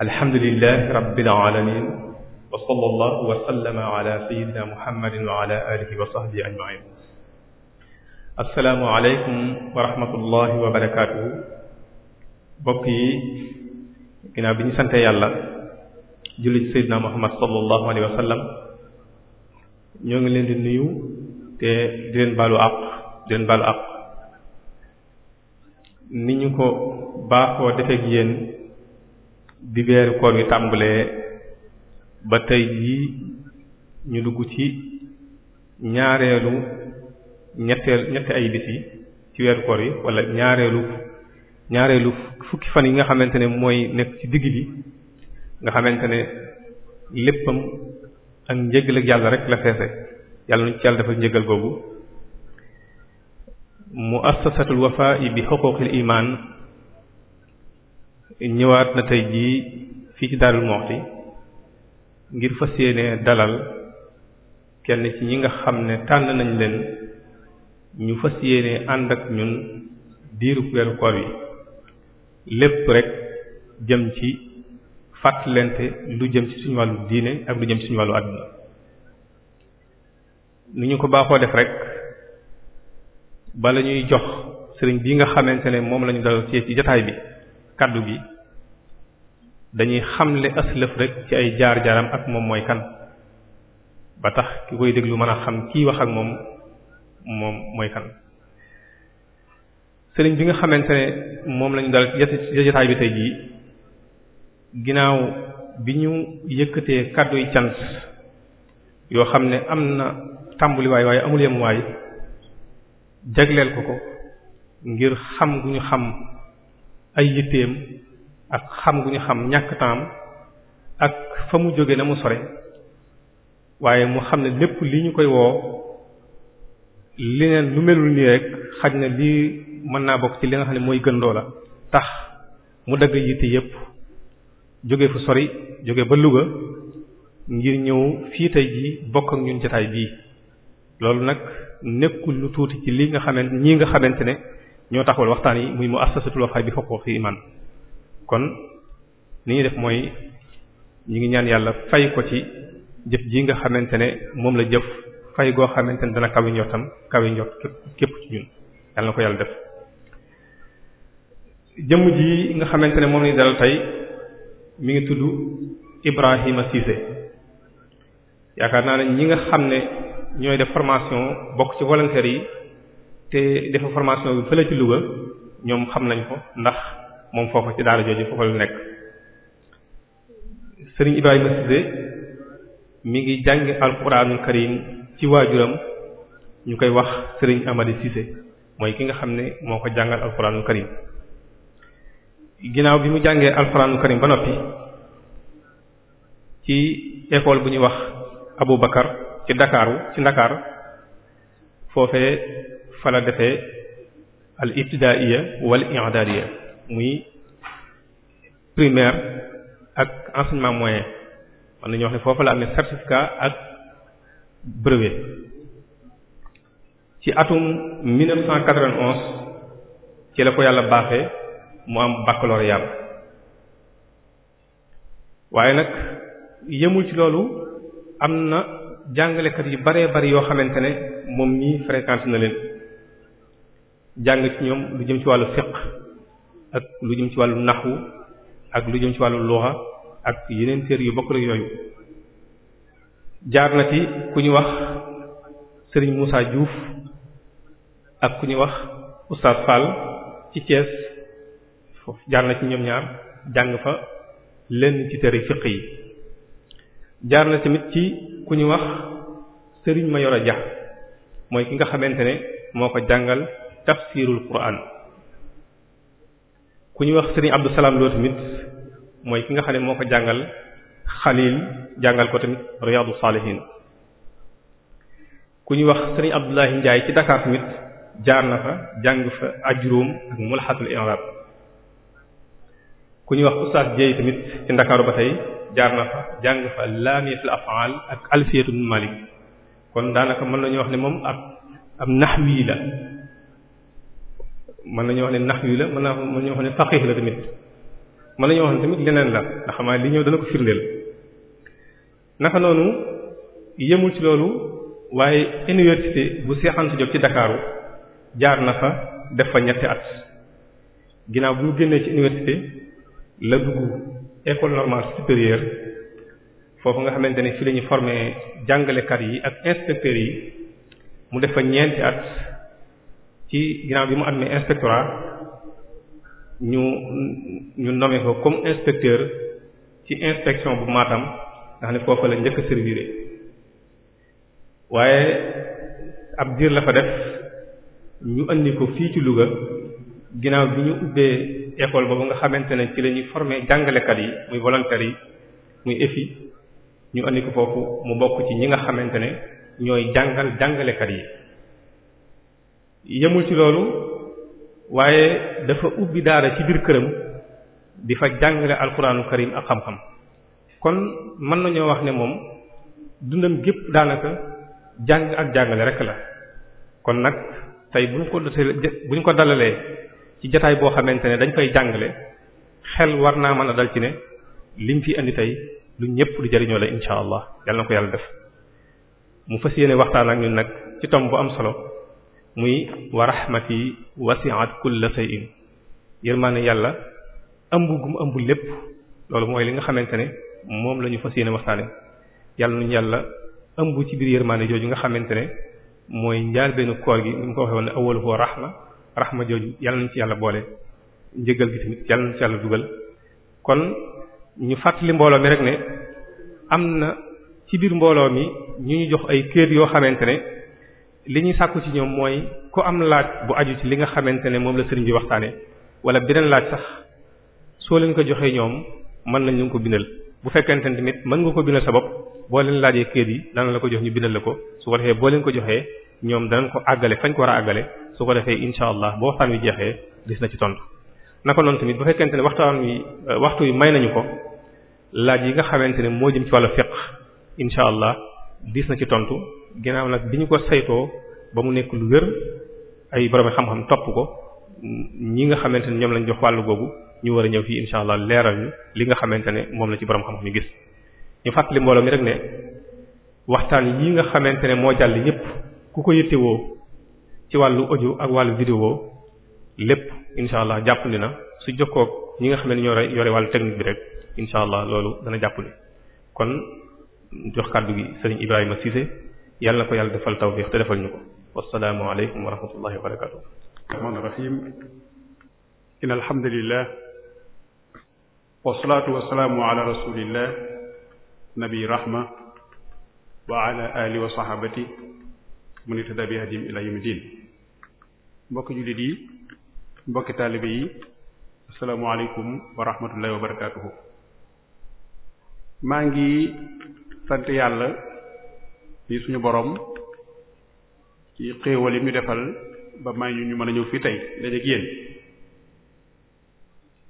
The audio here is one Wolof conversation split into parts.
alhamdulilah rabbil alamin wa sallallahu wa sallama ala sayyidina muhammadin wa ala alihi wa sahbihi ajmain assalaamu aleykum wa rahmatullahi wa barakaatuhu bokk yi ginnaaw bi ñu sante yàlla julli ci sayyidina muhammad sallallahu alayhi wa sallam ñoo ngi leen di nuyu te di leen baalu àq di leen baalu àq ni ñu ko baaxoo defee ak yéen bi weeru koor wi tàmbalee ba tey jii ñu dugg ci ñaareelu ñetteel ñetti ay bis yi ci weeru koor yi wala ñaareelu ñaareelu fukki fan yi nga xamante ne mooy nekk ci digg bi nga xamante ne léppam ak njëgal ak yàlla rek la feese yàlla nu ci yàlla dafa njëgal googu muassasatul wafa'i bi huquqil iman ñëwaat na tey jii fii ci Darou Moukhty ngir fas yéene dalal kenn ci ñi nga xam ne tànn nañ leen ñu fas yéene ànd ak ñun diiru weeru koor yi lépp rek jëm ci fàttalente lu jëm ci suñu wàllu diine ak lu jëm ci suñu wàllu àdduna ni ñu ko baaxoo def rek bala ñuy jox sëriñ bi nga xamante ne moom lañu dalal ci ci jataay bi kàddu gi dañuy xamle aslëf rek ci ay jaar-jaaram ak moom mooy kan ba tax ki koy déglu mën a xam kiy wax ak moom moom mooy kan sëriñ bi nga xamante ne moom lañu dal jataay bi tey jii ginnaaw bi ñu yëkkatee kàddu yi yoo xam ne am na tàmbuliwaay waaye amul yem waay jagleel ko ko ngir xam gu ñu xam ay yitteem ak xam gu ñu xam ñàkk taam ak fa mu jóge na mu sore waaye mu xam ne lépp li ñu koy woo li neen lu melul nii rek xaj na lii mën naa bokk ci li nga xam ne mooy gën la tax mu dagg yitte yépp jóge fu sori jóge ba Louga ngir ñëw fii tey ji bokk ñu ñun jotaay bii loolu nag nekkul lu tuuti ci li nga xamante ñii nga xamante ne ñoo taxool waxtaan yi muy mu assasatul Wafa bi xuquuqi iman kon li ñuy def mooy ñu ngi ñaan yàlla fay ko ci jëf ji nga xamante ne moom la jëf fay goo xamante ne dana kaw yi njortam kaw yi képp ci ñun yàlla na ko yàlla def jëm ji nga xamante ne moom lañu dalal tey mu ngi tudd Ibrahima Cissé yaakaar naa ne ñi nga xam ne ñooy def formation bokk ci volontaires yi te defa formation bi fële ci Louga ñoom xam nañ ko ndax moom foofa ci daara jooju foofa la nekk sëriñ Ibrahima Cissé mi ngi jàng alquranul karim ci waajuram ñu koy wax sëriñ Amady Cissé mooy ki nga xam ne moo ko jàngal alquranul karim ginnaaw bi mu jàngee alquranul karim ba noppi ci école bu ñuy wax Abou Bakar ci Ndakaaru ci Ndakaar foofee fa la defee al ibtidaiya wal i'dadiya muy primaire ak enseignement moyen man nañu wax ne foofu la amee certificat ak brevet ci atum 1991 ci la ko yàlla baaxe mu am baccalauréat waaye nag yemul ci loolu am na jàngalekat yu baree bari yoo xamante ne moom ñii fréquenté na leen jàng ci ñoom lu jëm ci wàllu fiqh ak lu jëm ci wàllu naxwu ak lu jëm ci wàllu luxa ak yeneen kër yu bokkul ak yooyu jaar na ci ku ñu wax Serigne Moussa Diouf ak ku ñu wax Oustaz Fall ci Thiès foofu jaar na ci ñoom ñaar jàng fa lenn ci tëri fiq yi jaar na tamit ci ku ñu wax Serigne Mayoro Dia mooy ki nga xamante ne moo ko jàngal tafsirul Qur'an ku ñuy wax sëriñ Abdou Salam tamit mooy ki nga xam ne moo ko jàngal Xalil jàngal ko tamit Riyadou Salihine ku ñuy wax sëriñ Abdoulahi Ndiaye ci Dakar tamit jaar na fa jàng fa ajruum ak mulhatul i'rab ku ñuy wax Oustaz Dieye tamit ci Ndakaaru ba tey jaar na fa jàng fa laamiyatul af'al ak alfiyatul malik kon daanaka mën nañu wax ni moom ab ab naxwi la mën nañu wax ne nax yu la mën naa mën nañu wax ne faqih la tamit mën nañu wax ne tamit leneen la ndax xam li ñëw dana ko firndeel naka noonu yemul ci loolu waaye université bu Cheikh Anta Diop ci Dakaaru jaar na fa def fa ñetti at ginnaaw bu mu génnee ci université la dugg école normale supérieure foofu nga xamante ne fi la ñu formé jàngalekat yi ak inspecteurs yi mu def fa ñeenti at ci ginnaaw bi mu amee inspectorat ñu ñu nommé ko comme inspecteur ci inspection bu Matam nga xam ne foofu la njëkk a servir waaye ab diir la fa def ñu andi ko fii ci Louga ginnaaw bi ñu ubbee école boobu nga xamante ne ci lañuy ñuy jàngalekat yi muy volontaires yi muy EFI ñu andi ko foofu mu bokk ci ñi nga xamante ne ñooy jàngal jàngalekat yi. yemul ci loolu waaye dafa ubbi daara ci biir këram di fa jàngale alxuraanu karim ak xam-xam kon mën nañoo wax ne moom dundam gépp daanaka jàng ak jàngale rek la kon nag tey bu ñu ko bu ñu ko dalalee ci jataay boo xamante ne dañ fay jàngale xel war naa mën a dal ci ne liñ fi indi tey lu ñëpp di jëriñoo la insha allah yàlla na ko yàlla def mu fas yéene waxtaan ak ñun nag ci tomb bu am solo muy wa rahmati wasi'at kulla shay'in yërmaane yàlla ëmb gum ëmb lépp loolu mooy li nga xamante ne moom la ñu fas yéene waxtaane yàlla nuñu yàlla ëmb ci biir yërmaane jooju nga xamante ne mooy njaal benn koor gi ni mu ko waxee woon ne awwaluhu rahma rahma jooju yàlla nañu ci yàlla boole njëgal gi tamit yàlla nañu ci yàlla dugal kon ñu fàttali mbooloo mi rek ne am na ci biir mbooloo mi ñu ñu jox ay kër yoo xamante ne li ñuy sàkku ci ñoom mooy ku am laaj bu aju ci li nga xamante ne moom la sëriñ bi waxtaane wala beneen laaj sax soo leen ko joxee ñoom mën nañ leen ko bindal bu fekkente ne tamit mën nga ko bindal sa bopp boo leen laajee kër yi dana la ko jox ñu bindal la ko su ko defee boo leen ko joxee ñoom danañ ko àggale fañ ko war a àggale su ko defee incha allah boo waxtaan wi jeexee gis na ci tontu naka noonu tamit bu fekkente ne waxtaan wi waxtu wi may nañu ko laaj yi nga xamante ne moo jëm ci wàllu incha allah gis na ci tontu. ginnaaw nag bi ñu ko saytoo ba mu nekk lu wér ay borom xam-xam topp ko ñi nga xamante ne ñoom lañ jox wàllu googu ñu war a ñëw fii insha allah leeral ñu li nga xamante ne moom la ci borom xam ñu gis. ñu fàttali mbooloo mi rek ne waxtaan yi nga xamante ne moo jàll yépp ku ko yittewoo ci wàllu audio ak wàllu vidéo lépp insha allah jàppandi na su kook ñi nga xam ne ñoo yore wàllu technique bi rek insha allah loolu dana jàppandi kon jox kàddu gi sëriñ Ibrahima Cissé. yàlla ko yàlla defal tawfiq te defal ñu ko wassalaamu aleykum wa rahmatullahi wa barakatuh rahmaan rahim in alhamdulillah wasalaatu wasalaamu ala rasulillah nabi rahma wa ala ali wa sahabati mu ni tëdda bi hadim ila yawmi din mbokki jullit yi mbokki taalibe yi assalaamu aleykum wa wa barakatuhu maa ngi sant yàlla bi suñu boroom ci xéewal yi ñu defal ba may ñu ñu mën a ñëw fii tey dajeek yéen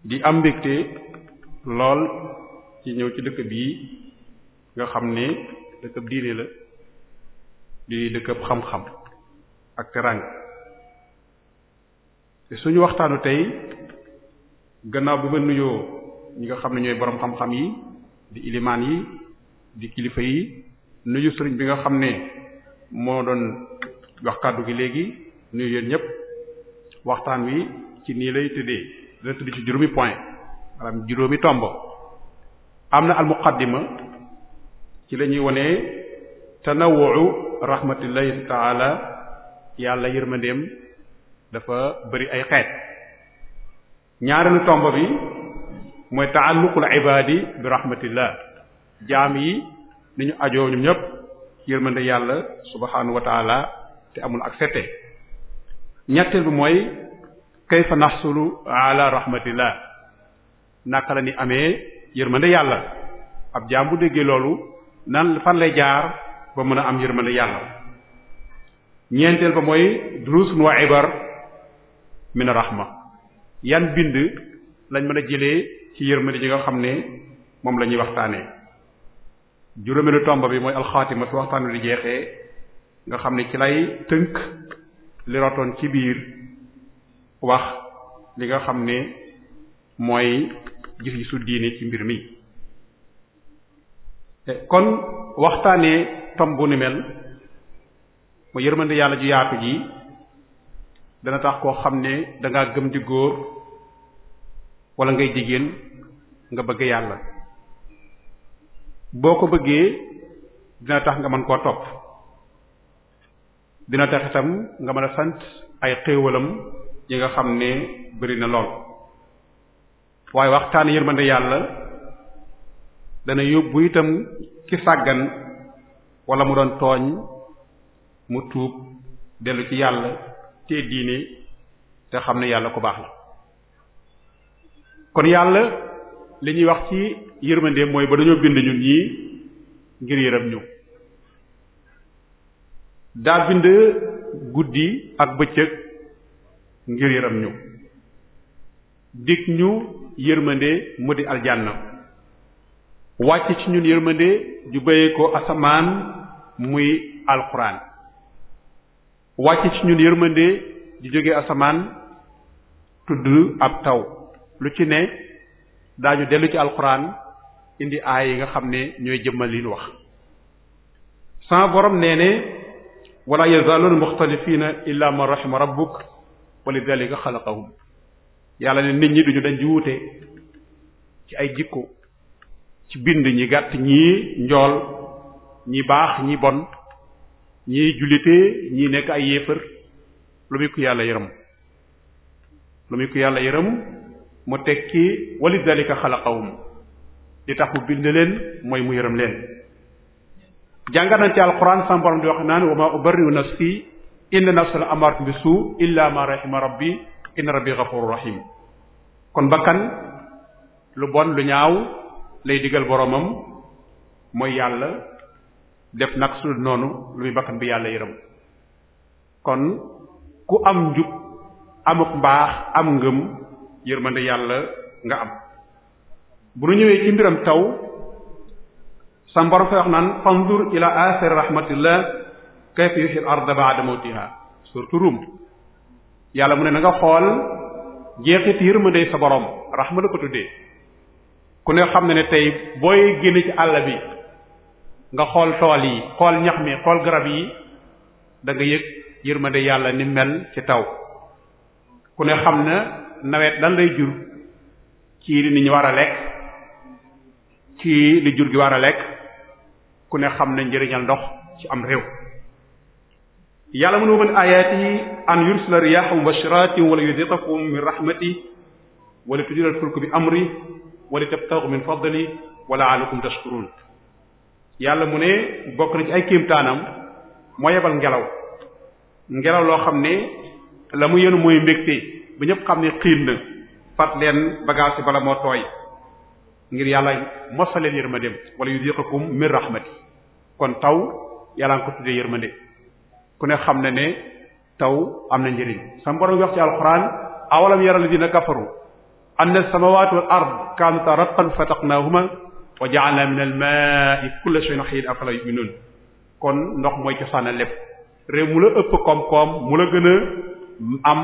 di am mbégte lool ci ñëw ci dëkk bii nga xam ne dëkkab diine la di dëkkab xam-xam ak teraanga te suñu waxtaanu tey gannaaw bu ma nuyoo ñi nga xam ne ñooy boroom xam-xam yi di ilimaan yi di kilifa yi nuju sëriñ bi nga xam ne moo doon wax kàddu gi léegi nuyu yéen ñëpp waxtaan wi ci nii lay tëddee dana tëdd ci juróomi point maanaam juróomi tomb am na almuqaddima ci la ñuy wone tanawwu rahmatullahi taala yàlla yërmandeem dafa bari ay xeet ñaareelu tomb bi mooy taalluqul ibaadi bi rahmatillah jaam yi ni ñu ajoo ñoom ñëpp yërmande yàlla subhaanahu wa taala te amul ak sette ñetteel bi mooy kayfa nahsulu ala la naka la ni amee yërmande yàlla ab jaam bu déggee loolu nan fan lay jaar ba mën a am yërmande yàlla ñeenteel ba mooy durusun wa ibar min rahma yan bind lañ mën a jëlee ci yërmande yi nga xam ne moom la ñuy waxtaanee juróomeelu tomb bi mooy alxaatima fi waxtaan wi di jeexee nga xam ne ci lay tënk li rotoon ci biir wax li nga xam ne mooy gis-gisu diine ci mbir mi eh, kon waxtaanee tomb bu ni mel mu yërmande yàlla ju yaatu ji dana tax koo xam ne dangaa gëm di góor wala ngay jigéen nga bëgg yàlla boo ko bëggee dina tax nga mën koo topp dina tax itam nga mën a sant ay xéewalam yi nga xam ne bëri na lool waaye waxtaan yërmande yàlla dana yóbbu itam ki sàggan wala mu doon tooñ mu tuub dellu ci yàlla te diine te xam ne yàlla ko baax la kon yàlla li ñuy wax ci yërmande mooy ba dañoo bind ñun ñii ngir yërëm ñu daa bind guddi ak bëccëg ngir yërëm ñu dig ñu yërmande mu di aljanna wàcc ci ñun yërmande ju béye ko asamaan muy alxuraan wàcc ci ñun yërmande di jóge asamaan tudd ab taw lu ci ne daañu dellu ci alquran indi aay yi nga xam ne ñooy jëmmal liñ wax sans borom nee ne wala yazaaluuna muxtalifina illa man rahima rabbuk wa lidalika xalaqahum yàlla ne nit ñi duñu dañ di wuute ci ay jikko ci bind ñi gàtt ñi njool ñi baax ñi bon ñii jullitee ñii nekk ay yéefër lu muy ku yàlla yërëm lu muy ku yàlla yërëm mu tekki wali dalika xalaqahum di tax mu bind leen mooy mu yërëm leen jàngat nañ ci alquran sama borom di wax naan wa ma ubarriu nafsi inna nafsa la amarat bi suu illa ma rahima rabbi inna rabbi ghafurur rahim kon bakkan lu bon lu ñaaw lay digal boromam mooy yàlla def nag su noonu lu muy bakkan bi yàlla yërëm kon ku am njub amuk mbaax am ngëm yërmande yàlla nga am bu ñëwee ci taw sa mborom fa wax naan fanzur ila athari rahmatillah kayfa yuhyi al mu ne na nga xool jeexit yërmande sa borom rahma la ko tuddee ku ne xam ne ne tey booy génn ci àll bi nga xool tool yi xool ñax mi xool garab yi da nga yëg yërmande yàlla ni mel ci taw ku ne xam na nawet lan lay jur ci li nit war a lekk ci li jur gi war a lekk ku ne xam ne njëriñal ndox ci am réew yàlla mu mënu mën ayaati an yursila riyaha mubashiratin wala yudiqakum min rahmati wala tujural fulku bi amri wala tabtaxu min fadli wala alakum tashkurun yàlla mu ne bokk na ci ay kéemtaanam moo yebal ngelaw ngelaw loo xam ne la mu yenu mooy mbégte ba ñëpp xam ne xiin na fat leen bagage yi bala moo tooy ngir yàlla mosaleen yërmandeem wala yudiqakum min rahmati kon taw yàlla nga ko tuddee yërmande ku ne xam ne ne taw am na njëriñ sama borom wax ci alxuraan awalam yaral dina kafaru anna samawati wal ard kanata ratqan fataqnahuma wa ja'alna min al ma'i kulla shay'in hayyin afala yu'minun kon ndox mooy cosaana lépp réew mu la ëpp koom-koom mu la gën a am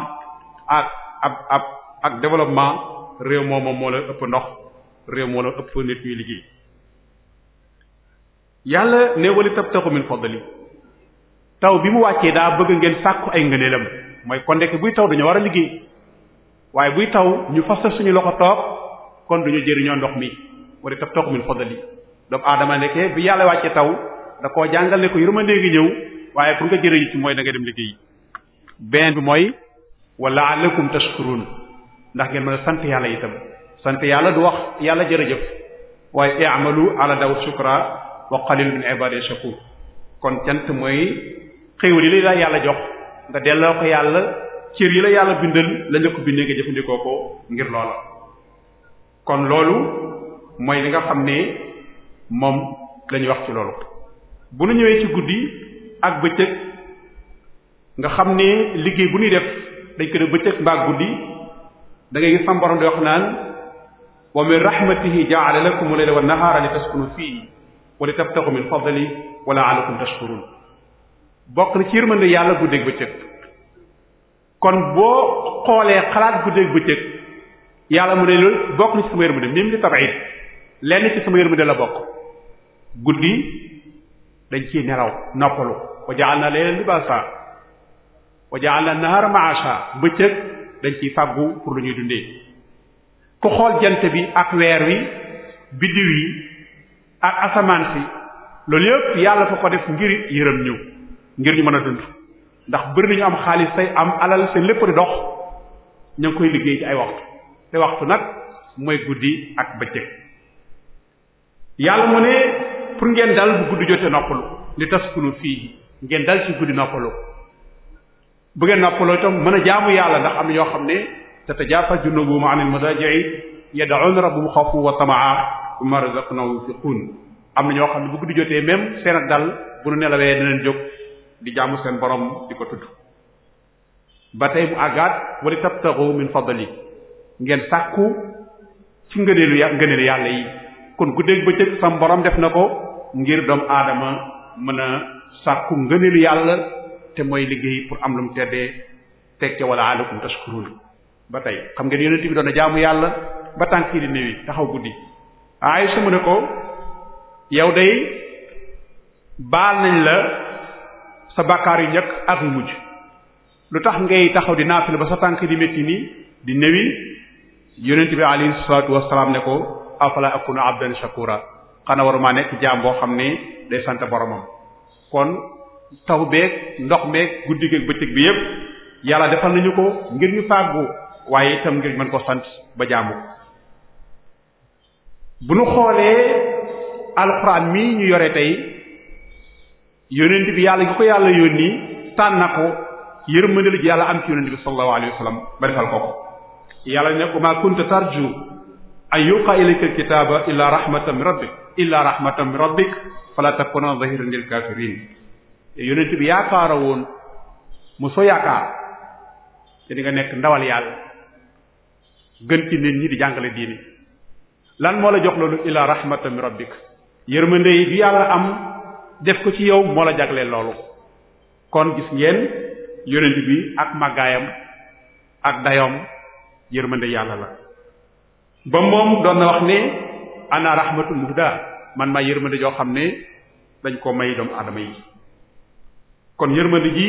ak ab ab ak développement réew moom moo la ëpp ndox réew moo la ëpp nit ñuy liggéey yàlla ne wali tabtaxu min fadli taw bi mu wàccee daa bëgg ngeen sàkku ay ngëneelam mooy kon ndekk buy taw dañoo war a liggéey waaye buy taw ñu fasal suñu loxo toog kon duñu jëriñoo ndox mi wala tabtaxu min fadli doomu aadama nekkee bi yàlla wàccee taw da koo jàngal ne ko yërmande gi ñëw waaye pour nga jëriñu ci mooy da dem liggéey beneen bi mooy wa la'allakum tashkurun ndax ngeen mën sant yàlla itam sant yàlla du wax yàlla jërëjëf waaye i'malu ala dawud shukra wa qalil min ibadi shakur kon cant mooy xéewal yi la yàlla jox nga delloo ko yàlla cër yi la yàlla bindal lañ la ko bindee nga jëfandikoo ko ngir loola kon loolu mooy li nga xam ne moom lañuy wax ci loolu bu nu ñëwee ci guddi ak bëccëg nga xam ne liggéey bu ñuy def dañ ko def bëccëg mbaa guddi da ngay gis sam borom di wax naan wa mu rahmatihi ja'ala lakum al-layla wa an-nahara litaskunu fihi wa litabtaghu min fadlihi wa la'allakum tashkurun bokk na ci yërmande yàlla guddeeg bëccëg kon boo xoolee xalaat guddeeg bëccëg yàlla mu ne loolu bokk na ci sama yërmande mim li tabaid lenn ci sama yërmande la bokk guddi dañ ciy nelaw noppalu wa ja'alna layla libasa wa ja'alna an-nahara ma'asha bëccëg dañ ciy fàggu pour lu ñuy dundee ku xool jant bi ak weer wi biddiw yi ak asamaan si loolu yëpp yàlla ko ko def ngir yërëm ñu ngir ñu mën a dund ndax bëri nañu am xaalis tey am alal seen lépp di dox ña ngi koy liggéey ci ay waxtu te waxtu nag mooy guddi ak bëccëg yàlla mu ne pour ngeen dal bu guddi jotee noppalu li taskunu fii ngeen dal ci guddi noppalu bu ngeen noppaloo itam mën a jaamu yàlla ndax am ñoo xam ne tatajaafa junubuhum anil madaaji'i yad'uuna rabbahum xawfan wa tama'an mimmaa razaqnaahum yunfiquun am na ñoo xam ne bu guddi jotee même seen ak dal bu nu nelawee dinañ jóg di jàmm seen borom di ko tudd ba tey mu àggaat wali tabtaxu min fadli ngeen sàkku ci ngëneelu ngëneelu yàlla yi kon guddeeg bëccëg sam borom def na ko ngir doomu aadama mën a sàkku ngëneelu yàlla te mooy liggéey pour am lu mu teddee teg ca wala alakum tashkurun ba tey xam ngeen yonent bi doon na jaamu yàlla ba tànk yi di néew taxaw guddi ay su mu ne ko yow day baal nañ la sa bàkkaar yu njëkk ak mujj lu tax ngay taxaw di naafil ba sa tànk yi di métti nii di néwi yonent bi alayhi salaatu wassalaam ne ko afala akunu abdan shakura xana waru maa nekk jaam boo xam ne day sant boromam kon taw beeg ndox meeg guddi geeg bëccëg bi yépp yàlla defal nañu ko ngir ñu fàggu waaye itam ngir mën ko sant ba jaamu bu ñu xoolee alxuraan mii ñu yore tey yonent bi yàlla gi ko yàlla yónni tànn na ko yërmande lu ji yàlla am ci yonent bi sallallahu alayhi ba defal ko ko yàlla ne ko maa tarju an yuqa ilayka alkitaba illa rahmatan min rabbik illa rahmatan min rabbik fala takuna zahiran lil kafirin te yonent bi yaakaara woon mu soo yaakaar te di nekk ndawal yàlla gën ci nit ñi di jàngale diini lan moo la jox loolu ila rahmatan min rabbik yërmande yi bi yàlla am def ko ci yow moo la jagleel loolu kon gis ngeen yonent bi ak màggaayam ak dayoom yërmande yàlla la ba moom doon na wax ne ana rahmatul muhda man maa yërmande joo xam ne dañ ko may doomu aadama yi kon yërmande ji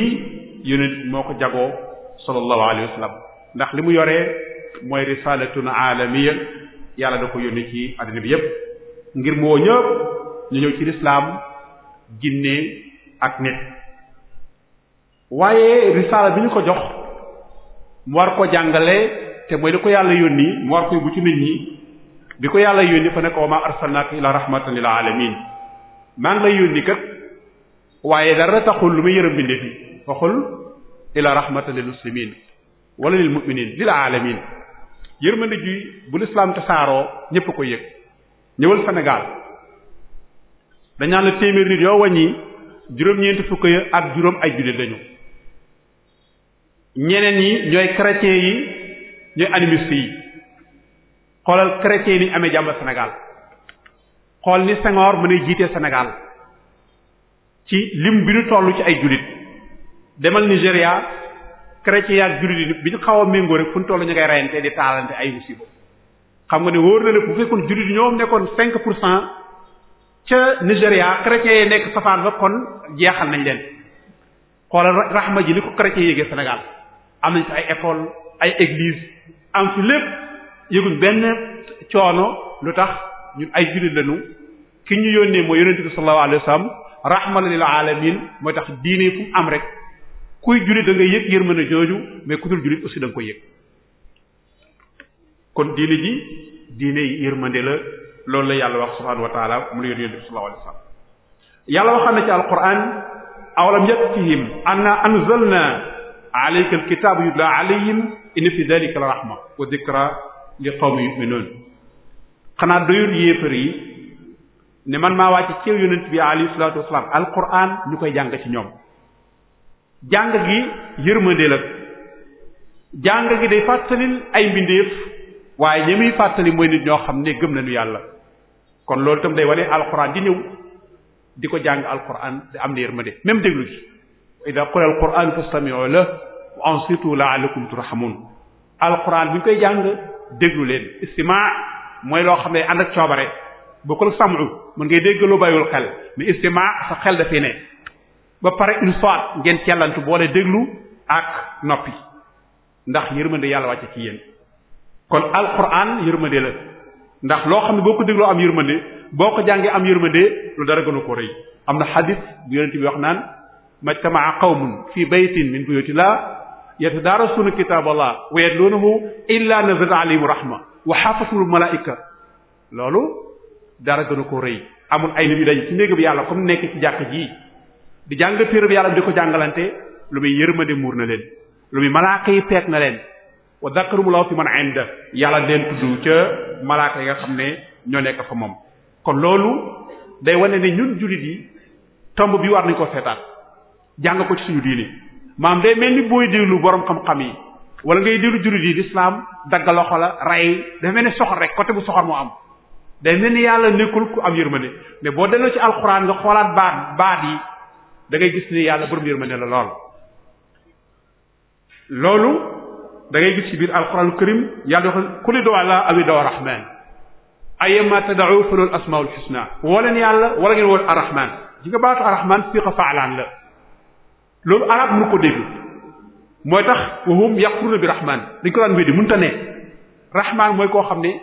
yonent moo ko jagoo sallallahu alayhi ndax li mu yoree mooy risalatun alamiya yàlla da ko yónni ci àddina bi yépp ngir mu woo ñu ñëw ci lislaam jinne ak nit waaye risaala bi ñu ko jox mu war ko jàngale te mooy li ko yàlla yónni mu war koy bu nit ñi bi ko yàlla yónni fa ne ko wa ma arsalnaaka ila alamin maa ngi lay yónni kat waaye dara taxul lu muy yërëm bindee fi waxul ila rahmatan lil muslimin wala lil mu'minin lil alamin yërmande ji bu lislaam te saaroo ñëpp ko yëg ñëwal Sénégal dañaan la téeméer nit yoo wàññi juróom-ñeenti fukk ya ak juróom ay jullit lañu ñeneen yi ñooy chrétiens yi ñooy animistes yi xoolal chrétiens yi ni amee jàmm Sénégal xool ni Senghor mën a jiitee Sénégal ci lim bi ñu tollu ci ay jullit demal Nigéria chrétien ak jullit yi bi ñu xaw a méngoo rek fu ñu toll ñu ngay reyante di taalante ay musiba xam nga ne wóor na ne bu fekkoon jullit ñoom nekkoon cinq pour cent ca Nigéria chrétien yi nekk safaan ba kon jeexal nañ leen xoolal rahma ji ni ko chrétien yéegee Sénégal am nañ fi ay école ay église am fi lépp yëguñ benn coono lu tax ñu ay jullit lañu ki ñu yónnee mooy yonente bi sallallahu alayhi wasallam rahmatan lil alamin mooy tax diine fu mu am rek kuy jullit da nga yëg yërmande jooju mais ku dul jullit aussi da ko yëg kon diine ji diine yërmande la loolu la yàlla wax subhanahu wa taala mu la yor yonent bi sallallahu alayhi wasallam yàlla waxam na ci alquran awalam yakfihim anna anzalna alayka alkitaba yutla alayhim inna fi dhalika la rahma wa dhikra li qawmin yu'minun xanaa doyul yéefar yi ne man maa wàcc ci yonent bi alayhi salaatu wasalaam alquran ñu koy jàng ci ñoom jàng gi yërmande la jàng gi day fàttalil ay mbindeef waaye ñi muy fàttali mooy nit ñoo xam ne gëm nañu yàlla kon loolu itam day wane alquran di ñëw di ko jàng alquran di am na yërmande même déglu gi ida qul alquran fastami'u la wa ansitu la'allakum turhamun alquran bu ñu koy jàng déglu leen istimaa mooy loo xam ne ànd ak coobare boo bokkul sam'u mën ngay dégg lu bàyyiwul xel mais istimaa sa xel dafay ne ba pare une fois ngeen cellantu boole déglu ak noppi ndax yërmande yàlla wàcce ci yéen kon alquran yërmande la ndax loo xam ne boo ko dégloo am yërmande boo ko jàngee am yërmande lu dara gënu ko rëy am na xadis bu yonent bi wax naan majtamaa qawmun fi baytin min buyutillah yatadaarasuuna kitaaballah wa yatluunahu illa nazala alayhim rahma wa xaafasumul malaika loolu dara gënu ko rëy amul ay nit yu dañ ci néegam yàlla comme nekk ci jàkk ji di jàng téereb yàlla di ko jàngalante lu muy yërmande muur na leen lu muy malaaka yi peet na leen wa dakarumulaw fi man inda yàlla leen tudd ca malaaka yi nga xam ne ñoo nekk fa moom kon loolu day wane ne ñun jullit yi tomb bi war nañ ko seetaat jàng ko ci suñu diini maam day mel ni booy déglu borom xam-xam yi wala ngay déglu jullit yi lislaam dagg loxo la rey dafa mel ne soxor rek côté bu soxor moo am day mel ni yàlla nekkul ku am yërmande mais boo delloo ci alxuraan nga xoolaat baat baat yi da ngay gis ni yàlla borom yërmande la lool. loolu da ngay gis ci biir alxuraanu karim yàlla wax kulli doo allah awi doo rahman ayyama tad'u fa lahu asmaul husna woo leen yàlla wala ngeen woo arrahman ji nga baatu arrahman fiqa faalaan la loolu arab mu ko dégg mooy tax wa hum yaqruna bi rahman dañ ko daan weddi mënta ne rahman mooy koo xam ne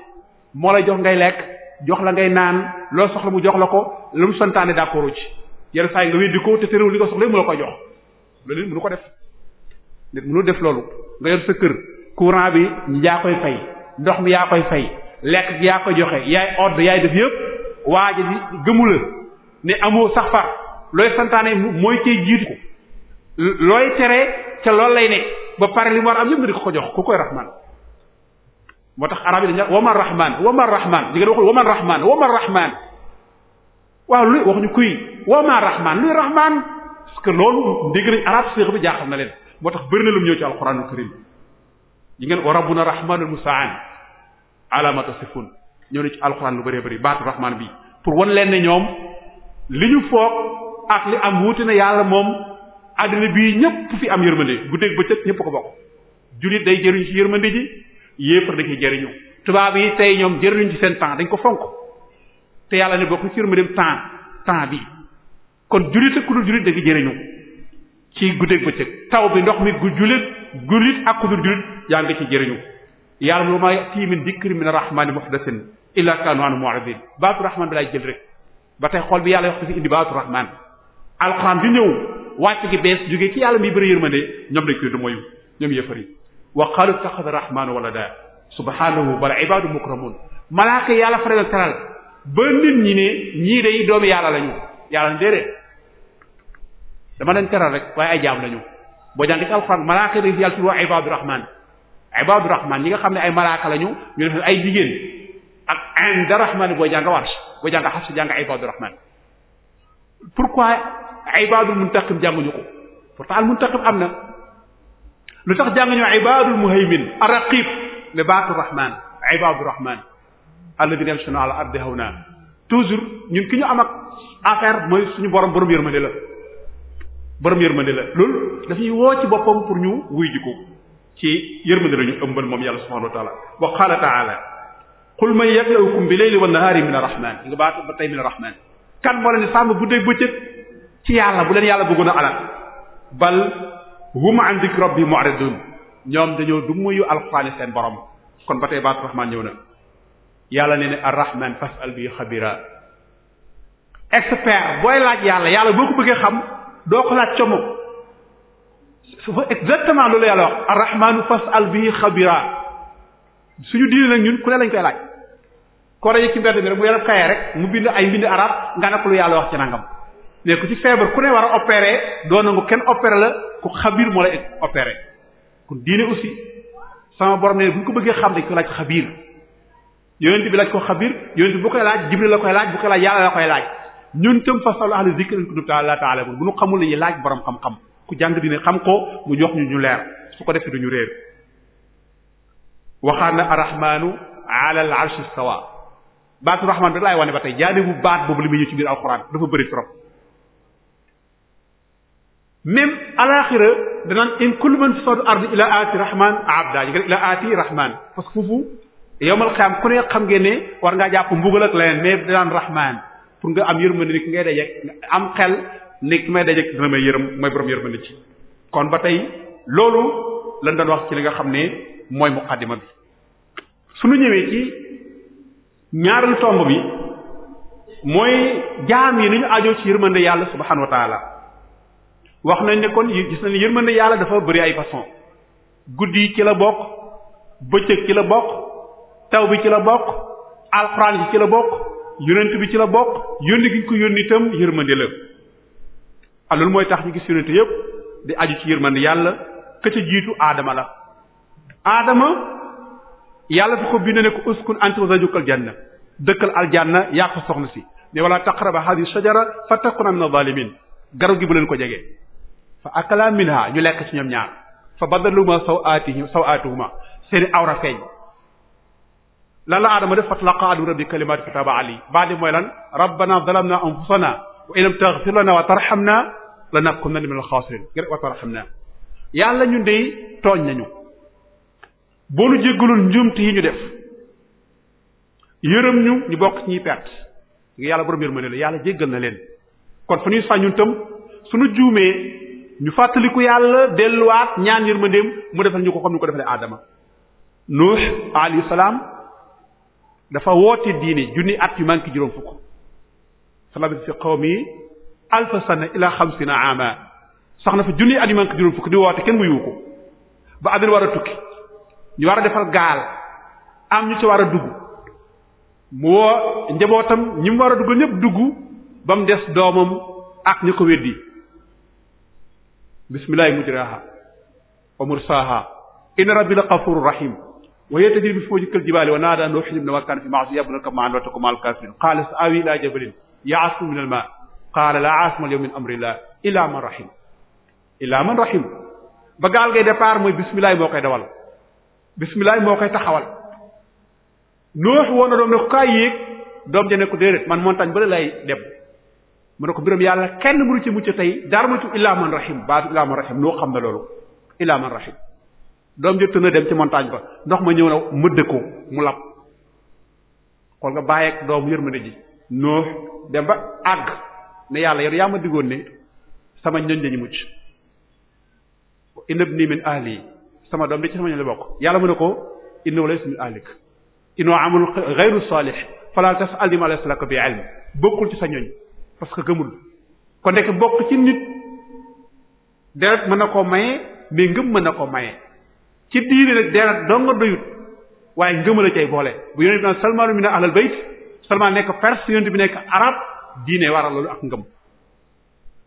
moo lay jox ngay lekk jox la ngay naan loo soxla mu jox la ko lu mu santaane d'accord ci yenn saa yi nga weddi ko te terewul li nga soxla mu la ko jox loolu it mënu ko def nit mënu def loolu nga kër courant bi yaa koy ndox mi yaa koy fay lekk yaa koy joxe yaay ordre yaay def yëpp waa ji gëmu ne amoo sax far looy santaane mooy cee jiitu ko looy tere ca loolu lay nekk ba pare li mu war am yëpp nga di ko ko jox ku koy raxmaan moo tax arab yi dañuy wax waman rahman waman rahman jigéen waxul waman rahman waman rahman waaw luy waxuñu kuy waman rahman luy rahman parce que loolu dégg nañ arab séex bi jaaxal na leen moo tax bëri na lu mu ñëw ci alquranul karim ngeen wa rabbuna rahmanul musaan ala ma tasifun ñëw na ci alquran lu bëree bëri baatu rahman bi pour wan leen ne ñoom li ñu foog ak li am wuute na yàlla moom àddina bii ñëpp fi am yërmande guddeeg bëccëg ñëpp ko bokk jullit day jëriñ ci yërmande ji yéefar dañ ci jëriñu tubaab yi tey ñoom jëriñu ci seen temps dañ ko fonk te yàlla ne bokk ci yërmandeem temps temps bi kon jullit ak ku dul jullit da ci jëriñu ci guddeeg taw bi ndox mi gu jullit jullit ak ku dul jullit yaa ngi ci jëriñu yàlla mu ma ya'ti min dikri min rahmani muhdathin illa kanu anhu mu'ridin baatu rahman bi laay jël rek ba tey xool bi yàlla wax dafa indi baatu rahman alxuraan di ñëw wàcc gi bees jógee ci yàlla mi bëri yërmande ñoom dañ koy du moyu ñoom yëfar yi wa qaalu taxada rahmaanu walada subhanahu bal ibaadu mukramun malaaka yàlla faral teral ba nit ñi ne ñii day doomi yàlla lañu yàlla ne déedéet dama leen teral rek waaye ay jaam lañu boo jàngee ci alxuraan malaaka yi yàlla tudd waa ibaadu rahmaan ibaadu ñi nga xam ne ay malaaka lañu ñu def ay jigéen ak inda rahmaan boo jàng warsh boo jàng xafs jàng ibaadu rahmaan pourquoi ibaadul muntaqim jànguñu ko pourtant al muntaqim am na lu tax jànguñu ibadul muhaymin arraqib ne baatu rahman ibadu rahman alladina yamshuna ala ardi hawna toujours ñun ki ñu am ak affaire mooy ñu borom borom yërmande la borom yërmande la loolu daf ñuy woo ci boppam pour ñu wuy ji ko ci yërmande la ñu ëmbal moom yàlla subhanahu wa taala wa qaala taala qul man yaklaukum bi leyli wa nahaari min arrahman nga baatu ba tey min arrahman kan moo bu dee bëccëg ci yàlla bu leen yàlla bëggoon a alal bal hum an dik rabbi mu'ridun ñoom dañoo du muyu alxuraan seen borom kon ba tey baatu rahmaan ñëw na yàlla nee ne arrahman fasal bi xabira expert booy laaj yàlla yàlla boo ko bëggee xam doo ko laaj como su fa exactement loolu yàlla wax arrahmanu fasal bi xabira suñu diine nag ñun ku ne lañ koy laaj kore yi ci mbedd bi rek mu yàlla kaye rek mu bind ay mbind arab nga ne ko lu yàlla wax ci nangam ne ku ci feebar ku ne war a opérer doo nga kenn opérer la ku xabiir moo la opérer kon diine aussi sama borom ne bu ñu ko bëggee xam dañ ko laaj xabiir yonent bi laaj ko xabiir yonent bu koy laaj jibril la koy laaj bu koy laaj yàlla la koy laaj ñun tam fasalu ahli zikri in kuntum la ta'lamun bu ñu xamul lañuy laaj borom xam-xam ku jàng diine xam ko mu jox ñu ñu leer su ko defee duñu réer waxaan na arrahmanu ala al arshi istawa baatu rahman bi laay wane ba tey jaane bu baat boobu li muy ñëw trop même alaxira danaan in kullu man fi sawdu ardi ila aati rahman abda yi ila aati rahman parce que foofu ku ne xam ngeen ne war ngaa jàpp mbugal ak leneen mais danaan rahman pour nga am yërmande ni ki ngay dajeeg am xel ni ki may dajeeg dina may yërëm ci kon ba tey loolu lañ doon wax ci li nga xam ne mooy muqaddima bi suñu ñëwee ci ñaareelu tomb bi mooy jaam yi ni ñu ajoo ci yërmande yàlla subhanahu wa wax nañ ne kon gis nañ yërmande yàlla dafa bëri ay façon guddi ci la bokk bëccëg ci la bokk taw bi ci la bokk alxuraan bi ci la bokk yonent bi ci la bokk yónni gi ñu ko yónni itam yërmande la ah loolu mooy tax ñu gis yonent yépp di aju ci yërmande yàlla ka ca jiitu aadama la aadama yàlla fi ko bind ne ko uskun anta wa zawjukal janna dëkkal aljanna yaa ko soxna si ne wala taqraba hadhihi shajara fatakuna min adh-dhalimin garab gi bu leen ko jege fa akala minha ñu lekk ci ñoom ñaar fa badaluma saw aatihim saw aatuhuma seeni awra feeñ lan la aadama def fatlaqa adu rabbi kalimaati fataba ali baadi mooy lan rabbana zalamna anfusana wa na lam taghfir na wa tarhamna lanakunanna minal xaasirin wa tarhamna yàlla ñun de tooñ nañu boo nu jéggalul njuumte yi ñu def yërëm ñu ñu bokk ci ñuy perte yàlla borom yërmande la yàlla jéggal na leen kon fa ñuy sax ñun tam juumee ñu fàttaliku yàlla delluwaat ñaan yërmandeem mu defal ñu ko xam ni ko defalee aadama nuux alayhi salaam dafa woote diine junni at yu manqué juróom fukk salabit fi qawmi alfa sana ila xamsina ama sax na fa junni at yu manqué juróom fukk di woote kenn mu ko ba addina war a tukki ñu war a defal gaal am ñu ci war a dugg mu woo njabootam ñi mu war a dugg ñëpp dugg ba mu des doomam ak ñu ko weddi bismillahi mujraha wa mursaha inna rabbi la ghafurur rahim wa hiya tajri bi fawqi al-jibali wa nada nuuhin ibnahu wa kana fi ma'siyah yabna laka ma'an wa takun ma'al kafirin qala sa'awi ila jabalin ya'asimu min al-ma' qala la 'asima al-yawma min amrillah illa man rahim illa man rahim ba gaal ngay départ mooy bismillahi moo koy dawal bismillahi moo koy taxawal noox woon na doom ne ko kaay yéeg doom ja ne ko déedéet man montagne bële lay dem mu ne ko mbiram yàlla kenn mënu ci mucc tey dara mënu ci illaa man rahim baatu illaa man rahim noo xam ne loolu illaa man rahim doom jot na dem ci montagne ba ndox ma ñëw na mëdd ko mu lab xool nga bàyyeeg ma yërmande ji noo dem ba àgg ne yàlla yow yaa ma diggoon ne sama ñoñ dañu mucc inab nii min ahli sama doom de ci sama ñoñ la bokk yàlla mu ne ko innahu laysa min ahlik innahu amalun ghayru salih fala tas'al lima ci sa ñoñ parce que gëmul kon ndek bokk ci nit deret mën na koo maye mais ngëm mën na koo maye ci diine nag deret doo nga doyut waaye ngëm la cay boole bu yonent bi naan salmaanu mi ne ahlal bayt salmaan nekk perse yonent bi nekk arab diine waral loolu ak ngëm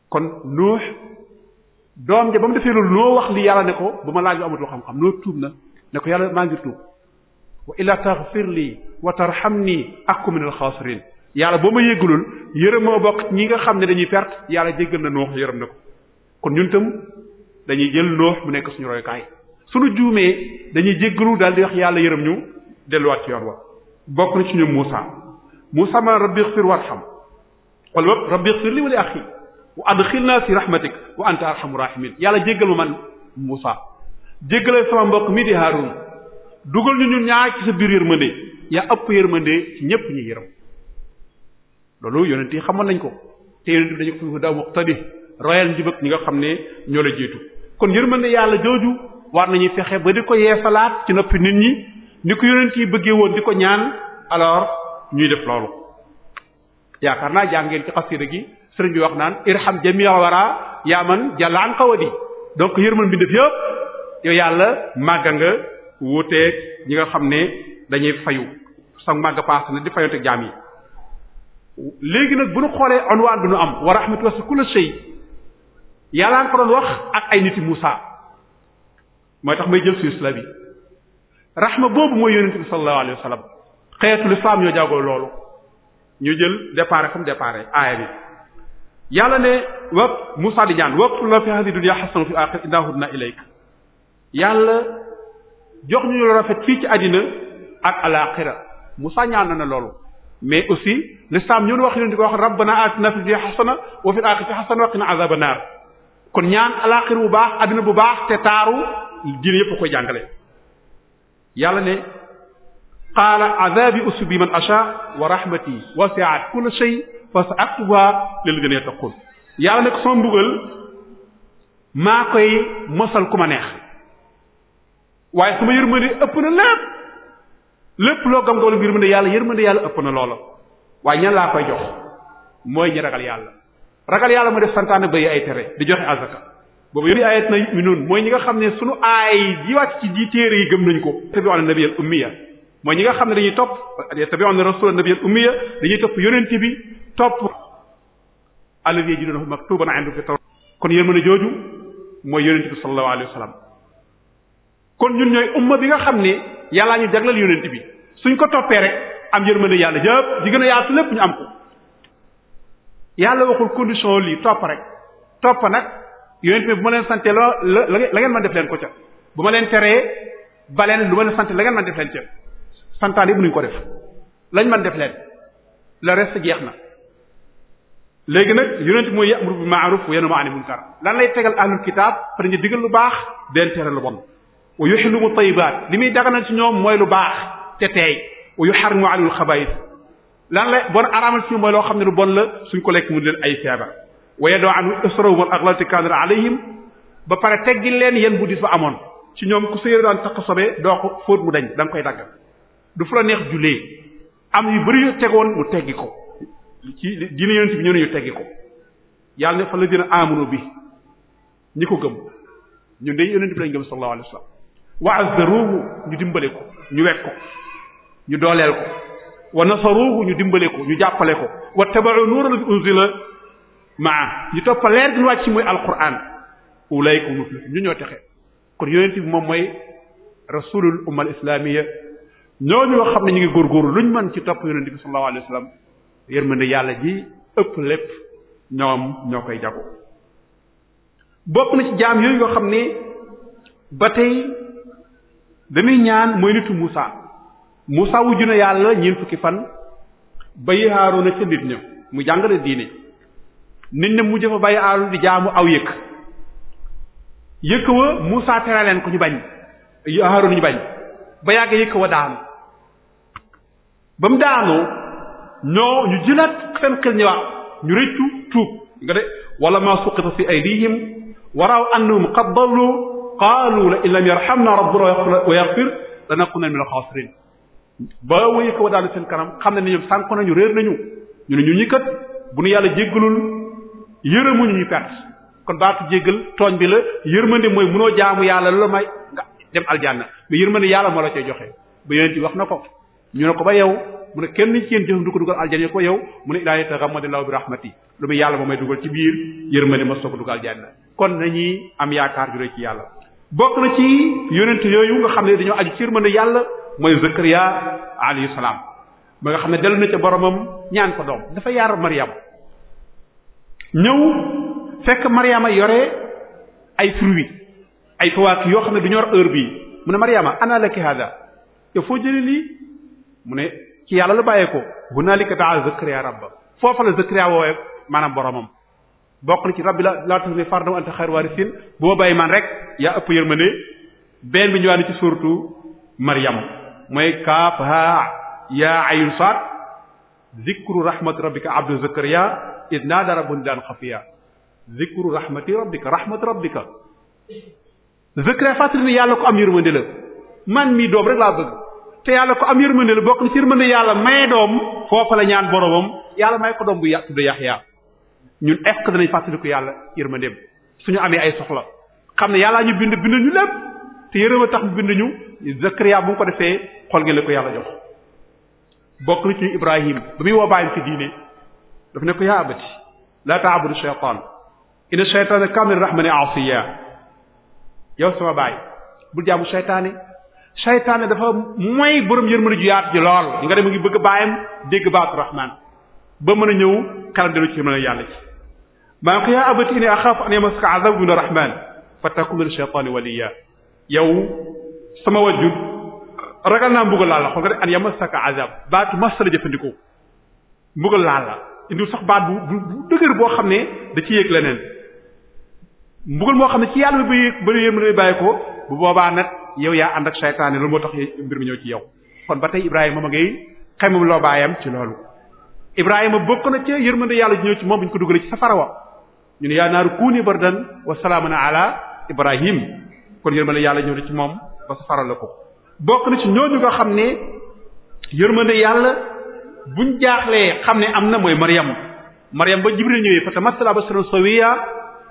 kon nuux doom ja ba mu defee loolu noo wax li yàlla ne ko ba ma laaj amatul xam-xam noo tuub na ne ko yàlla maa ngi tuub wa illaa taghfir lii wa tarhamnii akum minal xaasiriin yàlla boo ma yéggalul yërëm moo bokk ñi nga xam ne dañuy perte yàlla jéggal na noox yërëm na ko kon ñun tam dañuy jël noox mu nekk suñu royukaay suñu juumee dañuy jéggalu daal di wax yàlla yërëm ñu delluwaat ci yoon wa bokk na ci ñoom Moussa Moussa ma rabbi xfir warham wala bopp rabbi xfir li wali axi wa adxilna fi rahmatik wa anta arhamu rahimin yàlla jéggal ma man Moussa jéggalal sama mbokk mi di Haarun dugal ñu ñun ñaar ci sa biir yërmande yaa ëpp yërmande loolu yonent yi xamoon nañ ko te yonent bi dañu ko daaw muqtadi royal njub ñi nga xam ne ñoo la jiitu kon yërmande yàlla jooju war nañuy fexe ba di ko yeesalaat ci noppi nit ñi ni ko yonent yi bëggee woon di ko ñaan alors ñuy def loolu yaakaar naa jàngeen ci xasida gi sëriñ bi wax naan irham jamia wara yaaman jàlla an yi donc yërmande bi def yëpp yow yàlla màgg nga wuuteeg ñi nga xam ne dañuy fayu sa màgg paas na di fayante jaam yi léegi nag bu ñu xoolee onwaan bi nu am wa rahmatu wasi kulli shay yàlla nga ko doon wax ak ay niti Muusa mooy tax may jël silsila bi rahma boobu mooy yonent bi sallallahu alayhi wa sallam xeetu li faam ñoo jàggoo loolu ñu jël départ comme départ aaya bi yàlla ne wa Muusa di ñaan wa la fi hadhihi dunya hasanatu fil akhirati inna hudna ilayka yàlla jox ñu lu rafet fii ci àddina ak alaaxira Muusa ñaan na loolu mais aussi l'islam ñoon wax yonent ko wax rabbana atina fi dunya hasana wa fil akhirati hasana wa qina azaban nar kon ñaan alaaxir bu baax adduna bu baax te taaru diine yépp koy jàngale yàlla ne qaala azabi usbi man asha wa rahmati wasi'at kull shay fa sa aktubuha lilladhina yattaqun yàlla ne ko sama maa koy mosal ku neex waaye sama yërmande ëpp na lépp lépp loo gam gam yërmande yàlla yërmande yàlla ëpp na loola waaye ñan laa koy jox mooy ñi ragal yàlla ragal yàlla mu def santaane bay ay tere di joxe azaka boobu yooyu ayat na yu'minun mooy ñi nga xam ne sunu aay yi wàcc ci di téere yi gëm nañ ko tabi'una nabiyyal ummiya mooy ñi nga xam ne dañuy topp tabi'una rasulan nabiyyal ummiya dañuy topp yonent bi topp alladhi yajidunahu maktuban 'inda fi tawrat kon yërmande jooju mooy yonent bi sallallahu alayhi wa sallam ñun ñooy umma bi nga xam ne yàllaa ñu jagleel yonent bi suñ ko toppee rek am yërmande yàlla yëpp di gën a yaatu lépp ñu am ko yàlla waxul condition lii topp rek topp nag yonent bi bu ma leen santee la la la ngeen man def leen ko ca bu ma leen teree baleen lu ma leen sant la ngeen man def leen ca santaane yi mënuñ ko def lañ man def leen le reste jeex na léegi nag yonent mooy ya'muru bil ma'ruf wa yanha 'anil munkar lan lay tegal ahlul kitaab par ñu digal lu baax deen tere lu bon wa yuhillumu tayyibaat li muy daganal ci ñoom mooy lu baax te teey wa yuharrimu alal la bon araamal ci loo xam ne lu bon la suñ ko lekk leen ay feebar wa yada'u anhum israhum wal aghlaal kaanat ba pare teggil leen yéen bu di ba amoon ci ñoom ku sa yére daan taq sobe doo ko fóot mu dañ da koy dagg du fu la neex jullee am yu bëri yu tegoon mu teggi ko ci dina yonent bi ñoo ne ñu ko yàlla ne fa la dina amunu bi ñi ko gëm ñun day yonent bi lañ gëm sallallahu alayhi wasallam wa'azzaruhu ñu dimbale ko ñu wet ko ñu dooleel ko wa nasaruhu ñu dimbale ko ñu jàppale ko wa taba'u nuura la unzila maa ñu toppa leer gi ñu wàcc muy alquran ulaayka muflihun ñu ñoo texe kon yonent bi moom mooy rasulul umma al ñooñu nga xam ne ñu ngi góorgóorlu luñ mën ci topp yonent bi sallallahu alayhi wasallam yërmande yàlla ji ëpp lépp ñoom ñoo koy jago bokk na ci jaam yooyu nga xam ne ba tey ba ñaan mooy nit Moussa Moussa wujju na yàlla ñeent fukki fan bàyyi Haaruna ca nit ña mu jàngale diine nit ña mujj fa bàyyi Haaruna di jaamu aw yëkk yëkk wa Moussa tere ko ñu bañ Haaruna ñu bañ ba yàgg yëkk wa daanu ba mu daanoo ñoo ñu jëlaat seen xel ñëwaat ñu rëccu tuub nga de wala maa suqita fi aydihim waraaw annahum qad dallu qaalu la in lam yarhamna rabbuna wa yaghfir lanakunanna min al-khasirin ba wéy ko daal seen kanam xam ne ni ñoom sànq nañu réer nañu ñu ne ñu ñi kat bu nu yàlla jéggalul yërëmuñu ñu perte kon baatu jéggal tooñ bi la yërmande mooy munoo jaamu yàlla la may nga dem aljanna mais yërmande yàlla moo la joxe ba yonent bi wax na ko ñu ne ko ba yow mu ne kenn ci yéen du ko dugal aljanna ko yow mu ne ilaa yatagammadallahu bi rahmati lu muy yàlla moo may dugal ci biir yërmande ma soo ko dugal aljanna kon nañuy am yaakaar ju rëy ci yàlla bokk na ci yonent yooyu nga xam ne dañoo aju ci yërmande yàlla mooy Zakariya alayhi salaam ba nga xam ne dellu na ca boromam ñaan ko doom dafa yaar Mariam ñëw fekk Mariama yore ay fruits ay fawaaki yoo xam ne du ñor heure bii mu ne Mariama ana laki hada yow foo jëlee lii mu ne ci yàlla la bàyyee ko hunaalika daa Zakariya rabba foofa la Zakariya woowee maanaam boromam bokk na ci rabbi la laa tuzigh fardan wa anta xayrul waarisiin bu ma bàyyi man rek yaa ëpp yërmande benn bi ñëwaat na ci suurtu Maryam mooy kaaf haa yaa ayn saad zikru rahmati rabbika abdu zakariya id naada rabbahu daan xafiya zikru rahmati rabbika rahmati rabbika zakariya fàttali yàlla ko am yërmande la man mii doom rek laa bëgg te yàlla ko am yërmande la bokk na ci yërmande yàlla may doom foofa la ñaan boromam yàlla may ko doom bu ya tudd Yaxya ñun est-ce que danañ fàttaliku yàlla su ñu amee ay soxla xam ne yàllaa ñu bind bind ñu lépp te yërëm tax mu bind ñu Zakariya bu mu ko defee xol gi la ko yàlla jox bokk na ci Ibrahim ba muy woo bàyyam ci diine daf ne ko yaa abati laa ta'budu shaytaan inna shaytaana kaana lirrahmaani asiya yow sama baay bul jaamu shaytaane shaytaane dafa mooy borom yërmande ju yaat ji lool nga dem ngi bëgg baayam dégg baatu rahmaan ba mën a ñëw kalam dellu ci yàlla ci maa ko yaa abati inni axaafu an yamassaka azaabun min arrahmaan fatakuuna li shaytaani waliya yow sama wajjud ragal naa mbugal laa la xool nga de an yamassaka azaab baatu mas la jëfandikoo mbugal laa la indiwul sax baat bu bu boo xam ne da ci yéeg leneen mbugal moo xam ne ci yàlla bi ba yéeg lay bàyyi ko bu boobaa nag yow yaa ànd ak seytaane loolu moo tax mbir mi ñëw ci yow kon ba tey Ibrahima ma ngay xemam loo baayam ci loolu Ibrahima bokk na ci yërmande yàlla ñëw moom bu ko dugalee ci ñu ne yaa naaru kuuni bardan wa salaaman ala ibrahim kon yërmande yàlla ñëw na ci moom ba safaral la ko bokk na ci ñoo nga xam ne yërmande yàlla buñ jaaxlee xam ne am na mooy Maryam Maryam ba Jibril ñëwee fa tamassala basaran sawiya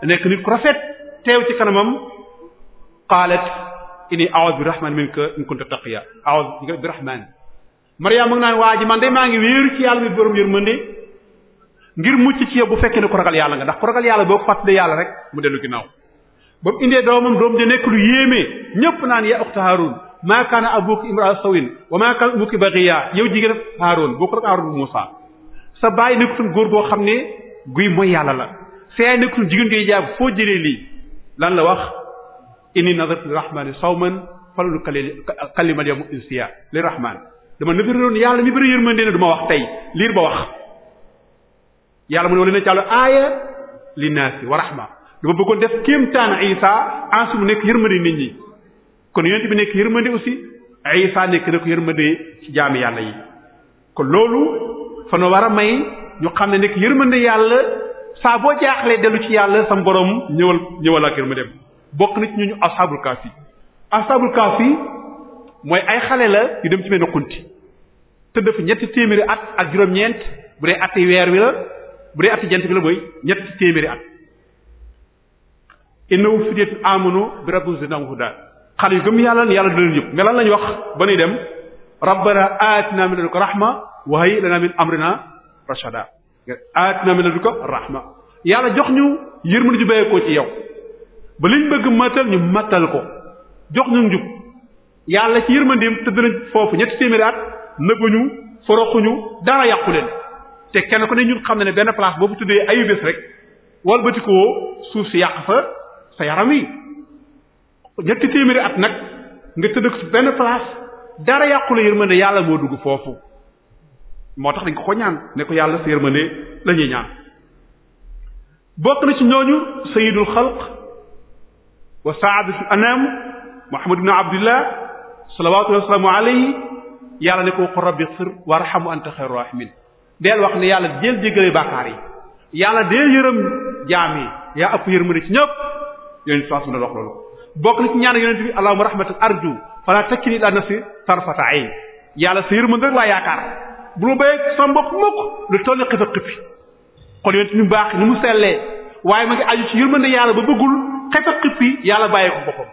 nekk nit ku rafet teew ci kanamam qaalat inni a'udhu birahman minka in kunta taqiya a'udhu birahman Maryam mu ngi naan waa man de maa ngi wéeru ci yàlla mi borom yërmande ngir mucc ci yow bu fekkee ne ku ragal yàlla nga ndax ku ragal yàlla boo ko fàttalee yàlla rek mu dellu ginnaaw ba mu indee doomam doom de nekk lu yéemee ñëpp naan yaa uxta Haarun maa kaana abuki imraa sawin wa maa kaana abuki baxiya yow jigéen Haarun boo ko rek Haarun bu Muusaa sa bàyyi nekkutum góor goo xam ne guy mooy yàlla la sa yaay nekkutum jigéen ngay jaab foo jëlee lii lan la wax inni nadartu lirahmani sawman falanu kalimal yawma insiya lirahman dama nëbëri doon yàlla mi bëri yërmande ne du ma wax tey liir ba wax yàlla mu ne wala na càllu aaya li naasi wa rahma dama bëggoon def kéemtaan isa ansu mu nekk yërmande nit ñi kon yonent bi nekk yërmande aussi isa nekk ne ko yërmande ci jaami yàlla yi kon loolu fa na war a may ñu xam ne nekk yërmande yàlla saa boo jaaxlee dellu ci yàlla sam borom ñëwal ñëwal ak yërmandeem bokk na ci ñu ñu ashabul kaafi ashabul kaafi mooy ay xale la yu dem ci benn xunti tëdd fa ñetti téeméeri at ak juróom-ñeent bu dee ati weer wi la bu dee ati jant bi la mooy ñetti téeméeri at innahu fityatun amanu bi rabbihim zidnahum huda xale yu gëm yàlla yàlla du leen yëpp mais lan wax ba nuy dem rabbana atina min ladunka rahma wa hayyi lana min amrina rashada atina min ladunka rahma yàlla jox ñu yërmande ju bàyyeekoo ci yow ba liñ bëgg matal ñu matal ko jox ñu njub yàlla ci yërmandeem tëdd nañ foofu ñetti téeméeri at nëbbuñu foroxuñu dara yàqu te kenn ku ne ñun xam na ne benn place boobu tuddee ayu bés rek walbatikoo suuf si yàq fa sa yaram wi ñetti téeméeri at nag nga tëdd ko ci benn place dara yàqula yërmande yàlla moo dugg foofu moo tax dañ ko ko ñaan ne ko yàlla sa yërmande la ñaan bokk na ci ñooñu sayidul xalq wa saadatul anam muhammad ibn abdillah salawatullahi wa salaamu alayhi yàlla ne ko rabbi xfir warhamu anta xayru rahimin del wax ne yàlla del jéggale bàkkaar yi yàlla del yërëm jaam yi yaa ëpp yërmande ci ñëpp yonent bi sallallahu alayhi wasallam wax loolu bokk na ci ñaan yonent bi allahumma rahmatak arju fala takkilni ila nafsi tarfata ayn yàlla sa yërmande rek laa yaakaar bu ma béyee sama bopp mukk lu toll ni xëf ak xëppi kon yonent ni mu baax ni mu sellee waaye ma ngi aju ci yërmande yàlla ba bëggul xëf ak xëppi yàlla bàyyee ko boppam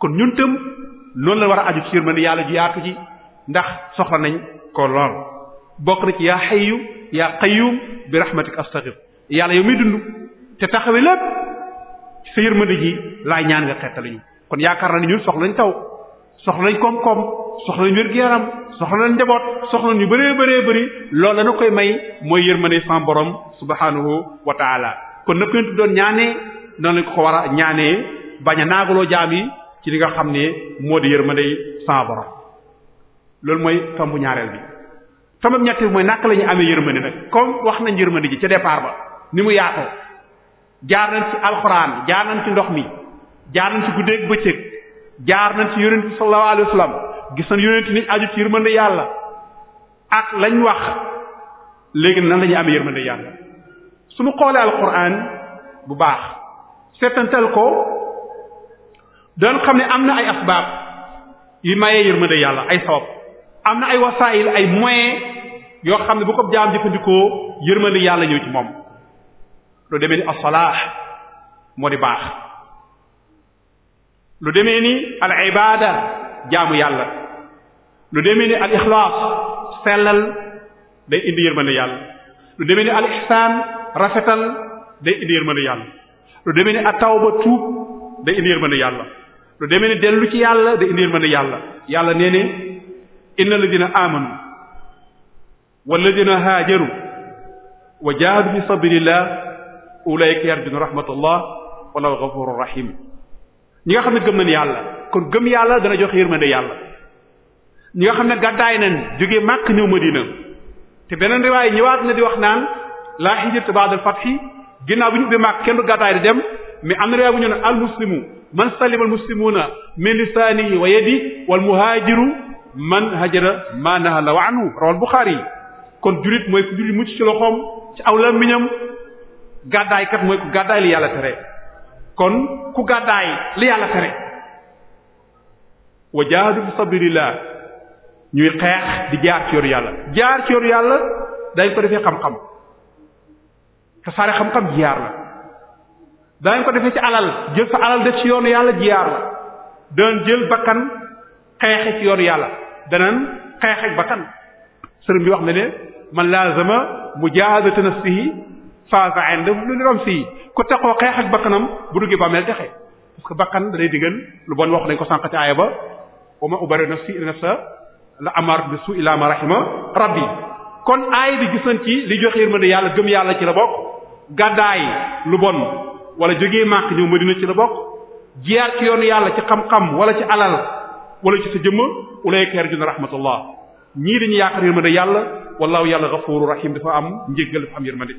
kon ñun tam loolu la war a aju ci yërmande yàlla ju yaatu ji ndax soxla nañ ko lool bokk na ci yaa xayyu yaa qayyum bi rahmatik astaghfir yàlla yow miy dund te taxawee lépp ci sa yërmande ji laay ñaan nga xettali kon yaakaar na ni ñu soxla nañu taw soxla nañ koom-koom soxla nañ wér-gu-yaram soxla njaboot soxla ñu bëree bëree bëri loolu la koy may mooy yërmande san borom subhanahu wa taala kon na ko doon ñaanee noonu lañ ko ko war a ñaanee bañ a naagaloo jaam yi ci li nga xam ne moo di yërmande san borom loolu mooy tombu ñaareel bi. sama ñett bi mooy naka la ñu amee yërmande nag comme wax nañ yërmande ji ca départ ba ni mu yaatoo jaar nañ ci alxuraan jaar nañ ci ndox mi jaar nañ ci guddeeg bëccëg jaar nañ ci yonent bi sallallahu alayhi wasallam gis nañ yonent niñ aju ci yërmande yàlla ak lañ wax léegi nan la ñuy amee yërmande yàlla suñu xoolee alxuraan bu baax seetantal ko doon xam ne am na ay asbaab yi mayee yërmande yàlla ay sabab am na ay wasaayil ay moyens yoo xam ne bu ko jaam jëfandikoo yërmande yàlla ñëw ci moom lu demee ni as-salaah moo di baax lu deme ni al ibaada jaamu yàlla lu demee ni al ixlaas sellal day indi yërmande yàlla lu demee ni al rafetal day indi yërmande yàlla lu demee ni at-tawba tuub day indi yërmande yàlla lu demee ni dellu ci yàlla day indi yërmande yàlla yàlla nee ne inna alladina amanu walladina haajaru wa jahadu fi sabilillah ulaika yarjuna rahmatallah wallahu ghafurur rahim ñi nga xam ne gëm nañ yàlla kon gëm yàlla dana jox yërmande yàlla ñi nga xam ne gàddaay nañ jóge màkk ñëw madina te beneen riwaay ñëwaat na di wax naan laa hijrata ba'da al ginnaaw bi ñu ubbee màkk kenn gàddaay di dem mais am na riwaay bu ñu ne al man salima al muslimuna min lisaanihi wa yadihi wal muhaajiru man hajara ma naha la wa anhu rawal Buxaari yi kon jurit mooy ku jurit mucc ci loxoom ci aw la gàddaay kat mooy ku gàddaay li yàlla tere kon ku gàddaay li yàlla tere wa jaahadu ñuy di jaar yàlla jaar ci yoonu dañ ko defee xam-xam tasaare la daañ ko defee ci alal jël def si yoon yàlla jiyaar la daan jël bakkan xeexe ci yoonu yàlla danañ xeex ak bakkan sëriñ bi wax na ne man laazama mujaahadatu nafsihi faaza inda lu ramsihi ku taxoo xeex bakkanam bu duggee bàmmeel texe parce bakkan danay diggan lu bon wax nañ ko sànq ci aaya ba wa ma ubari nafsi nafsa la amar bi su ila ma rahima rabbi kon aaya bi gis nañ ci li joxe yërmande yàlla gëm yàlla ci la bokk gàddaay lu bon wala jógee màq ñëw Madina ci la bokk jiyaar ci yoonu yàlla ci xam-xam wala ci alal wala ci sa jëmma ulay yarjuna rahmatullah ñii dañuy yaakaar yërmande yàlla wallahu yàlla ghafuru rahim dafa am njéggal dafa am yërmande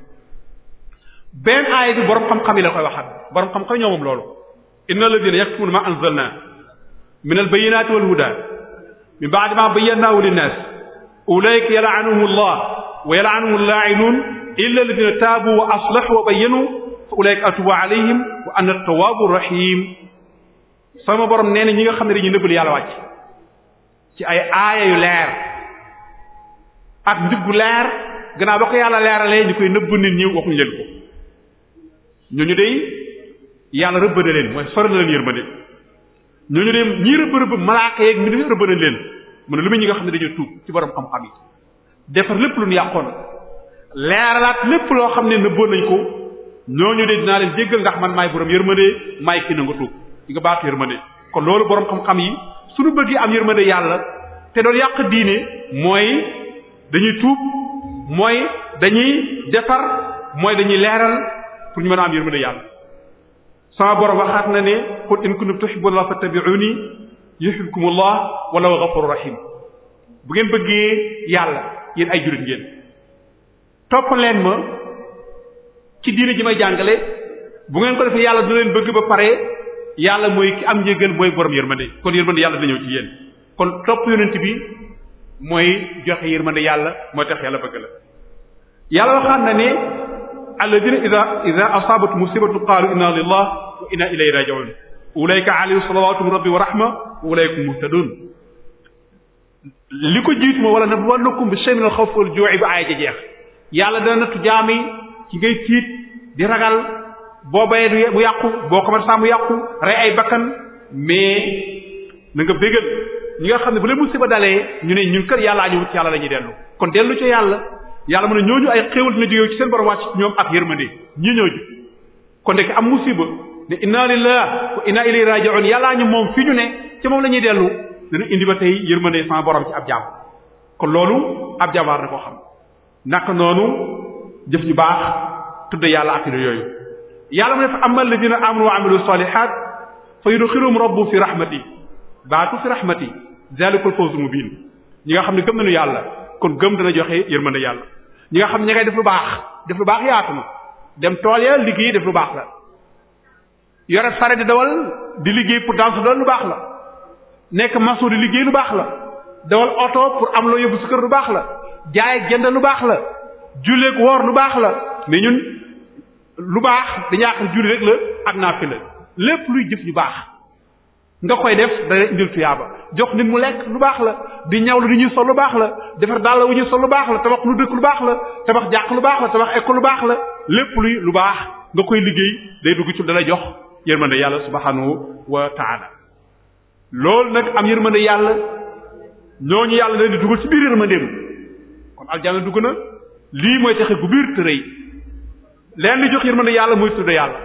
benn aaya bi borom xam-xam yi la koy waxaat borom xam-xam ñoo moom loolu inna alladhina yaktumuna ma anzalna min albayyinati wal huda min ba'di ma bayyanahu linnas ulayka yal'anuhum allah wa yal'anuhum al-la'inun illa alladhina tabu wa aslahu wa bayyanu fa ulayka atubu alayhim wa ana at-tawwabu rahim sama borom nee na ñi nga xam ne dañuy nëbbal yàlla wàcc ci ay aaya yu leer ak njubbu leer gannaaw ba ko yàlla leeralee ñu koy nëbb nit ñi waxuñu leen ko ñooñu dey yàlla rëbbëna leen mooy sori na leen yërmande ñooñu dey ñii rëbb rëbb malaaka yeeg mi def rëbbëna leen mu ne lu muy ñi nga xam ne dañuy tuub ci borom xam-xam yi defar lépp lu ñu yàqoon leeralaat lépp loo xam ne nëbboon nañ ko ñooñu de dinaa leen jéggal ndax man maay borom yërmande maay kii na nga tuub di baax yërmande kon loolu borom xam-xam yi suñu bëggee am yërmande yàlla te doon yàq diine mooy dañuy tuub mooy dañuy defar mooy dañuy leeral pour ñu mën a am yërmande yàlla sama borom waxaat na ne qul in kuntum tuhibbuna fattabi'uni yuhibbukumullah wala wa ghafurur rahim bu ngeen bëggee yàlla yéen ay jullit ngeen topp ma ci diine ji may jàngale bu ngeen ko defee yàlla du leen bëgg ba pare yàlla mooy ki am njëgal mooy borom yërmande kon yërmande yàlla dina ci yéen kon topp yonent bi mooy joxe yërmande yàlla mooy tax yàlla bëgg la yàlla waxaan na ne alladina ida ida asaabat musibatu qaalu inna lillah wa inna ilayhi rajiun ulayka alayhim salawatu rabbi wa rahma wa muhtadun li jiitu ma wala nabluwannakum bi shay'in min al-khawfi wal ju'i ba aaya ja jeex yàlla dana nattu jaam ci ngay tiit di ragal boo bayee mu yàqu boo ko commerçant mu yàqu rey ay bakkan mais nanga nga ñi nga xam ne bu leen musiba dalee ñu ne ñun kër yàlla ñu wut ci yàlla la ñuy dellu kon dellu ci yàlla yàlla mu ne ñooñu ay xéewal dina jóge ci seen borom wàcc ñoom ak yërmande ñi kon de am musiba ne inna lillahi wa inna ilayhi yàllaa ñu moom fi ñu ne ci moom la ñuy dellu dana indi ba tey yërmande sama borom ci ab jaam kon loolu ab jaam war na xam naka noonu jëf ñu baax tudde yàlla ak yooyu. yàlla mu def amal ladina amanu wa amilu salihat fa yudxiluhum rabbu fi rahmati baatu fi rahmati zalikal fawzul mubin ñi nga xam ne gëm nañu yàlla kon gëm dana joxe yërmande yàlla ñi nga xam ne ña def lu baax def lu baax yaatu na dem tool ya liggéey def lu baax la yore sare di dawal di liggéey pour dans su lu baax la nekk maçon di liggéey lu baax la dawal oto pour am loo yóbbu su kër lu baax la jaay jënd lu baax la julleek woor lu baax la lu baax dañu yaakaar julli rek la ak naafila lépp luy jëf yu baax nga koy def da indil tuyaaba jox nit mu lekk lu baax la di ñaw lu ñuy sol lu baax la defar dàll wu ñuy sol lu baax la tabax lu dëkk lu baax la tabax jàq lu baax la tabax école lu baax la lépp luy lu baax nga koy liggéey day dugg ci dalay jox yërmande yàlla subhanahu wa ta'ala loolu nag am yërmande yàlla ñooñu yàlla leen di dugal ci biir yërmandeem kon aljanna dugg na lii mooy texe gu biir te rëy leen di jox yërmande yàlla muy tudd yàlla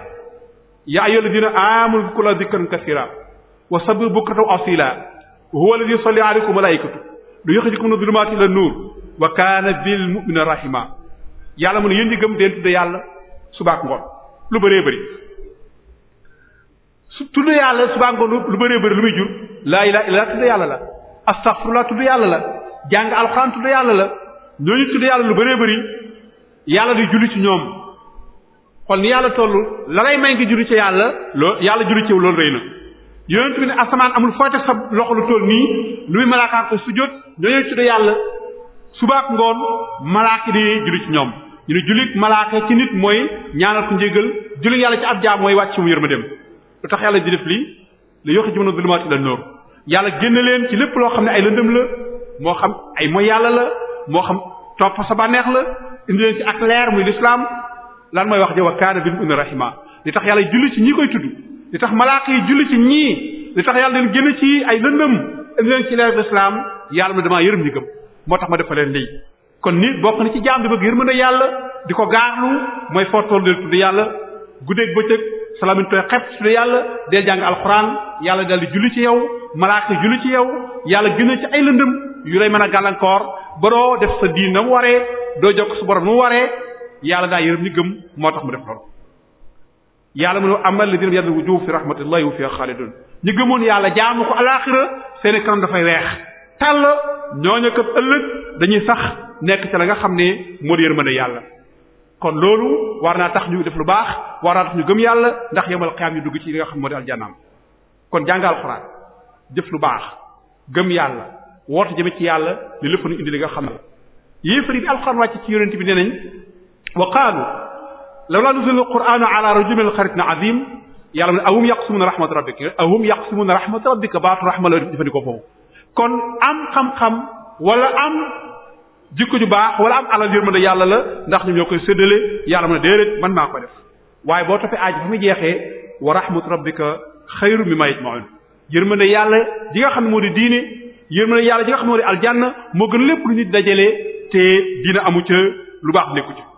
yaa ayyuha alladina amanu zkuru zikran kasira wa sabbihu bukratan wa asila huwa alladi yusalli alaykum malaikatu du yuxrijukum min dhulumati ila nuur wa kaana bil mu'minina rahima yàlla mu ne yéen ñi gëm deen tudd yàlla subaak ngoon lu bëree bëri su tudd yàlla subaak ngoon lu bëree bëri lu muy jur laa ilaha illa tudd yàlla la astaghfirullah tudd yàlla la jàng alxuraan tudd yàlla la ñooñu tudd yàlla lu bëree bëri yàlla ci ñoom xool ni yàlla toll la lay may ngi juru ci yàlla loo yàlla juru ci loolu rëy na yonent bi ne asamaan amul fooy teg sa loxo lu toll nii lu muy malaakaan ko sujjóot ñooñu yàlla subaak ngoon malaaka ñoom ñu ne jullit malaaka ci nit mooy ñaanal ko njégal jullit yàlla ci ab jaam mooy wàcc mu yërma dem lu tax yàlla di def li yoxi ji mën a zulumaat ila noor yàlla génn leen ci lépp loo xam ne ay lëndëm la moo xam ay mooy yàlla la moo xam topp sa bànneex la indi ci ak leer muy lislaam lan mooy wax ji wa bi mu mu'miniina rahima li tax yàlla julli ci ñi koy tudd li tax malaaka yi julli ci ñii li tax yàlla leen génn ci ay lëndëm indi leen ci leeru islaam yàlla ma damaa yërëm ñi gëm moo tax ma dafa leen lii kon nit bokk na ci jaam di bëgg yërmande yàlla di ko gaarlu mooy fortool del tudd yàlla guddeeg bëccëg salamin tooy xepp tudd yàlla deel jàng alxuraan yàlla dal di julli ci yow malaaka yi julli ci yow yàlla génn ci ay lëndëm yu lay mën a gàllankoor baroo def sa diin na mu waree doo jokk su borom nu waree yàlla daa yërëm ñi gëm moo tax mu def loolu yàlla mu ne amal la dina yàlla wujuh fi rahmatullahi wa fi xaalidun ñi gëmoon yàlla jaamu ko alaaxira seeni kanam dafay weex tàll ñooñu kat ëllëg dañuy sax nekk ci la nga xam ne moo di yërmande yàlla kon loolu war naa tax ñu def lu baax war naa tax ñu gëm yàlla ndax yemal xiyaam ñu dugg ci li nga xam moo di aljannaam kon jàngal alxuraan jëf lu baax gëm yàlla woote jëme ci yàlla li lépp nu indi li nga xam ne yéefar yi bi ci yonent bi nañ wa qaalu lawlaa nuzila alqur'aanu ala rajulin min na azim yàlla mu ne ahum yaqsimuna rahmat rabbika ahum yaqsimuna rahmat rabbika baatu rahma la jëfandikoo foofu kon am xam-xam wala am jikko ju baax wala am alal yërmande yàlla la ndax ñoom ñoo koy séddale yàlla mu ne man maa ko waaye boo toppee aaj mu jeexee wa rahmatu rabbika xayru mimma yajma'un yërmande yàlla ji nga xam ne moo di diine yërmande yàlla ji nga xam ne moo di aljanna moo gën lépp lu nit dajale te dina amu ca lu baax nekku ci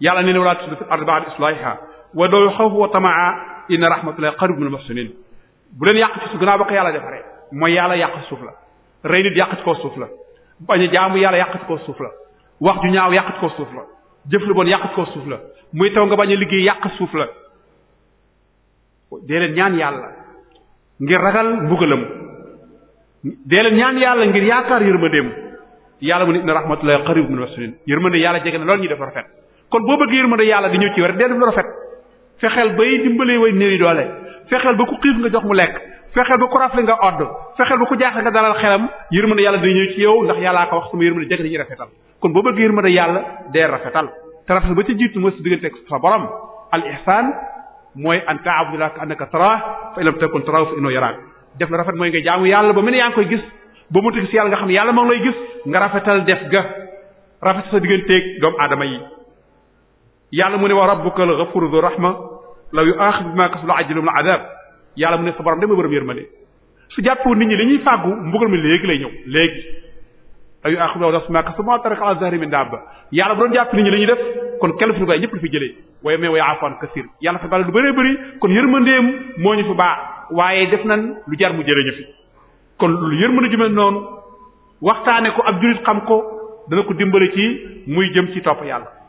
yàlla nee na walaa tusidu fil ardi ba'da wa da'uu xaw wa tama'an inna rahmatallahi qariibun minal muhsiniin bu leen yàq ci suuf gannaaw ba ko yàlla defaree mooy yàlla yàq suuf la rey nit yàq ci suuf la bañ a yàlla yàq ci suuf la wax ju ñaaw yàq ci kaw suuf la jëf lu bon yàq ci suuf la muy taw nga bañ liggéey yàq suuf la dee leen ñaan yàlla ngir ragal mbugalam dee leen ñaan yàlla ngir yaakaar yërmandeem yàlla mu ne inna rahmatallahi qariibun minal muhsiniin yërmande yàlla jege na lool ñuy def rafet kon boo bëgg yërmande yàlla di ñëw ci war dee def lu rafet fexeel bay dimbalee way néew yi doole fexeel ba ku xiif nga jox mu lekk fexeel ba ku rafle nga odd fexeel ba ku jaaxle nga dalal xelam yërmande yàlla di ñëw ci yow ndax yàllaa ko wax sama yërmande jëkk dañuy rafetal kon boo bëgg yërmande yàlla dee rafetal te rafetal ba ci jiitu mooy sa diggante ak sa borom al ihsan mooy an ta'budu ka annaka taraah fa in lam takun taraah fa innahu yaraak def la rafet mooy nga jaamu yàlla ba mel yaa ngi koy gis ba mënta gis nga xam ne yàlla moo ngi lay gis nga rafetal def ga rafetal sa digganteeg doomu aadama yi yàlla mu ne wa rabbuka al ghafuru dhu rahma law yu'akhidhu bima kasabu la ajjalahum al adab yàlla mu ne sa borom de ma borom yërmande su jàppoo nit ñi li ñuy fàggu mbugal mi léegi lay ñëw léegi law yu'akhidhu nafsun bima kasabat ma taraka ala zahri min dabba yàlla bu doon jàpp nit ñi li ñuy def kon kenn fi ñu bàyyi ñëpp la fi jëlee waaye mais waaye afaan kasir yàlla fa bala lu bëree bëri kon yërmandeem moo ñu fi baa waaye def nan lu jar mu jëlee ñu fi kon lu yërmande ju mel noonu waxtaane ko ab jurit xam ko dana ko dimbale ci muy jëm ci topp yàlla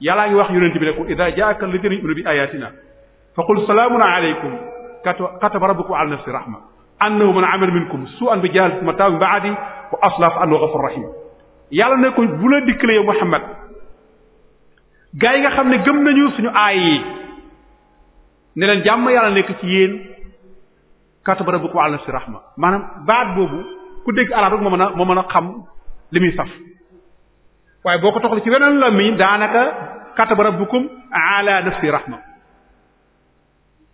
yàllaa ngi wax yonent bi ne ko ida jaaka alladina bi ayatina fa qul salaamun aleykum kataba rabbukum ala nafsi rahma annahu man amila minkum su'an bi jahalati mata min ba'di wa aslaf fa annahu ghafur rahim yàlla ne ko bu la dikkale yow Muhammad gaa yi nga xam ne gëm nañu suñu aay yi ne leen jàmm yàlla nekk ci yéen kataba rabbukum ala nafsi rahma maanaam baat boobu ku dégg arab rek moo mën a moo mën a xam li muy saf waaye boo ko toxal ci weneen làmmiñ daanaka kataba rabbukum ala nafsi rahma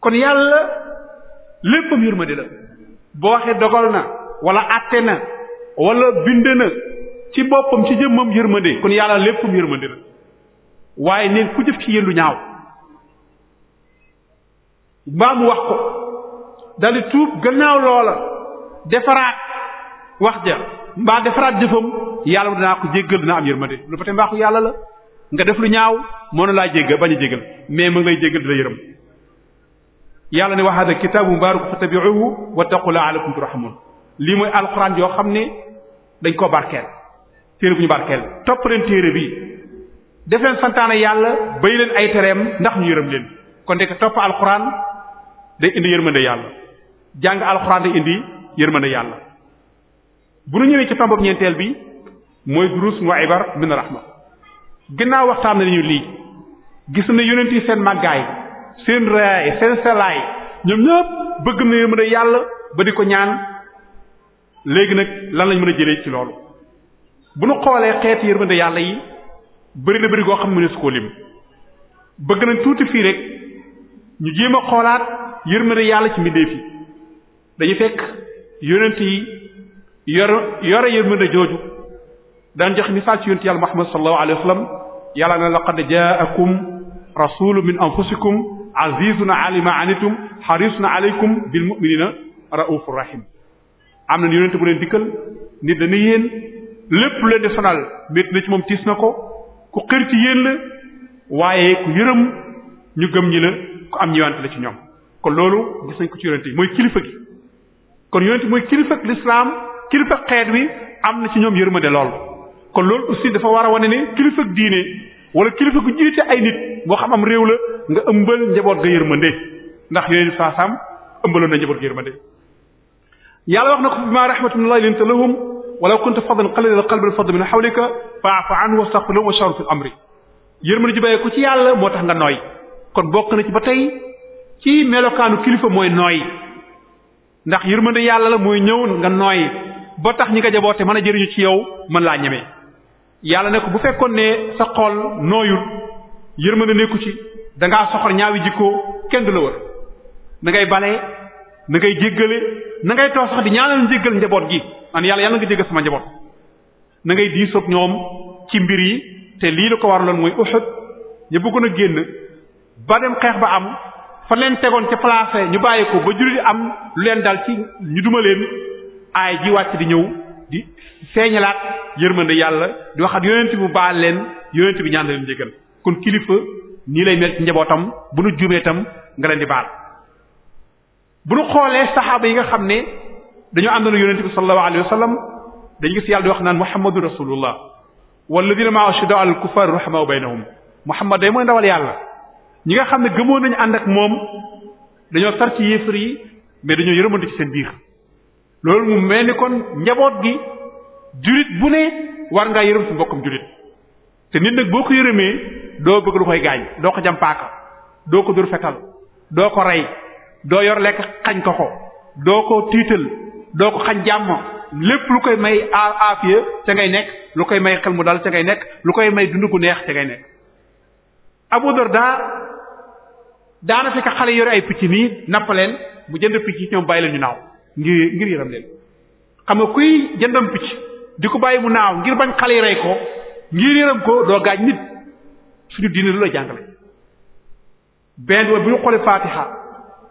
kon yàlla léppam yërmande la boo waxee dogal na wala àtte na wala bind na ci boppam ci jëmmam yërmande kon yàlla léppam yërmande la waaye neen ku jëf ci yéen lu ñaaw mbaa mu wax ko daldi tuub gannaaw loola defaraat wax ja mbaa defaraat jëfam yàlla dinaa ko jéggal dinaa am yërmande lu ba tey mbaaxu yàlla la nga def lu ñaaw mënu laa jéggal bañ a jéggal mais mu ngi lay jéggal di la yërëm yàlla ne wa hada kitaabu mubaaraku fattabi'uhu wattaqu la'allakum turhamun lii mooy alquran yoo xam ne dañ koo barkeel téere bu ñu barkeel topp leen téere bi def leen santaane yàlla bay leen ay tereem ndax ñu yërëm leen kon de topp alquran day indi yërmande yàlla jàng alquran day indi yërmande yàlla bu nu ñëwee ci tombob ñeenteel bi mooy durus wa ibar min rahma ginnaaw waxtaan nañu lii gis na yonent yi seen màggaay seen rayaay seen selaay ñoom ñëpp bëgg nañu mën a yàlla ba di ko ñaan léegi nag lan lañ mën a jëlee ci loolu bu nu xoolee xeeti yërmande yàlla yi bëri na bëri goo xam ne su ko lim bëgg nañ tuuti fii rek ñu jéem a xoolaat yërmande yàlla ci mbindeef yi dañu fekk yonent yi yor yore yërmande jooju daan jox misaal ci yonent yàlla Muhammad sallallahu alayhi wa sallam yàlla na laqad jaakum rasulu min anfusikum azizun ala ma anitum harisun alaykum bil mu'minina am na yonent bu leen dikkal nit dana yéen lépp leen di sonal métti na ci moom tiis na ko ku xër ci yéen la waaye ku yërëm ñu gëm ñi la ku am ñëwante la ci ñoom kon loolu gis nañ ko ci yonent mooy kilifa gi kon yonent mooy kilifa ak kilifa xeet wi am na ci ñoom yërmande lool kon loolu aussi dafa war a wane ne kilifa diine wala kilifa gu jiite ay nit boo xam am réew la nga ëmbal njaboot ga yërmande ndax yooyu saasaam ëmbaloon na njaboot ga yërmande yàlla wax na ko bima rahmatullahi linta lahum walaw kunta fadlan qalilal qalbi fadda min hawlika fa'fu anhu wastaghfir lahu wa shawirhum fil amri yërmande ji bàyyee ko ci yàlla moo tax nga nooy kon bokk na ci ba tey ci melokaanu kilifa mooy nooy ndax yërmande yàlla la mooy ñëw nga nooy ba tax ñi nga jaboote mën a jëriñu ci yow mën laa ñeme yàlla ne ko bu fekkoon ne sa xol ma ne nekku ci da ngaa soxor ñaawi jikkoo kenn du la wër na bale na ngay jéggale na ngay toog sax di ñaanal njéggal njaboot gi an yàlla yàlla nga jéggal sama njaboot na ngay diisoog ñoom ci mbir yi te lii la ko waraloon mooy Uhud ñu bëggoon a génn ba dem xeex ba am fa leen tegoon ca placé ñu bàyyi ko ba juri di am lu leen dal ci ñu duma leen aay ji wàcc di ñëw di feeñalaat yërmande yàlla di wax ak yonent bu baal leen yonent bi ñaan leen jéggal kon kilifa nii lay mel ci njabootam bu nu juumee tam nga leen di baal bu nu xoolee saxaaba yi nga xam ne dañoo àndoon yonent bi sallallahu alayhi wa sallam dañu gis yàlla di wax naan muhammadu rasulullah walladina maa ashidda al kufar ruhamaa baynahum muhammad day mooy ndawal yàlla ñi nga xam ne gëmoon nañu ànd ak moom dañoo tar ci yéefar yi mais dañoo yërmande ci loolu mu mel ni kon njaboot gi jurit bu ne war ngaa yërëm su mbokkam jurit te nit nag boo ko yërëmee doo bëgg lu koy gaañ doo ko jam doo ko dur fetal doo ko rey doo yor lekk xañ ko ko doo ko tiital doo ko xañ jàmm lépp lu koy may aafiya ca ngay nekk lu koy may xel mu dal ca ngay nekk lu koy may dund gu neex ca ngay nekk Abu Darda daana fekk xale yore ay picc nii napp leen mu jënd picc yi ñoom bàyyi la ñu naaw ngir ngir yëram leen xam nga kuy jëndam picc di ko bàyyi mu naaw ngir bañ xale yi rey ko ngir yëram ko doo gaañ nit suñu diine lu la jàngale benn bi bu ñu xoolee fatiha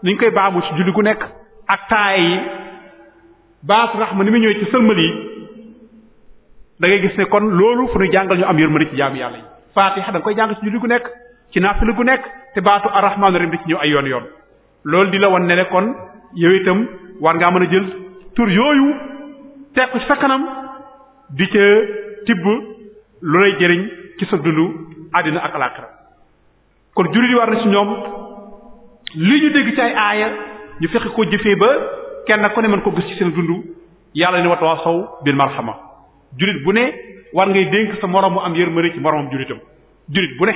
niñ koy baamu ci julli gu nekk ak taaya yi baas raxma ni mu ñëwee ci sëlmal yi da ngay gis ne kon loolu fu ñu jàngal ñu am yërmande ci jaamu yàlla yi fatiha da koy jàng ci julli gu nekk ci naafila gu nekk te baatu arrahmaanu rahim di ci ñëw ay yoon yoon loolu di la wan yow war ngaa mën a jël tur yooyu teg ko ci sa kanam di ca tibb lu lay jëriñ ci sa dundu àddina ak alaaxira kon jullit yi war na ci ñoom li ñu dégg ci ay aaya ñu fexe ko jëfee ba kenn ku ne mën ko gis ci seen dundu yàlla ni watawaasaw bil marxama jullit bu ne war ngay dénk sa moroom am yërmande ci moroomam jullitam jullit bu ne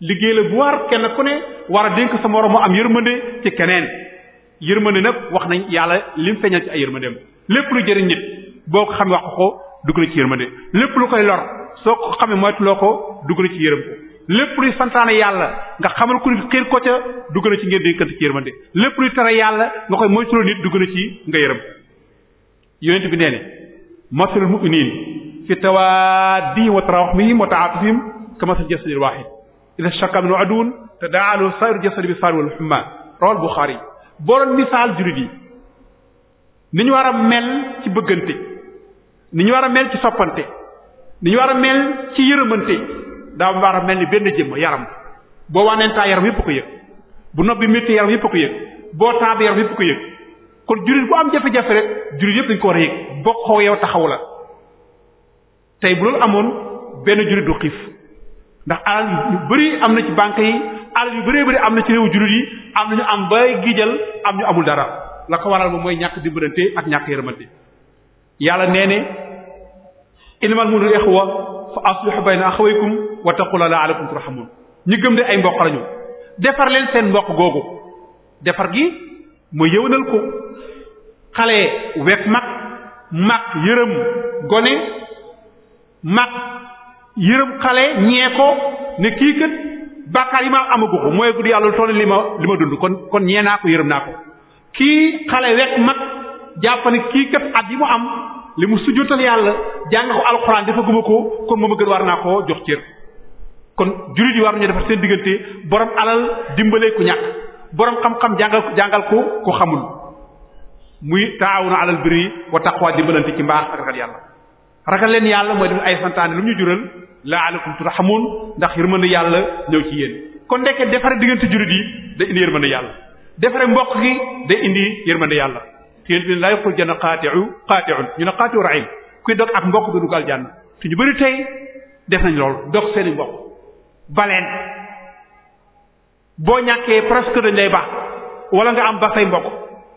liggéey la bu war kenn ku ne war a dénk sa moroom mu am yërmande ci keneen yërmande nag wax nañ yàlla lim feeñal ci ay yërmandeem lépp lu jëriñ nit boo ko xam wax ko dugg na ci yërmande lépp lu koy lor soo ko xamee moytu loo ko dugg na ci yërëm lépp luy santaane yàlla nga xamal ku nit xiir ko ca dugg na ci ngeen dénkante ci yërmande lépp luy tere yàlla nga koy moytuloo nit dugg na ci nga yërëm yonent bi nee ne masalul mu'minin fi tawaadihim wa tarahumihim wa ta'atufihim kama sa jasadil wahid idha shaka minhu adun tada'alu sa'iru jasadi bi sar wal humma rawal bukhari boo doon misaal jullit yi ni ñu war a mel ci bëggante ni ñu war a mel ci soppante ni ñu war a mel ci yërëmante daa war a mel ni benn jëmm yaram boo waneentaa yaram yëpp ko yëg bu nopp bi métti yaram yëpp ko yëg boo taabee yaram yëpp ko yëg kon jullit bu am jafe-jafe rek jullit yëpp dañu ko war a yëg bokkoo yow taxaw la tey bu loolu amoon benn jullit du xiif ndax alal yu bëri am na ci banque yi alal yu bëree bëri am na ci réew jullit yi am na ñu am bay gijal am ñu amul dara la ko waral moom mooy ñàkk dimbalante ak ñàkk yërmante yàlla nee ne innamal mu'minuna ikhwa fa aslihu bayna akhawaykum wattaqullaha la'allakum turhamun ñu gëm de ay mbokk lañu defar leen seen mbokk googu defar gi mooy yëwanal ko xale wekk mag mag yërëm gone mag yërëm xale ñee ko ne kii kat bàkkaar yi ma amagu ko mooy gudd yàlla lu toll li ma li ma dund kon kon ñee naa ko yërëm naa ko kii xale wekk mag jàpp ne kii kat at yi mu am li mu sujjóotal yàlla jàng ko alxuraan dafa guma ko kon moom a gën war naa koo jox cër kon jullit yi war nañu dafa seen diggante borom alal dimbalee ku ñàkk borom xam-xam jàngal jàngal ko ko xamul muy taawuna alal birri wa taqwa dimbalante ci mbaax ak ragal yàlla ragal leen yàlla mooy def ay santaane lu mu ñu laa la'allakum turhamun ndax yërmande yàlla ñëw ci yéen kon ndekkee defare diggante jurit yi day indi yërmande yàlla defare mbokk gi da indi yërmande yàlla te yéen fi laa yëkkul janna qaati'u qaati'un ñu ne qaati'u rahim kuy dog ak mbokk du dugg aljanna te ñu bëri tey def nañ loolu dog seeni mbokk baleen boo ñàkkee presque dañ lay baax wala nga am ba say mbokk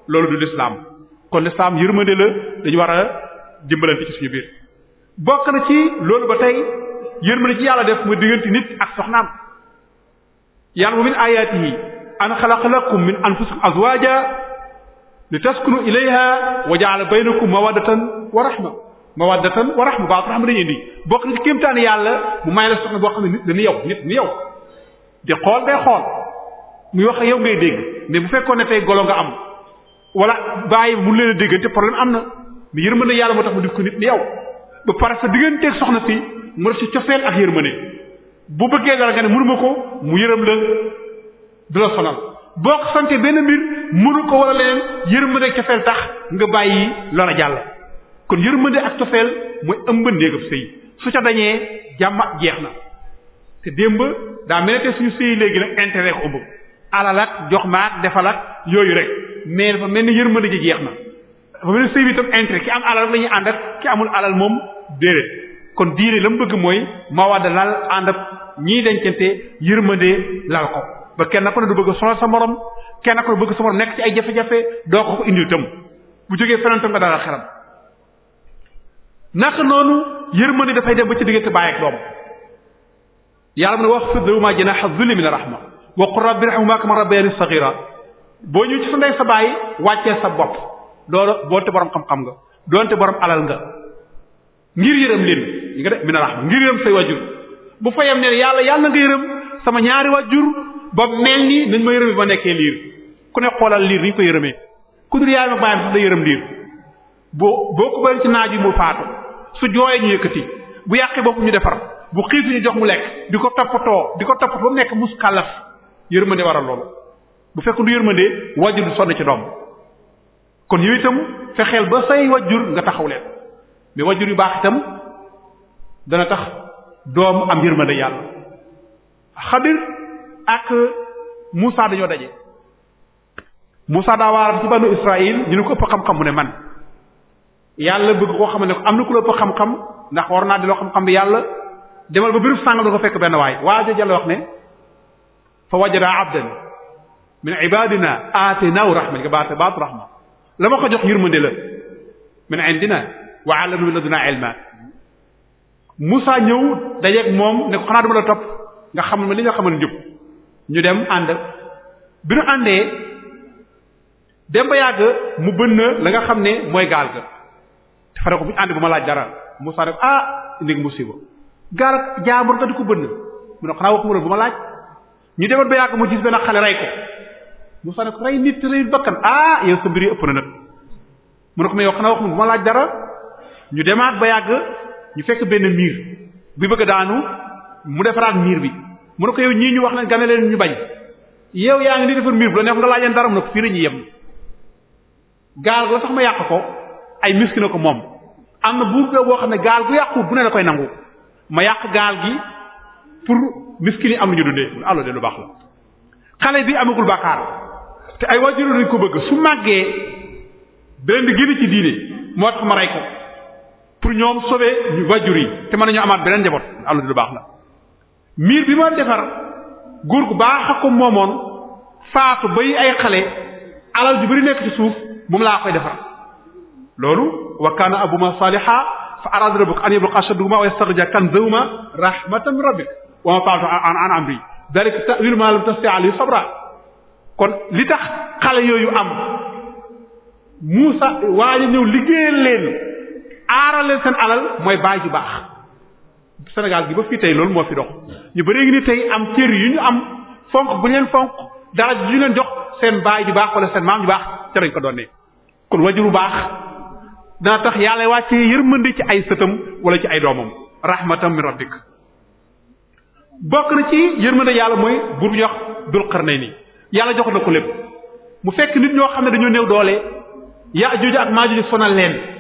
loolu du lislaam kon lislaam yërmande la dañu war a dimbalante ci suñu biir bokk na ci loolu ba tey yërmande ci yàlla def muy diggante nit ak soxnaam yàlla wa min ayaatihi an xalaqa lakum min anfusikum azwaaja li taskunu ilayha wa ja'ala baynakum mawaddatan wa rahma mawaddatan wa rahma baax rahma dañuy indi na ci kéemtaani yàlla mu may la soxna boo xam ne nit dañu yow nit ni yow di xool day xool muy wax yow ngay dégg mais bu fekkoon ne tey golo nga am wala bàyyi mun leen a déggante problème am na mais yërmande yàlla moo tax mu def ko nit ni yow ba pare sa digganteeg soxna si mu def ci cofeel ak yërmande bu bëggee dara nga ne mënuma ko mu yërëm la du la sonal boo ko sante benn mbir mënu ko wala leneen yërmande ak cofeel tax nga bàyyi lor jàll kon yërmande ak cofeel mooy ëmb néegam sëy su ca dañee jàmm jeex na te démb daa mel ne suñu sëy léegi nag intérêt ko ëmb alal ak jox maak defal ak yooyu rek mais dafa mel ni yërmande ji jeex na dafa mel ni sëy bi itam intérêt ki am alal rek la ànd ak ki amul alal moom déedéet kon diine la mu bëgg mooy mawadda laal ànd ak ñii dencante yërmande laal ko ba kenn ku ne du bëgg sonal sa morom kenn ku ne bëgg sa morom nekk ci ay jafe-jafe doo ko ko indil bu jógee feneen tam nga dalal xelam naka noonu yërmande dafay dem ba ci diggante baay ak doom yàlla mu ne wax fid lahuma janaha dhulli min rahma wa qur rabbi irhamhuma kama rabbayani saghira boo ñu ci sa sa baay wàccee sa bopp loolu doonte borom xam-xam nga doonte borom alal nga ngir yërëm yi nga de mi na raxma ngir yërëm say wajur bu fayam ne yàlla yàlla nga yërëm sama ñaari wajur ba mel ni nañ ma yërëmee ba nekkee liir ku ne xoolal liir ni ñu ko yërëmee ku dul yaay ma bàyyam sax da yërëm liir boo boo ko bëri ci naaj yi mu faatu su jooyee ñu yëkkati bu yàqee bopp ñu defar bu xiif ñu jox mu lekk di ko toppatoo di ko toppatoo ba mu nekk mus kàllaf yërmande waral loolu bu fekk du yërmande wajur du sonn ci doom kon yow itam fexeel ba say wajur nga taxaw leen mais wajur yu baax itam dana tax doom am yërmande yàlla xadir ak Moussa dañoo daje Moussa daa waaram ci banu Israël ñu ne ko ëpp xam-xam mu ne man yàlla bëgg koo xam ne am na ku la ëpp xam-xam ndax war naa di loo xam-xam bi yàlla demal ba béréb sàngal da ko fekk benn waay waaye jël wax ne fa wajada abdan min ibadina aatinahu rahma nga baat baatu rahma la ma ko jox yërmande la min indina wa allamna la ladunna ilma Moussa ñëw dajeeg moom ne ko xanaa duma la topp nga xamal ma li nga xamal njub ñu dem ànd bi àndee dem ba yàgg mu bën la nga xam ne mooy gaal ga dafa ko bu ànd bu ma laaj dara Moussa ne ko ah indi musiba gaal jaambur nga di ko bënn mu ne xanaa waxuma bu ma laaj ñu demoon ba yàgg mu gis benn xale rey ko Moussa ne ko rey nit rey bakkan ah yow sa mbir yi ëpp na nag mu ne ko mais yow xanaa waxuma bu ma laaj dara ñu demaat ba yàgg ñu fekk benn miir bi bëgg daanu mu defaraat miir bi mu ne ko yow ñii ñu wax leen gane leen ñu bañ yow yaa ngi ni defar miir bu la neex nga laajeen dara mu ne ko fii la ñuy yem gaal la sax ma yàq ko ay miski na ko moom am na buur boo xam ne gaal gu yàqu bu ne da koy nangu ma yàq gaal gi pour miski ni am nañu dundee allo de lu baax la xale bi amagul bàkkaar te ay waajur dañ ko bëgg su màggee beneen di génn ci diine moo tax ma rey ko pour ñoom sauver ñu wajur yi te mën nañoo amaat beneen njaboot àll di lu baax la miir bi ma defar góor gu baax a ko moomoon faatu bay ay xale alal ju bari nekk ci suuf moom laa koy defar loolu wa kaana abuma saliha fa arada rabbuka an yabluqa ashadduhuma wa yastakhrija kanzahuma rahmatan min rabbik wa ma fa'altu an amri dalika ta'wilu ma lam tasti alayhi sabra kon li tax xale yooyu am Muusa waaye ñëw liggéeyal leen aaral leen seen alal mooy baay ju baax Sénégal gi ba fii tey loolu moo fi dox ñu bëree ngi ni tey am cër yu ñu am fonk bu ñu leen fonk dara ju leen jox seen baay ju baax wala seen maam ju baax ca lañ ko doonee kon wajuru baax dana tax yàlla wàccee yërmande ci ay sëtam wala ci ay doomam rahmatam min rabbik bokk na ci yërmande yàlla mooy bu jox dul xarnay nii yàlla jox na ko lépp mu fekk nit ñoo xam ne dañoo new doole yaa jooju ak maa jooju sonal leen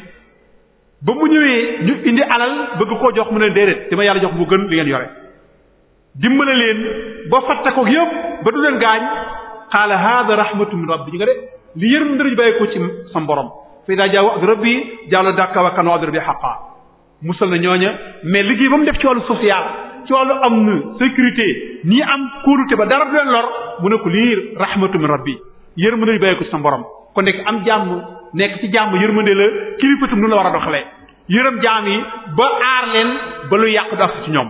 ba mu ñëwee ñu indi alal bëgg koo jox mu ne déedéet dama yàlla jox bu gën li ngeen yore dimbale leen ba fatte ko yëpp ba du leen gaañ qaala hada rahmatu min rabbi nga de li yërëm ndëruñu bàyyi ko ci sam borom fa idaa jaa wa'du rabbi ja'alahu dakka wa kaana wa'du rabbi haqqan musal na ñooña mais liggéey ba mu def ci wàllu social ci wàllu am na sécurité nii am kóolute ba dara du leen lor mu ne ko lii rahmatu min rabbi yërëm ndëruñu bàyyi ko ci nekk ci jàmm yërmande la kilifa tam nu la war a doxalee yërëm jaam yi ba aar leen ba lu yàqu daf ci ñoom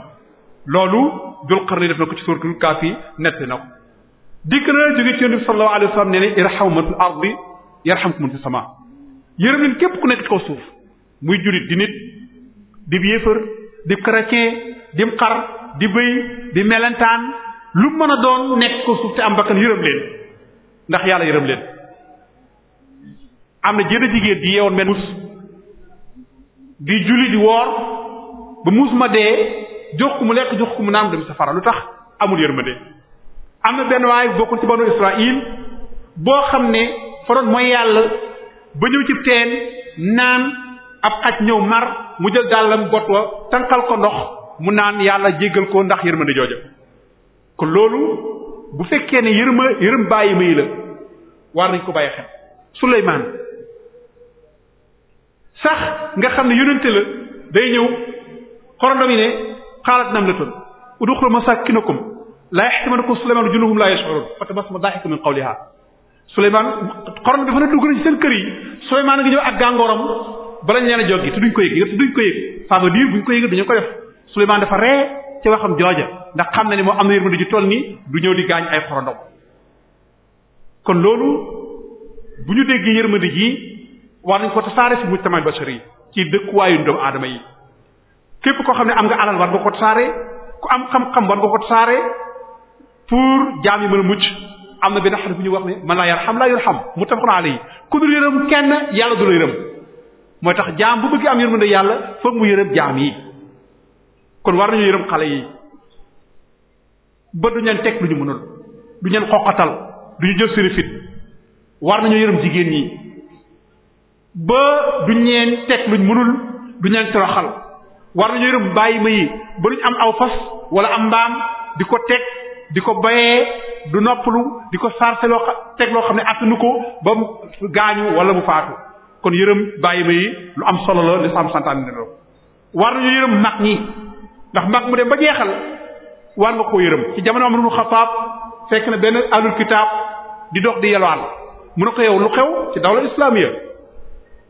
loolu dul xar ni def na ko ci suuratul kaafi nett na ko dikk na jóge ci yonent bi sallallahu alayhi wa sallam nee ne irhamu man fil ardi yarhamkum man fis yërëm leen képp ku nekk ci kaw suuf muy julit di nit di yéefar di chrétien di xar di bëy di melentaan lu mën a doon nekk ko suuf te am bakkan yërëm leen ndax yàlla yërëm leen am na jënd jigéen ji yeewoon benn muus di julli di woor ba muus ma dee jox ko mu lekk jox ko mu naan dem safara lu tax amul yërmande am na benn waaye bokkul ci banu Israil boo xam ne fa doon mooy yàlla ba ñëw ci teen naan ab xaj ñëw mar mu jël dàllam bot wa tànqal ko ndox mu naan yàlla jéggal ko ndax yërmande jooja kon loolu bu fekkee ne yërma yërëm bàyyi may la war nañ ko bàyyi xel Suleymaan sax nga xam ne yonente la day ñëw xorondom yi ne xaalat nam la toon uduxlu masakinakum laa yaxtimanako suleymaan junuhum ma yashurun ko tabassama daaxiku min qawliha suleymaan xorondom dafa ne dugg na ci seen kër yi suleymaan nga ñëw ak gàngooram balañ leen a joggi te duñ ko yëg te duñ ko yëg ça veut dire ko yëg duñu ko def suleymaan dafa ree ci waxam jooja ndax xam na ni moom am na yërmande ju toll nii du ñëw di gaañ ay xorondom kon loolu bu ñu déggee yërmande ji war nañ ko tasaare fi mujtamal bashari ci dëkkuwaayu doomu aadama yi képp koo xam ne am nga alal war nga ko tasaare ku am xam-xam war nga ko tasaare pour jaam yi mën a mucc am na benn ne bu ñu wax ne man laa yarham laa yurham muttafaqun alayhi ku dul yërëm kenn yàlla du la yërëm mooy tax jaam bu bëgg am yërmande yàlla foog mu yërëm jaam yi kon war nañu yërëm xale yi ba du ñu teg lu ñu mënul du ñu leen du ñu jël seen fit nañu yërëm jigéen ñi ba du ñeen teg luñ mënul du ñeen xal war nañu yërëm bàyyi ma yi ba duñ am aw fas wala am mbaam di ko teg di ko bayee du noppalu di ko sarse loo teg loo xam ne nu ko ba mu gaañu wala bu faatu kon yërëm bàyyi ma yi lu am solo la li sam santaane ne la war nañu yërëm mag ñi ndax mag mu dem ba jeexal war nga koo yërëm ci jamono am lu xafaab fekk na benn alul kitaab di dox di yelwaan mu ne ko yow lu xew ci dawla islamiya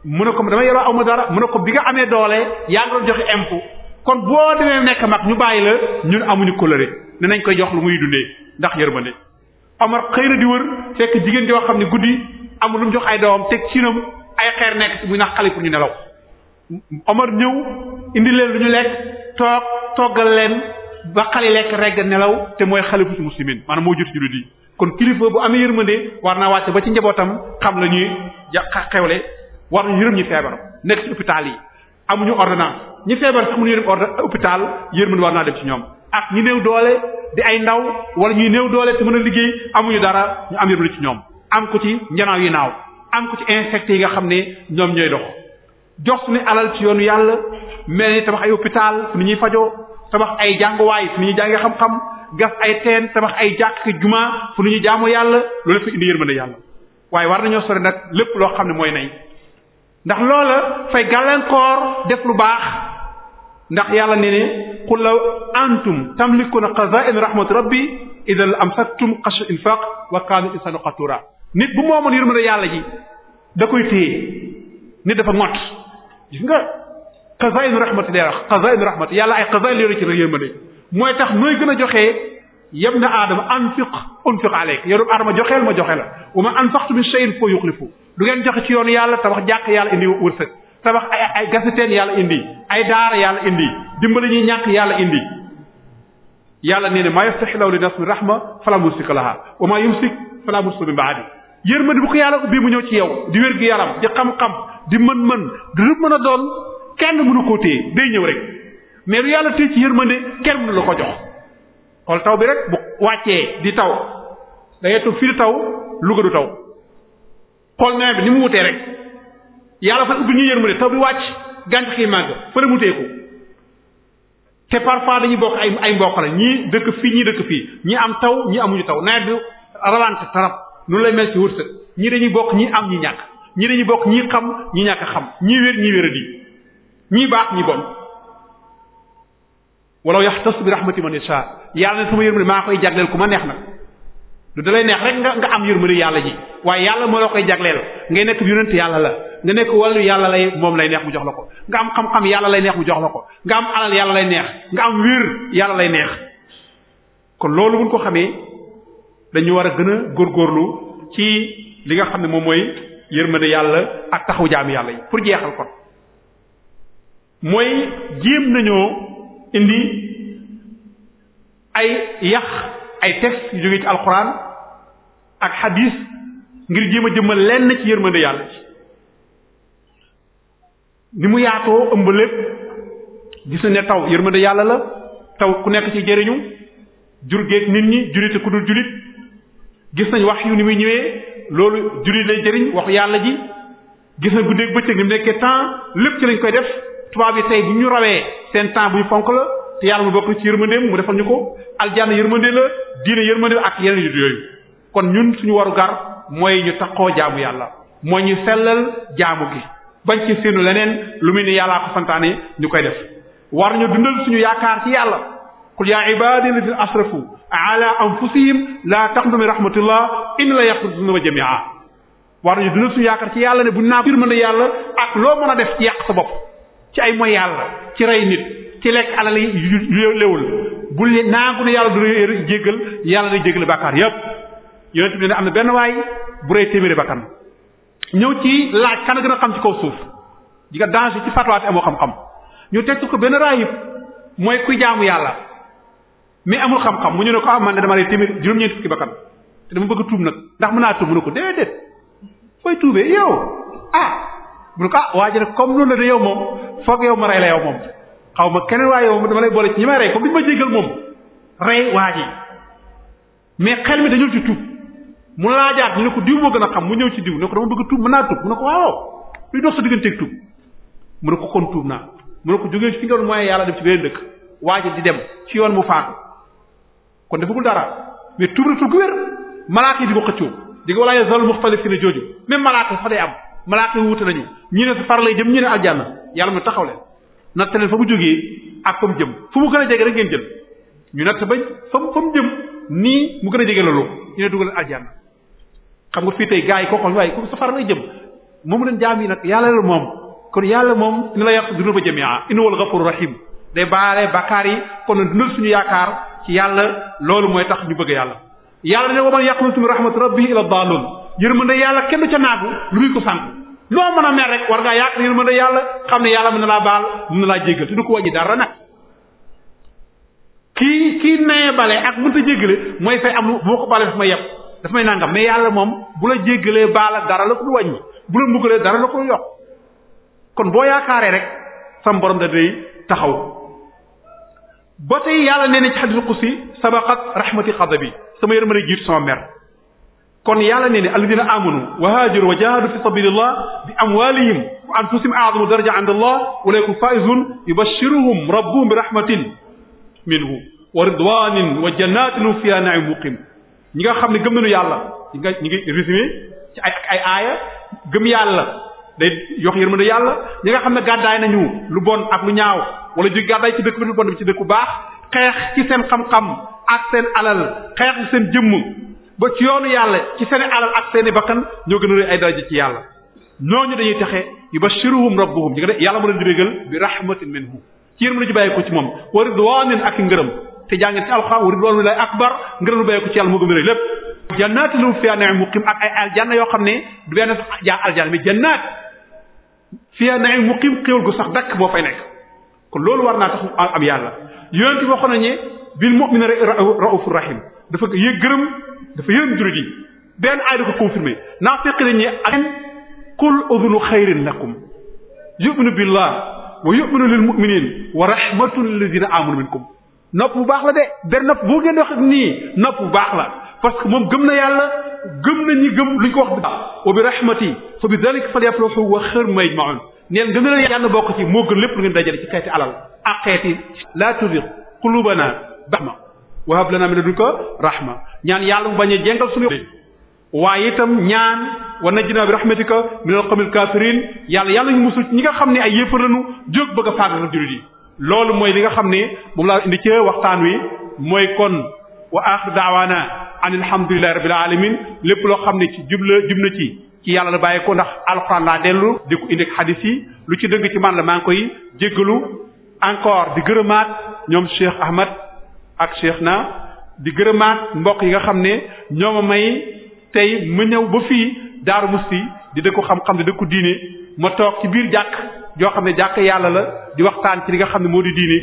mu ne ko damay yoroo aw ma dara mun ne ko bi nga amee doole yaa ngi doon joxe impôt kon boo demee nekk mag ñu bàyyi la ñun amuñu coloré dinañ koy jox lu muy dundee ndax yërmande Omar xëy na di wër fekk jigéen joo xam ne guddi amul lu mu jox ay doomam teg cinam ay xeer nekk muy nax xale pour ñu nelaw Omar ñëw indi leen lu ñu lekk toog toggal leen ba xale lekk regg nelaw te mooy xalifu ci muslimin maanaam moo jot ci lu di kon kilifa bu amee yërmande war naa wàcce ba ci njabootam xam la ñuy xewle war nañu yërëm ñi feebar nekk ci hôpital yi amuñu ordonnance ñi feebar sax mënu yërëm ordre hôpital yërmande war naa dem ci ñoom ak ñi néew doole di ay ndaw wala ñuy néew doole te mën a liggéey amuñu dara ñu am yërmande ci ñoom am ko ci njanaaw yi naaw am ko ci insectes yi nga xam ne ñoom ñooy dox jox suñu alal ci yoonu yàlla mel ni tabax ay hôpital fu ñuy fajo tabax ay jànguwaay fu ñuy jàngee xam-xam gas ay teen tabax ay jàkk jumaa fu ñuy jaamu yàlla loolu fi indi yërmande yàlla waaye war nañoo sori nag lépp loo xam ne mooy nay ndax loola fay gàllankoor def lu baax ndax yàlla ne ne qul law antum tamlikuna xazain rahmatu rabbi idan la amsaktum xashu infaq wa kaana insanu qatura nit bu moomoon yërmande yàlla ji da koy téye nit dafa mot gis nga xazain rahmati lay yàlla ay xazain yore ci rek mooy tax nooy gën a joxee yam na aadama anfiq unfiq aleyk yow doomu aadama joxeel ma joxe la wa ma anfaqtu min shay'in fa yuxlifu du ngeen joxe ci yoon yàlla tabax jàq yàlla indi wërsëg tabax ay ay gasiteen yàlla indi ay daara yàlla indi dimbali ñuy ñàkk yàlla indi yàlla nee ne maa yaftahi law li nas min rahma fala mumsika laha wa maa yumsik fala mursila min ba'di yërmande bu ko yàlla ubbi mu ñëw ci yow di wér gu yaram di xam-xam di mën-mën di lu mën a doon kenn mënu koo téye day ñëw rek mais lu yàlla téye ci yërmande kenn mënu la ko jox xool taw bi rek bu wàccee di taw da ngay toog taw Louga du taw xool nawet bi ni mu wutee rek yàlla fa ubbi ñu yërmande taw bi wàcc gàncax yi màgg fële mu teeku te parfois dañuy bokk ay ay mbokk la ñii dëkk fii ñii dëkk fii ñi am taw ñi amuñu taw nawet bi rawante tarab noonu lay mel ci wërsëg ñii dañuy bokk ñi am ñi ñàkk ñii dañuy bokk ñi xam ñi ñàkk xam ñii wér ñi wér a ñii baax ñi bon walaw yaxtas bi ma man yasha yàlla ne sama yërmande maa koy jagleel ku ma neex nag du dalay neex rek nga nga am yërmande yàlla ji waaye yàlla moo la koy jagleel ngay nekk yonent yàlla la nga nekk wàllu yàlla lay moom lay neex mu jox la ko nga am xam-xam yàlla lay neex mu jox la ko nga am alal yàlla lay neex nga am wér yàlla lay neex kon loolu buñ ko xamee dañu war a gën a góor góorlu ci li nga xam ne moom mooy yërmande yàlla ak taxaw jaamu yàlla yi pour jeexal kon mooy jéem nañoo indi ay yax ay textes yu jógee ci alxuraan ak xadis ngir jéem a jëmmal lenn ci yërmande yàlla ci ni mu yaatoo ëmb lépp gis na ne taw yërmande yàlla la taw ku nekk ci jëriñu jur géeg nit ñi julite ku dul julit gis nañ wax yu ni muy ñëwee loolu julit lay jëriñ waxu yàlla ji gis na guddeeg bëccëg ni mu nekkee temps lépp ci lañ koy def tubaab yi tey bu ñu rawee seen temps buy fonk la te yàlla mu bokk ci yërmandeem mu defal ñu ko aljanna yërmande la diine yërmande ak yeneen yu yooyu kon ñun suñu waru gar mooy ñu taxoo jaamu yàlla mooy ñu sellal jaamu gi bañ ci seenu leneen lu muy ne yàllaa ko santaane ñu koy def war ñu dundal suñu yaakaar ci yàlla qul yaa ibadi alladina asrafu ala anfusihim la taqnatu min rahmatillah inna la yaghfiru dunuba jami'a war ñu dundal suñu yaakaar ci yàlla ne buñ naa yërmande yàlla ak loo mën a def ci yàq sa bopp ci ay mooy yàlla ci nit ci lekk alal yu lewul bu nangu ne yàlla du jéggal yàlla day jéggal bàkkaar yépp yonent bi ne am na benn waay bu rey téeméeri bakkan ñëw ci laaj kan a xam ci kaw suuf di nga danger ci xam-xam ñu teg ko benn raayib mooy kuy jaamu yàlla mais amul xam-xam mu ñu ne ko ah man de dama rey téeméer juróom-ñeent fukki bakkan te dama bëgg tuub nag ndax mën naa tuub mu ne ko déedéet fooy tuubee yow ah mu ne ko ah waa ji comme loolu la de yow moom foog yow ma rey la yow moom xaw ma keneen waaye moom dama lay boole ci ñi may rey comme bi ma jéggal moom rey waa ji mais xel mi dañu ci tuub mu laajaat ñu ne ko diw moo gën a xam mu ñëw ci diw ne ko dama bëgg tuub mën naa mu ne ko waaw luy dox sa ko kon tuub naa ko jógee ci fi nga doon mooy yàlla dem ci beneen dëkk waa ji di dem ci yoon bu faatu kon defagul dara mais tuub rek gu wér malaaka yi di ko xëccoo di nga walaaye zol muxtalifina jooju même malaaka fa day am malaaka yi wute nañu ñi ne sa far lay jëm ñ ne aljanna yàlla mu taxaw leen natt leen fa mu jógee ak fa mu jëm fu mu gën a jege rek ngeen jëm ñu natt ba fa fa mu jëm nii mu gën a jege loolu ñu ne dugal aljanna xam nga fii tey gaa yi koo xam waaye ku safara lay jëm moom leen jaam yi nag yàlla la moom kon yàlla moom ni la yàq dundal ba jamia innahu ghafur rahim day baale bakaar yi kon dundal suñu yaakaar ci yàlla loolu mooy tax ñu bëgg yàlla yàlla ne waman yaqnutu rahmat rabbi ila dallun yërmande yàlla kenn ca naagu lu muy ko sànq loo mën a mer rek war ngaa yàq yërmande yàlla xam ne yàlla mën na laa baal mën na laa jéggal te du ko yi dara nag kii kii nee bale ak mënta jéggale mooy fay am boo ko bale dafa ma yeb dafa may nangam mais yàlla moom bu la jéggalee baala dara la ko du wàññi bu la mbugalee dara la ko yokk kon boo yaakaaree rek sam borom da day taxaw ba tey yàlla nee na ci xadisul qudsi sabaqat rahmati xadabi sama yërmande jiitu sama mer kon yàlla nee ne alladina amanu wa haajaru wa jahadu fi sabilillah bi amwalihim wa anfusihim a'zamu daraja inda allah ulaykum faizun yubashiruhum rabbuhum bi rahmatin minhu wa ridwanin wa jannatin hum fiha na'im muqim ñi nga xam ne gëm nañu yàlla ñi nga ñi ngi résumé ci ay ay aaya gëm yàlla day yox yërmande yàlla ñi nga xam ne gàddaay nañu lu bon ak lu ñaaw wala ju gàddaay ci dëkk bi lu bon bi ci dëkk bu baax xeex ci seen xam-xam ak seen alal xeex ci seen jëmm ba ci yoonu yàlla ci seen alal ak seen bakkan ñoo gën a rëy ay daraja ci yàlla ñooñu dañuy taxe yubashiruhum rabbuhum ñi nga de yàlla mën a di bégal bi rahmatin minhu ci yéen mën a ci bàyyi ko ci moom wa ridwanin ak ngërëm te jàngeen ci alxuraan wa ridwaanu lay akbar ngërëm lu bàyyi ko ci yàlla moo gën a rëy lépp jannaati lu fiya i muqim ak ay aljanna yoo xam ne du benn ja aljanna mais jannaat na na'im muqim xéwal gu sax dakk boo fay nekk kon loolu war naa tax am yàlla yonent waxoon nañu bil mu'mina ra'ufur rahim dafa yë gërëm dafa yërëm jurit yi benn aay da ko confirmé naa fekk ne ñi ak qul udunu xayrin lakum yu'minu billah wa yu'minu lil mu'minin wa rahmatul lilladina amanu minkum nopp bu baax la de benn nopp boo ngeen wax ak nii nopp bu baax la parce que moom gëm na yàlla gëm na ñi gëm lu ñu ko wax wa bi rahmati fa bi dalika falyafrahu wa khayrun majma'un neen gën gëm na yàlla bokk ci moo gën lépp lu ngeen dajale ci xeeti alal ak xeeti laa tuziq qulubana ba'ma wahab lana min ladunka rahma ñaan yàlla mu bañ a jengal suñu waaye itam ñaan wa najjina bi rahmatika min alqawmil kafirin yàlla yàlla ñu musul ñi nga xam ne ay yëfar lañu jóg bëgg a faagagal jullit yi loolu mooy li nga xam ne moom laa indi ci waxtaan wi mooy kon wa axir daawaana an alhamdulillahi rabbil alamin lépp loo xam ne ci jubla jub na ci ci yàlla la bàyyi ko ndax alxuraan laa dellu di ko indi ak xadis yi lu ci dëgg ci man la maa ngi koy jéggalu encore di gërëmaat ñoom Cheikh Ahmad ak Cheikh na di gërëmaat mbokk yi nga xam ne ñoo ma may tey ma ñëw ba fii Daaru Musti di dëkku xam-xam di dëkku diine ma toog ci biir jàkk yoo xam ne jàkk yàlla la di waxtaan ci li nga xam ne moo di diine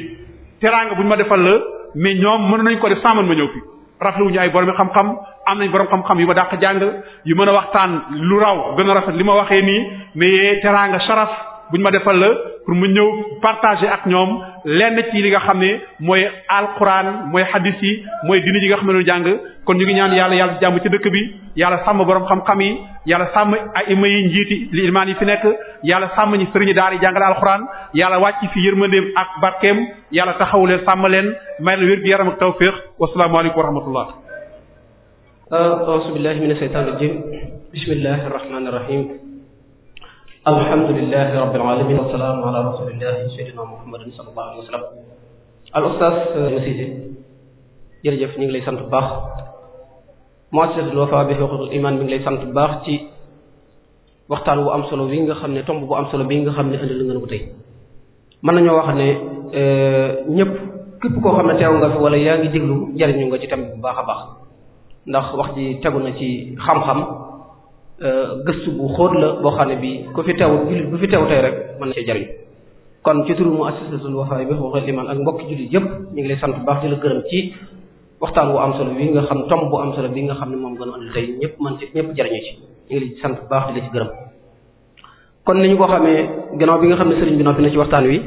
teraanga bu ñu ma defal la mais ñoom mënoon nañ ko def sans ma ñëw fi rafetlu wuñu ay borom xam-xam am nañ borom xam-xam yu ma dàq jàng yu mën a waxtaan lu raw gën a rafet li ma waxee nii mais teraanga sharaf bu ñu ma defal la pour mu ñëw partage ak ñoom lenn ci li nga xam ne mooy alquran mooy hadis yi mooy dina yi nga xam ne lu jàng kon ñu ngi ñaan yàlla yàlla jàmm ci dëkk bi yàlla sàmm borom xam-xam yi yàlla sàmm ay ima yi njiiti li ilmaan yi fi nekk yàlla sàmm ñi sëriñu daara yi jàngale alquran yàlla wàcc fi yërmandeem ak barkeem yàlla taxawu leen sàmm leen may la wér gi yaram ak tawfiq wasalaamualeykum wa rahmatullah a'uuzu a mina shaytaani rajiim bismillahi rahmaani rahiim alhamdulilahi rabbil alamin wasalaamu ala rasulillahi sayyidina muhammadin sallallahu alayhi wa sallam al ustaz Cissé euh, jërëjëf ñu ngi lay sant bu baax muassasatul wafa bi huquqil iman lay sant bu baax ci waxtaan wu am solo wi nga xam ne tomb bu am solo bi nga xam ne indi la ngeen ko tey mën nañoo wax ne euh, ñëpp képp koo xam ne teew nga fi wala yaa ngi déglu jariñu nga ci tam bu baax a baax ndax wax ji tegu na ci xam-xam Euh, gëstu bu xóot la boo xam ne bi ku fi tew bu fi teew tey rek mën na cee jariñ kon ci turu mu assisatul wafaay bi xooxal iman ak mbokki jullit ñu ngi lay sant bu baax di la gërëm ci waxtaan bu am solo bi nga xam tomb bu am solo bi nga xam ne moom gën tey ñëpp mën ñëpp jariñu sant bu baax di la ci kon ni ñu ko bi nga xam ne sëriñ bi noppi na ci waxtaan wi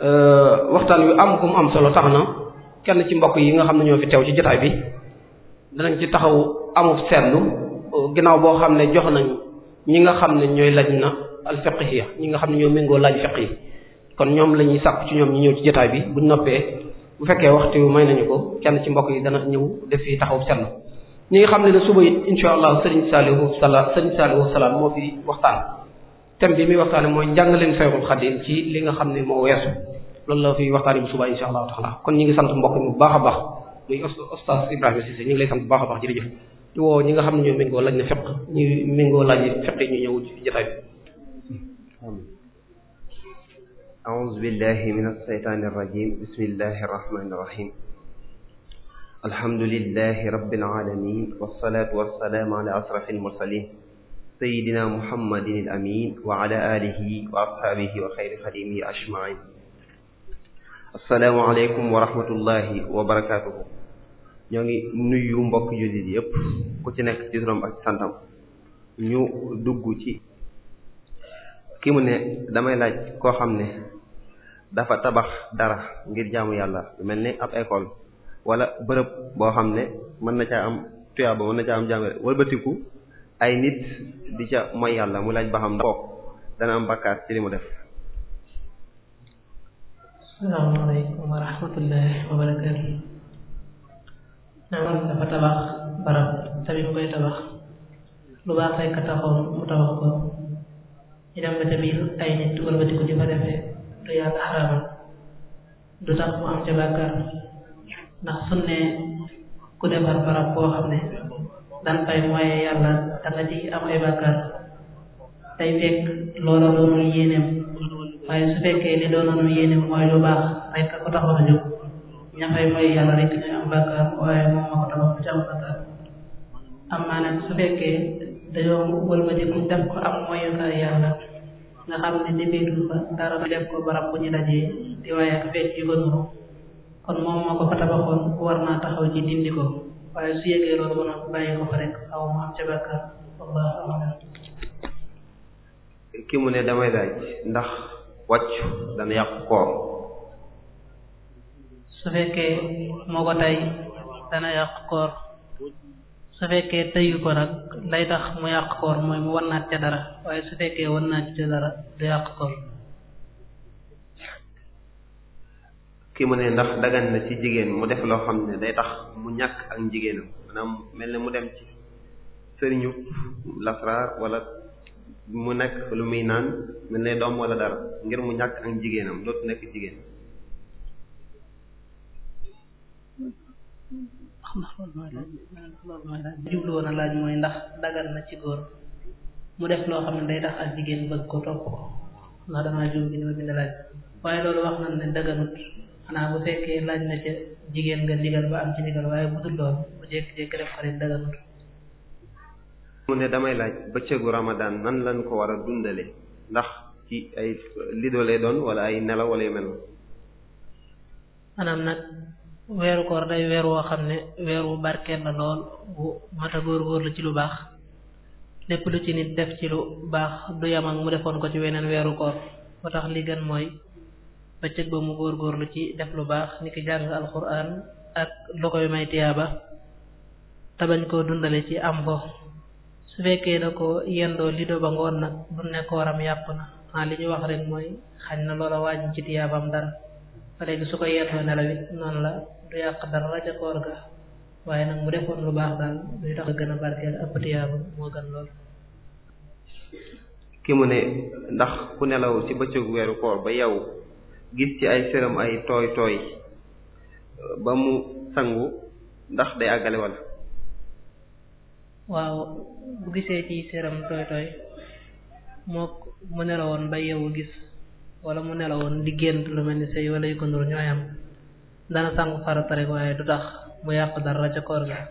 euh, waxtaan wi am ku mu am solo tax na kenn ci mbokk yi nga xam ne ñoo fi teew ci jotaay bi danañ ci taxaw amuf seetlu ginnaaw boo xam ne jox nañ ñi nga xam ne ñooy laj na al fiqhiya ñi nga xam ne ñoo méngoo laaj fiq yi kon ñoom la ñuy sàkk ci ñoom ñu ñëw ci jotaay bi bu noppee bu fekkee waxtu may nañu ko kenn ci mbokk yi dana ñëw def fi taxaw seetlu ñi nga xam ne ne suba it insha allah sëriñ Salihu Sala sëriñ Salihu Salam moo fi waxtaan thème bi muy waxtaane mooy njàngaleen Seexul Xadiim ci li nga xam ne moo weesu loolu la fi waxtaane bu suba insha allahu taala kon ñi ngi sant mbokk yi bu baax a baax muy oustaz Ibrahima Cissé ñu ngi lay sant bu baax a baax jërëjëf woo ñi nga xam ne ñooy méngoo laaj na feq ñuy méngoo laaj feq yi ñu ñëw ci jotaay bi a'uuzu billahi min alsheytaani irrajim bismillahi irrahmani irrahim alhamdulillahi rabbil alamin wassalaatu wassalaamu ala ashrafil mursalin sayyidina muhammadin al amin wa ala alihi wa ashaabihi wa xayri xadimihi ajmain assalaamu aleykum wa rahmatullahi wa barakatuhu ñoo ngi nuyu mbokk jullit yépp ku ci nekk ci turam ak santam ñu dugg ci ki mu ne damay laaj koo xam ne dafa tabax dara ngir jaamu yàlla mel ni ab école wala bërëb boo xam ne mën na caa am tuyaaba mën na caa am jàngale walbatiku ay nit di ca moy yàlla mu laaj ba xam ndax dana am bakkaar ci li mu def asalaamaaleykum wa rahmatullahi maanaam dafa tabax barab tamit mu koy tabax lu baax fekk taxoon mu tabax ko ñu ba ca biir ay nit wëlbati di fa defee du yàlla xaraamal du tax am ca bàkkaar ndax su ne ku defar barab boo xam ne daan fay mooyee yàlla danga ci am ay bàkkaar day fekk loola doonul yéeneem waaye su fekkee lu baax rek ko taxoon a ña mooy yàlla rek ñooy am moom moo ko tabax du ci am bàkkaar am naa nag su fekkee dañoo wëlbatiku def ko am mooyukaay yàlla nga xam dara def ko barab bu ñu dajee di waaye ak fecc ko nuru kon ko fa tabaxoon war naa taxaw ci dindi ko waaye su yëgee loolu war naa bàyyi ko fa aw mu am ca bàkkaar ki mu ne damay laaj ndax wàccu dana yàqu su fekkee moo ko tey dana yàq koor su fekkee teyu ko nag lay tax mu yàq koor mooy mu wan ca dara waaye su fekkee wan ca dara du yàq koor ki mu ne ndax dagan na ci jigéen mu def loo xam ne day tax mu ñàkk ak jigéenam maanaam mel ne mu dem ci sëriñu lasraar wala mu nekk lu muy naan mel ne doom wala dara ngir mu ñàkk ak jigéenam dootu nekk jigéen ndax loolu laaj mooy laaj jublu ndax dagan na ci góor mu def loo xam ne day tax ak jigéen bëgg ko topp ko ndax damaa jublu bi ñu bind laaj waaye loolu wax nañ ne daganut xanaa bu fekkee laaj na ca jigéen nga ndigal ba am ci ndigal waaye bu dul loolu bu jékki-jékki def daganut mu ne damay laaj bëccëgu Ramadan nan lañ ko war a dundale ndax ci ay lido lay doon wala ay nelaw wala yu mel noonu maanaam nag weeru koor day weer woo xam ne weer wu barkeel la lool wu mata góor-góor ci lu baax lépp lu ci nit def ci lu baax du yam mu defoon ko ci weneen weeru koor moo tax li gën mooy bëccëg ba mu góor-góor lu ci def lu baax ni ki jàng alxuraan ak lu koy may tiyaaba te bañ koo dundale ci am ko su fekkee da ko yendoo lido ba ngoon nag du ne yàpp na ah li ñu wax rek mooy xañ na loola wàññi ci tiyaabaam dara ba léegi su ko yendoo nelawit noonu du yàq dara la ca ga waaye nag mu defoon lu baax daal luy tax gën a barkeel ëpp moo gën lool ki mu ne ndax ku nelaw ci bëccëgu weeru koor ba yow gis ci ay séram ay tooy tooy ba mu sangu ndax day àggale walla waaw bu gisee ci séram tooy tooy moo mu nelawoon ba yow gis wala mu nelawoon di lu mel ni sëy wala yu ko dana sangu farata rek waaye du tax mu yàq dara ca koor ga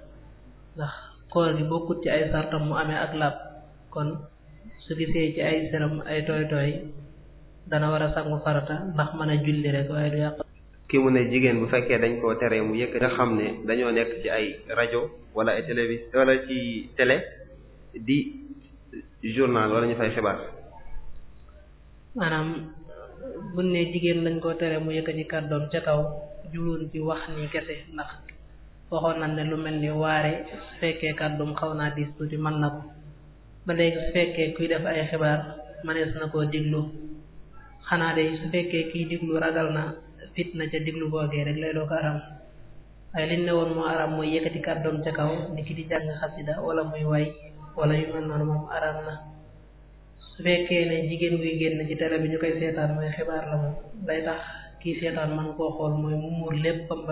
ndax koor gi bokkut ci ay sartam mu amee ak laab kon su gisee ci ay seram ay tooy tooy dana war a sangu farata ndax mën a julli rek waaye du yàq ki mu ne jigéen bu fekkee dañ koo teree mu yëkk nga xam ne dañoo nekk ci ay rajo wala ay télévision wala télé di journal wala ñu fay xibaar maanaam bu ne jigéen lañ koo teree mu yëkkati kàddoom ca kaw jubluwuñ ci wax ni kese ndax waxoon nañ ne lu mel ni waare su xaw naa diis tuuti mën na ko kuy def ay xibaar mënees na koo diglu xanaa de su fekkee kiy diglu ragal na fitna ca diglu boogee rek lay doo ko aram waaye liñ ne woon moo aram mooy yëkkati kàddoom ca kaw ni di jàng xasida wala muy way wala yu mel noonu moom aram na su fekkee ne jigéen buy génn ci télé bi ñu koy seetaan mooy xibaar la moom day tax kii man lépp ba mu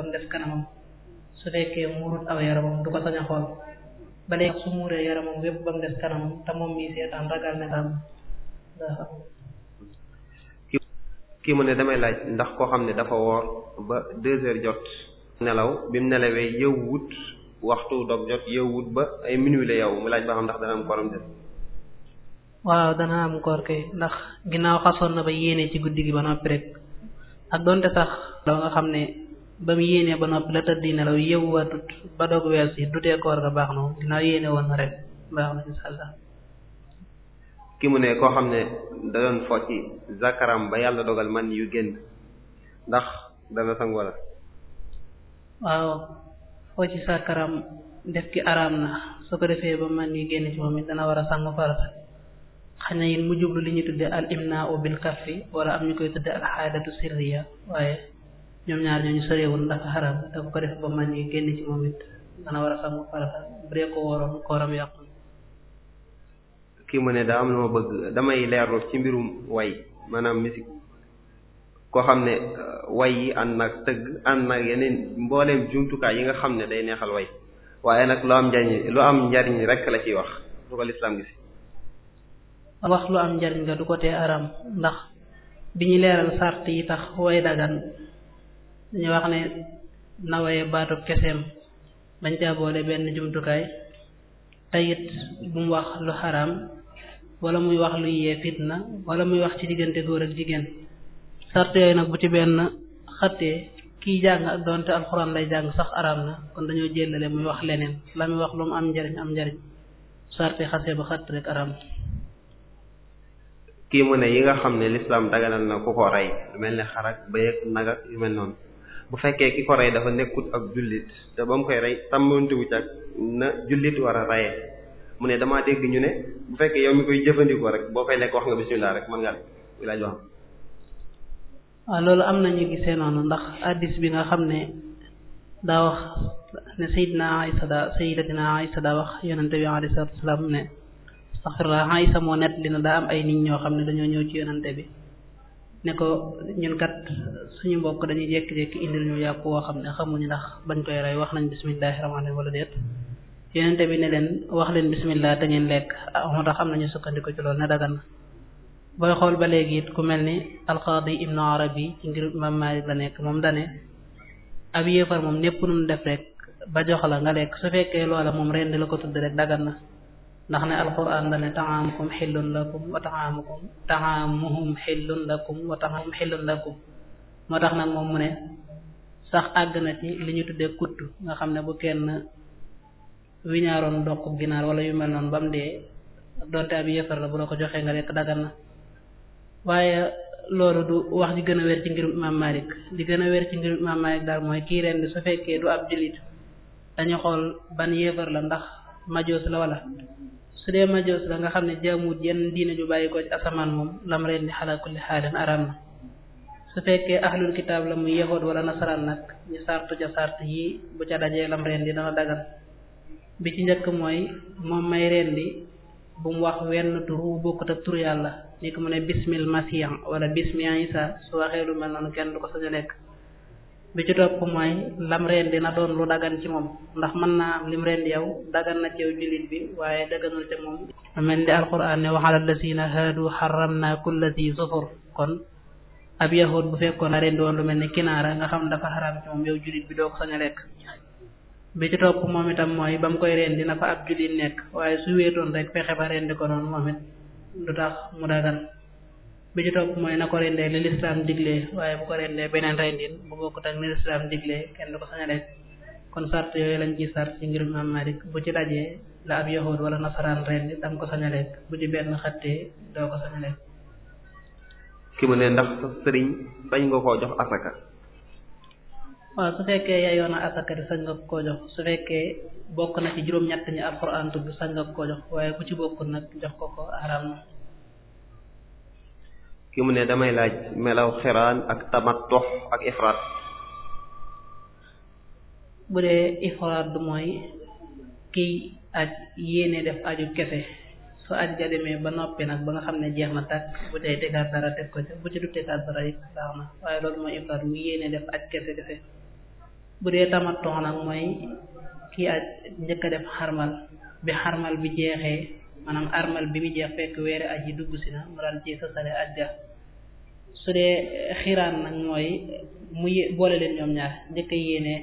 def ne damay laaj ndax koo xam ne dafa woor ba deux heures jot nelaw bi mu nelawee yëwwut waxtu dog jot yëwwut ba ay minuit la yow mu laaj ba xam ndax dana am kooram de waaw dana am koor kay ndax ginnaaw xasoon na ba yéene ci guddi gi ba noppi rek ak donte sax loo nga xam ne ba mu yéenee ba noppi la tëddi nelaw yëwwaatut ba doog weer si dutee koor ga baax na moom ginnaaw yéene woon na ren baax na insha allah ki mu ne koo xam ne da doon fo ci zakaram ba yàlla dogal man yu génn ndax dana sang wala waaw foo ci zakaram def ki araam na su ko defee ba man yu génn ci moom dana war a sangu xëy na mu jublu li ñuy tudde al imnaa bil kaffi wala am ñu koy tudde al xaadatu sirriya waaye ñoom ñaar ñooñu sorewul dafa xaram te ko def ba man yi génn ci moom it dana a kii mu ne daa am lu ma bëgg damay leerlu ci mbirum way maanaam musique koo xam ne euh, way yi ànd nag tëgg ànd nag yeneen mbooleem jumtukaay yi nga xam ne day neexal way waaye nag lu am njariñ lu am njariñ rek la ciy wax lu ko lislaam gis wax lu am njariñ nga du ko tee araam ndax bi ñu leeral sart yi tax way dagan dañu wax ne na waye baatu keseem bañ caa boole benn jumtukaay tayit bu mu wax lu xaraam wala muy wax lu yee fitna wala muy wax ci diggante góor ak jigéen sart yooyu nag bu ci benn xattee kiy jàng ak donte alxuraan lay jàng sax araam na kon dañoo jëlale muy wax leneen la wax lum am njariñ am njariñ sart yi xasee ba xatt rek araam kii mu ne yi nga xam ne lislaam daganal na ku ko rey lu mel ne xar ba bëy nag ak yu mel noonu bu fekkee ki ko rey dafa nekkut ak jullit te ba mu koy rey tàmmantiwu ci ak na jullit war a reyee mu ne damaa dégg ñu ne bu fekkee jëfandikoo rek boo koy nga bismillah rek mën nga lekk laaj wax waaw ah, loolu am nañu gisee noonu ndax hadis bi nga xam ne daa wax ne sayidina Aysa daa sayidatina daa wax yonente bi alayhi salaatu wasalaam ne astaxfirullah Aysa moo nett li na daa am ay nit ñoo xam ne dañoo ñëw ci yonante bi ne ko ñun kat suñu mbokk dañuy jékki-jékki indil ñu yàpp woo xam ne xamuñu ndax bañ koy rey wax nañ bismillahi rahmaani walla déet yonente bi ne leen wax leen bismillah te ngeen lekk ah moo tax am nañu sukkandiku ci loolu ne dagan booy xool ba léegi it ku mel ni alqaadi ibnu arabi ci ngir imam Maalik la nekk moom dane ab yéefar moom népp nu def rek ba jox la nga lekk su fekkee moom rendi la ko tudd na ndax ne alquran da ne taamukum xillun lakum wa taamukum taamuhum la lakum wa taamuhum xillun lakum moo tax nag moom mu ne sax àgg na ci li ñu tuddee kutt nga xam ne bu kenn wiñaaroon doq ginaar wala yu mel noonu ba mu dee donte ab yëfar la bu la ko joxee nga lekk dagal na waaye loolu du wax ji gën a wér ci ngirum imam Malik li gën a wér ci ngirum imam daal mooy kii ren di su fekkee du ab jullit dañoo xool ban yëfar la ndax majoos la wala su dee majoos la nga xam ne jaamuwut yenn diine ju bàyyi ko ci asamaan moom lam rendi xalaa kulli xaalin araam na su fekkee ahlul kitaab la muy yahood wala nasaraan nag ñu sartu ca sart yi bu ca dajee lam rendi dana dagan bi ci njëkk mooy moom may rendi bu mu wax wenn tur wu bokkut ak tur yàlla ni ko mu ne bismil masiyan wala bismi isa su waxee lu mel noonu kenn du ko sañ a lekk bi ci topp mooy lam rendi na doon lu dagan ci moom ndax man naa am lim rendi yow dagan na ci yow jullit bi waaye daganul ci moom mel ni alquran ne waxala lasina haadu xaram na kulla zi kon ab yahud bu fekkoon na rendi woon lu mel ni kinaara nga xam dafa xaram ci moom yow jullit bi doo ko a lekk bi ci topp moom itam mooy ba mu koy rendi na fa ab jullit nekk waaye su wéetoon rek fexe ba rendi ko noonu moom it du tax mu dagan bi ci topp mooy na ko rendee li lislaam diglee waaye bu ko rendee beneen rendin bokkut ak li lislaam diglee kenn du ko sañ a kon sart yooyu lañ ci sart ci ngir Imaam bu ci dajee la ab yahud wala nasaraan rendi danga ko sañ a lekk benn xattee doo ko sañ a lekk ki mu ne ndax sa sëriñ sañ nga koo jox asaka waaw su fekkee yaayoon na asaka di sañ nga koo jox su fekkee bokk na ci juróom-ñett ñi alxuraan tudd sañ nga koo jox waaye bu ci bokkul nag jox ko ko ki mu ne damay laaj melaw xiraan ak tamattox ak ifraat bu dee ifraat mooy kiy aj yéene def aju kese su aj ga demee ba noppi nag ba nga xam ne jeex na tàkk bu dee tegaat dara teg ko ca na waaye loolu mooy ifraat mu yéene def aj kese kese bu dee tamattox nag mooy kii aj njëkk def xarmal bi xarmal bi jeexee maanaam armal bi mu jeex fekk weeri aj yi dugg si na mu daal ci sasale aj ga su dee xiraan nag mooy mu boole leen ñoom ñaar njëkk a yéene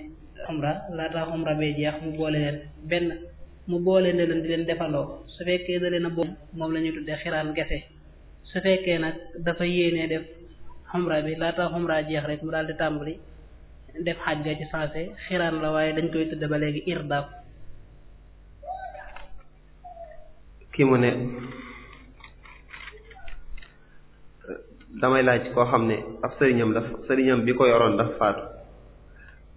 umra laataa umra bee jeex mu boole leen benn mu boole ne leen di leen defandoo su fekkee da leen a boole moom la ñuy tuddee xiraan gese su fekkee nag dafa yéene def umra bi laataa umra jeex rek mu daal di tàmbali def xaj ga ci saase xiraan la waaye dañ koy tudde ba léegi irdaaf kii mu ne damay laaj koo xam ne ab sëriñam daf sëriñam bi ko yoroon daf faatu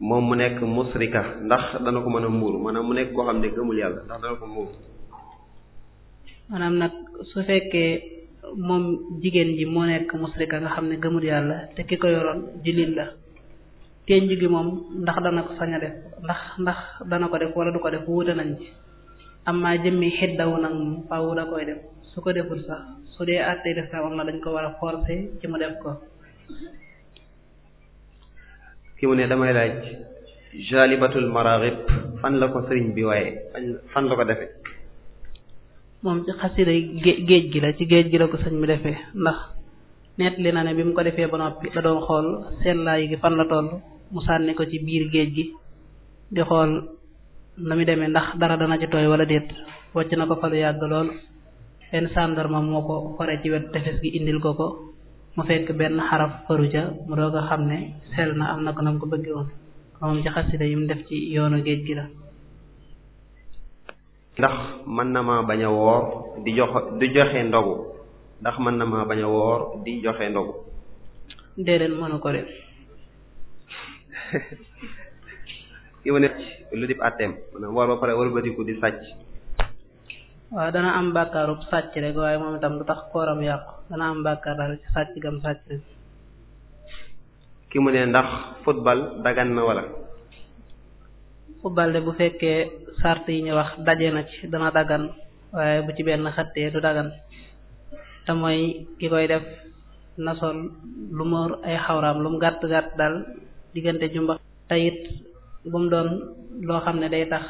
moom mu nekk musrika ndax dana ko mën a muur maanaam mu nekk koo xam ne gëmul yàlla ko muur maanaam nag su fekkee moom jigéen ji moo nekk musrika nga xam ne gëmul yàlla te ki ko yoroon jullit la tenj gi moom ndax dana ko sañ def ndax ndax dana ko def wala du ko def wuute nañ amma jëmmi xiddawu nag moom faaw da koy def su ko deful sax su dee àttee def sax am na dañ ko war a forcer ci mu def ko ki damay laaj jalibatul maraghib fan la ko sëriñ bi waaye fan la ko defe moom ci xasida géej gi la ci géej gi la ko sëriñ bi defee ndax nettali na ne bi ko defee ba noppi da doon xool seen laay gi fan la toll ko ci biir géej gi di xool na mu demee ndax dara dana ci tooy wala déet wàcc na ko fa lu yàgg lool benn sàndarma moo ko xore ci wet tefes gi indil ko ko mu fekk benn xaraf faru ca mu doog a xam ne sell na am na ko nam ko bëggee woon moom ci yi mu def ci yoonu géej gi la ndax mën na ma baña a woor di joxe ndogu ndax mën na ma bañ a woor di joxe ndogu déedéet mënu ko def lu dib atteem maanaam ba pare wëlbatiku di sàcc waaw dana am bàkkaarub sàcc rek waaye moom itam lu tax kooram yàqu dana am bàkkaar daal sàcc gam sàcc rek ki mu ne ndax football dagan na wala football de bu fekkee sart yi ñu wax daje na ci dana dagan waaye bu ci benn xattee du dagan te mooy ki koy def na sol lu moor ay xawraam lu mu gàtt gàtt daal diggante jumba tayit bu mu doon loo xam ne day tax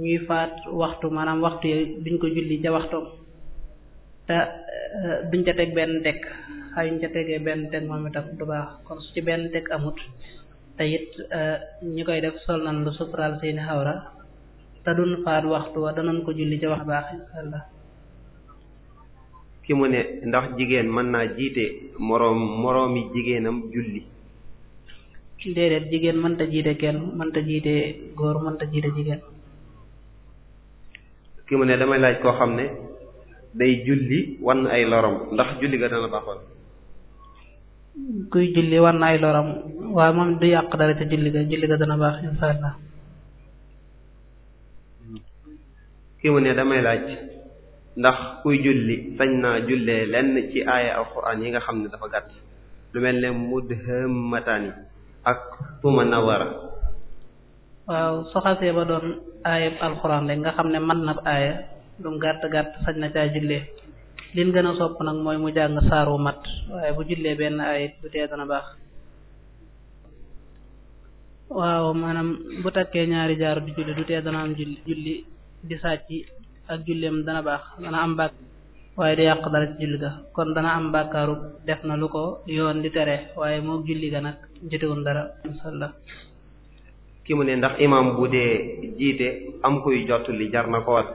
ñuy faat waxtu maanaam waxtu yooyu biñ ko julli ca waxtoom te eh, duñ ca teg benn dekk xayuñ ca tegee benn tekk moom itam du baax ci benn tekk amut te it eh, ñi koy def sol nañ lu suturaal seeni xawra te duñ faat waxtu wa danañ ko julli ca wax baax insha ki mu ne ndax jigéen mën naa jiite moroom moroomi jigéenam julli déedéet jigéen mënta jiite kenn mënta jiite góor mënta jiite jigéen ki mu ne damay laaj koo xam ne day julli wan ay lorom ndax julli ga dana baaxoon kuy julli wan ay lorom waaye moom du yàq dara ca julli ga julli ga dana baax insha allah mu ne damay laaj ndax kuy julli sañ naa jullee lenn ci aaya alxuraan yi nga xam ne dafa gàtt lu mel ne yi ak Mumunawwara waaw soo xasee ba doon aayab alxuraan rek nga xam ne mën na aaya lu gàtt gàtt sañ na caa jullee liñ gën a sopp nag mooy mu jàng saar wu mat waaye bu jullee ben aayit bu tee dana baax waaw maanaam bu takkee ñaari jaaru di julli du tee dana julli julli di sàcc ak julleem dana baax dana am waaye du yàq dara ci julli ga kon dana am bàkkaaru def na lu ko yoon di tere waaye moo julli ga nag jotewul dara inshallah mu ne ndax imam bu dee jiite am koy jot li jar na ko wat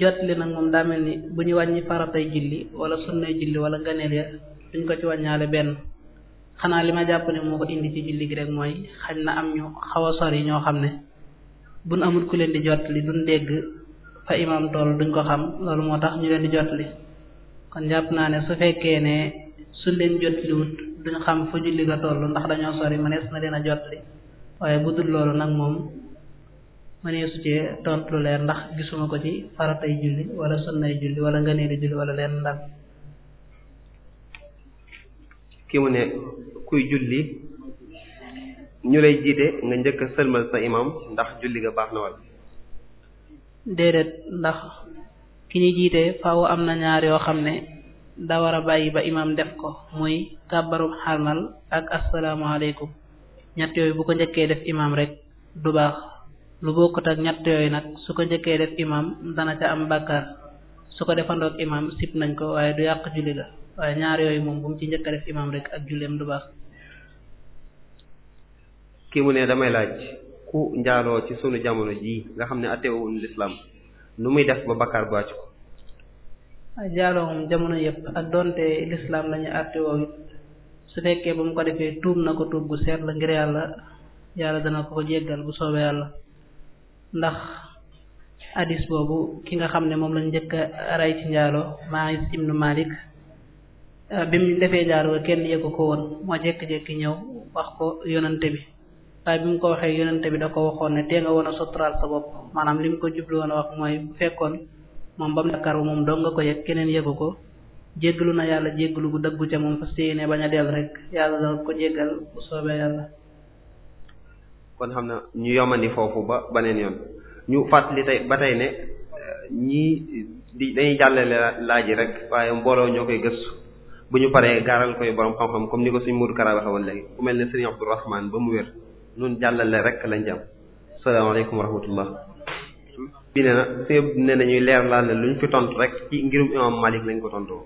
jot nag moom daa mel ni bu ñu wàññi faratay julli wala sunnay julli wala ngëneel ya duñ ko ci wàññaale benn xanaa li ma jàpp ne moo ko indi ci julli gi rek mooy xañ na am ñu xaw sori ñoo xam ne buñ amul ku leen di jot li duñ dégg fa imaam toll duñ ko xam loolu moo tax ñu leen di jotli kon jàpp naa ne su fekkee ne su leen jotliwut duñ xam fu julli ga toll ndax dañoo sori mënees na leen a jotli waaye bu dul nag moom mëneesu cee tontu lu leer ndax gisuma ko ci faratay julli wala sunnay julli wala ngëneeli julli wala leen ndal ki mu ne kuy julli ñu lay jiite nga njëkk a sëlmal sa imam ndax julli ga baax na wala déedéet ndax ki ñu jiite faaw am na ñaar yoo xam ne daa war bàyyi ba imam def ko muy kàbbarum xarmal ak asalaamaaleykum ñett yooyu bu ko njëkkee def imaam rek du baax lu bokkut ak ñett yooyu nag su ko njëkkee def imaam dana ca am bàkkaar su ko defandoog imaam sip nañ ko waaye du yàq julli la waaye ñaar yooyu moom bu ci njëkk a def imaam rek ak julleem du baax. kii mu ne damay laaj. ku njaaloo ci sunu jamono jii nga xam ne atewul lislaam nu muy def ba bakkaar bàcc ko njaaloo moom jamono yëpp ak donte lislaam lañu àttewoo it su fekkee ba mu ko defee tuub na ko tuub gu seet la ngir yàlla yàlla dana ko ko bu soobee yàlla ndax hadis boobu ki nga xam ne moom lañ njëkk a rey ci njaaloo Maïs ibnu Malik bi mu defee njaaloo kenn yëgu ko woon moo jékki-jékki ñëw wax ko yonante bi waaye bi mu ko waxee yonente bi da ko waxoon ne tee nga woon a suturaal sa bopp maanaam li mu ko jublu woon a wax mooy bu fekkoon moom ba mu Dakar moom dong nga ko yëg keneen yëgu ko jéggalu na yàlla jéggalu bu dëggu ca moom bañ a dellu rek yàlla da ko jéggal bu kon xam na ñu yomandi foofu ba beneen yoon ñu fàttali tey ba tey ne ñii di dañuy jàllale laaj yi rek waaye mbooloo ñoo koy gëstu bu ñu paree gaaral koy borom xam-xam comme ni ko suñ Mourou ba mu wér. nun jàllale rek lañ jàm salaamaaleykum wa rahmatullah bi nee na sëñ leer laa ne luñ fi tontu rek ci ngirum imam Malik lañ ko tontoo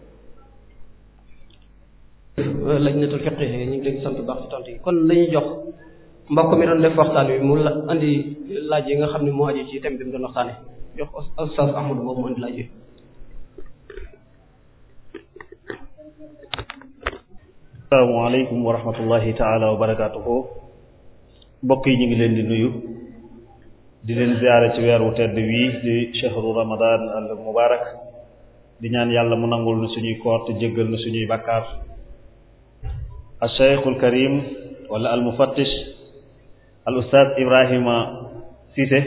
lañ netul fiqh ñu ngi sant baax ci tontu yi kon lañuy jox mbokk mi doon def waxtaan wi mu andi laaj yi nga xam ne moo aju ci thème bi mu doon waxtaane jox Oustaz Ahmadou boobu mu andi laaj yi asalaamaaleykum wa rahmatullahi taala wa barakaatuhu mbokk yi ñu ngi leen di nuyu di leen ziyaare ci weer wu tedd wii di shahru ramadan al mubarak di ñaan yàlla mu nangul nu suñuy koor te jéggal nu suñuy bakkaar al shaykhul karim wala al mufattish al ustaaz ibrahima siise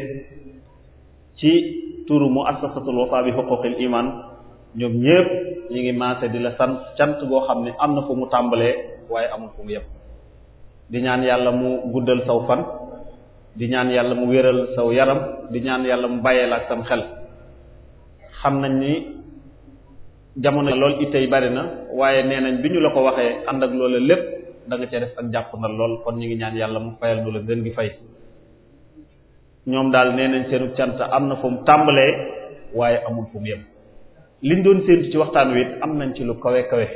ci turu mu assasatul wafa bi xuquqil iman ñoom ñépp ñu ngi maase di la sant cant goo xam ne am na fu mu tàmbalee waaye amul fu mu yem di ñaan yàlla mu guddal saw fan di ñaan yàlla mu wéral saw yaram di ñaan yàlla mu bàyyeel ak sam xel xam nañ ni jamono lool ittey bari na waaye nee nañ bi ñu la ko waxee ànd ak loola lépp da nga def ak jàpp na lool kon ñu ngi ñaan yàlla mu fayal nu la gën gi fay ñoom daal nee nañ seenu cant am na fu mu tàmbalee waaye amul fu yem liñ doon séentu ci waxtaan wi am nañ ci lu kawe kawe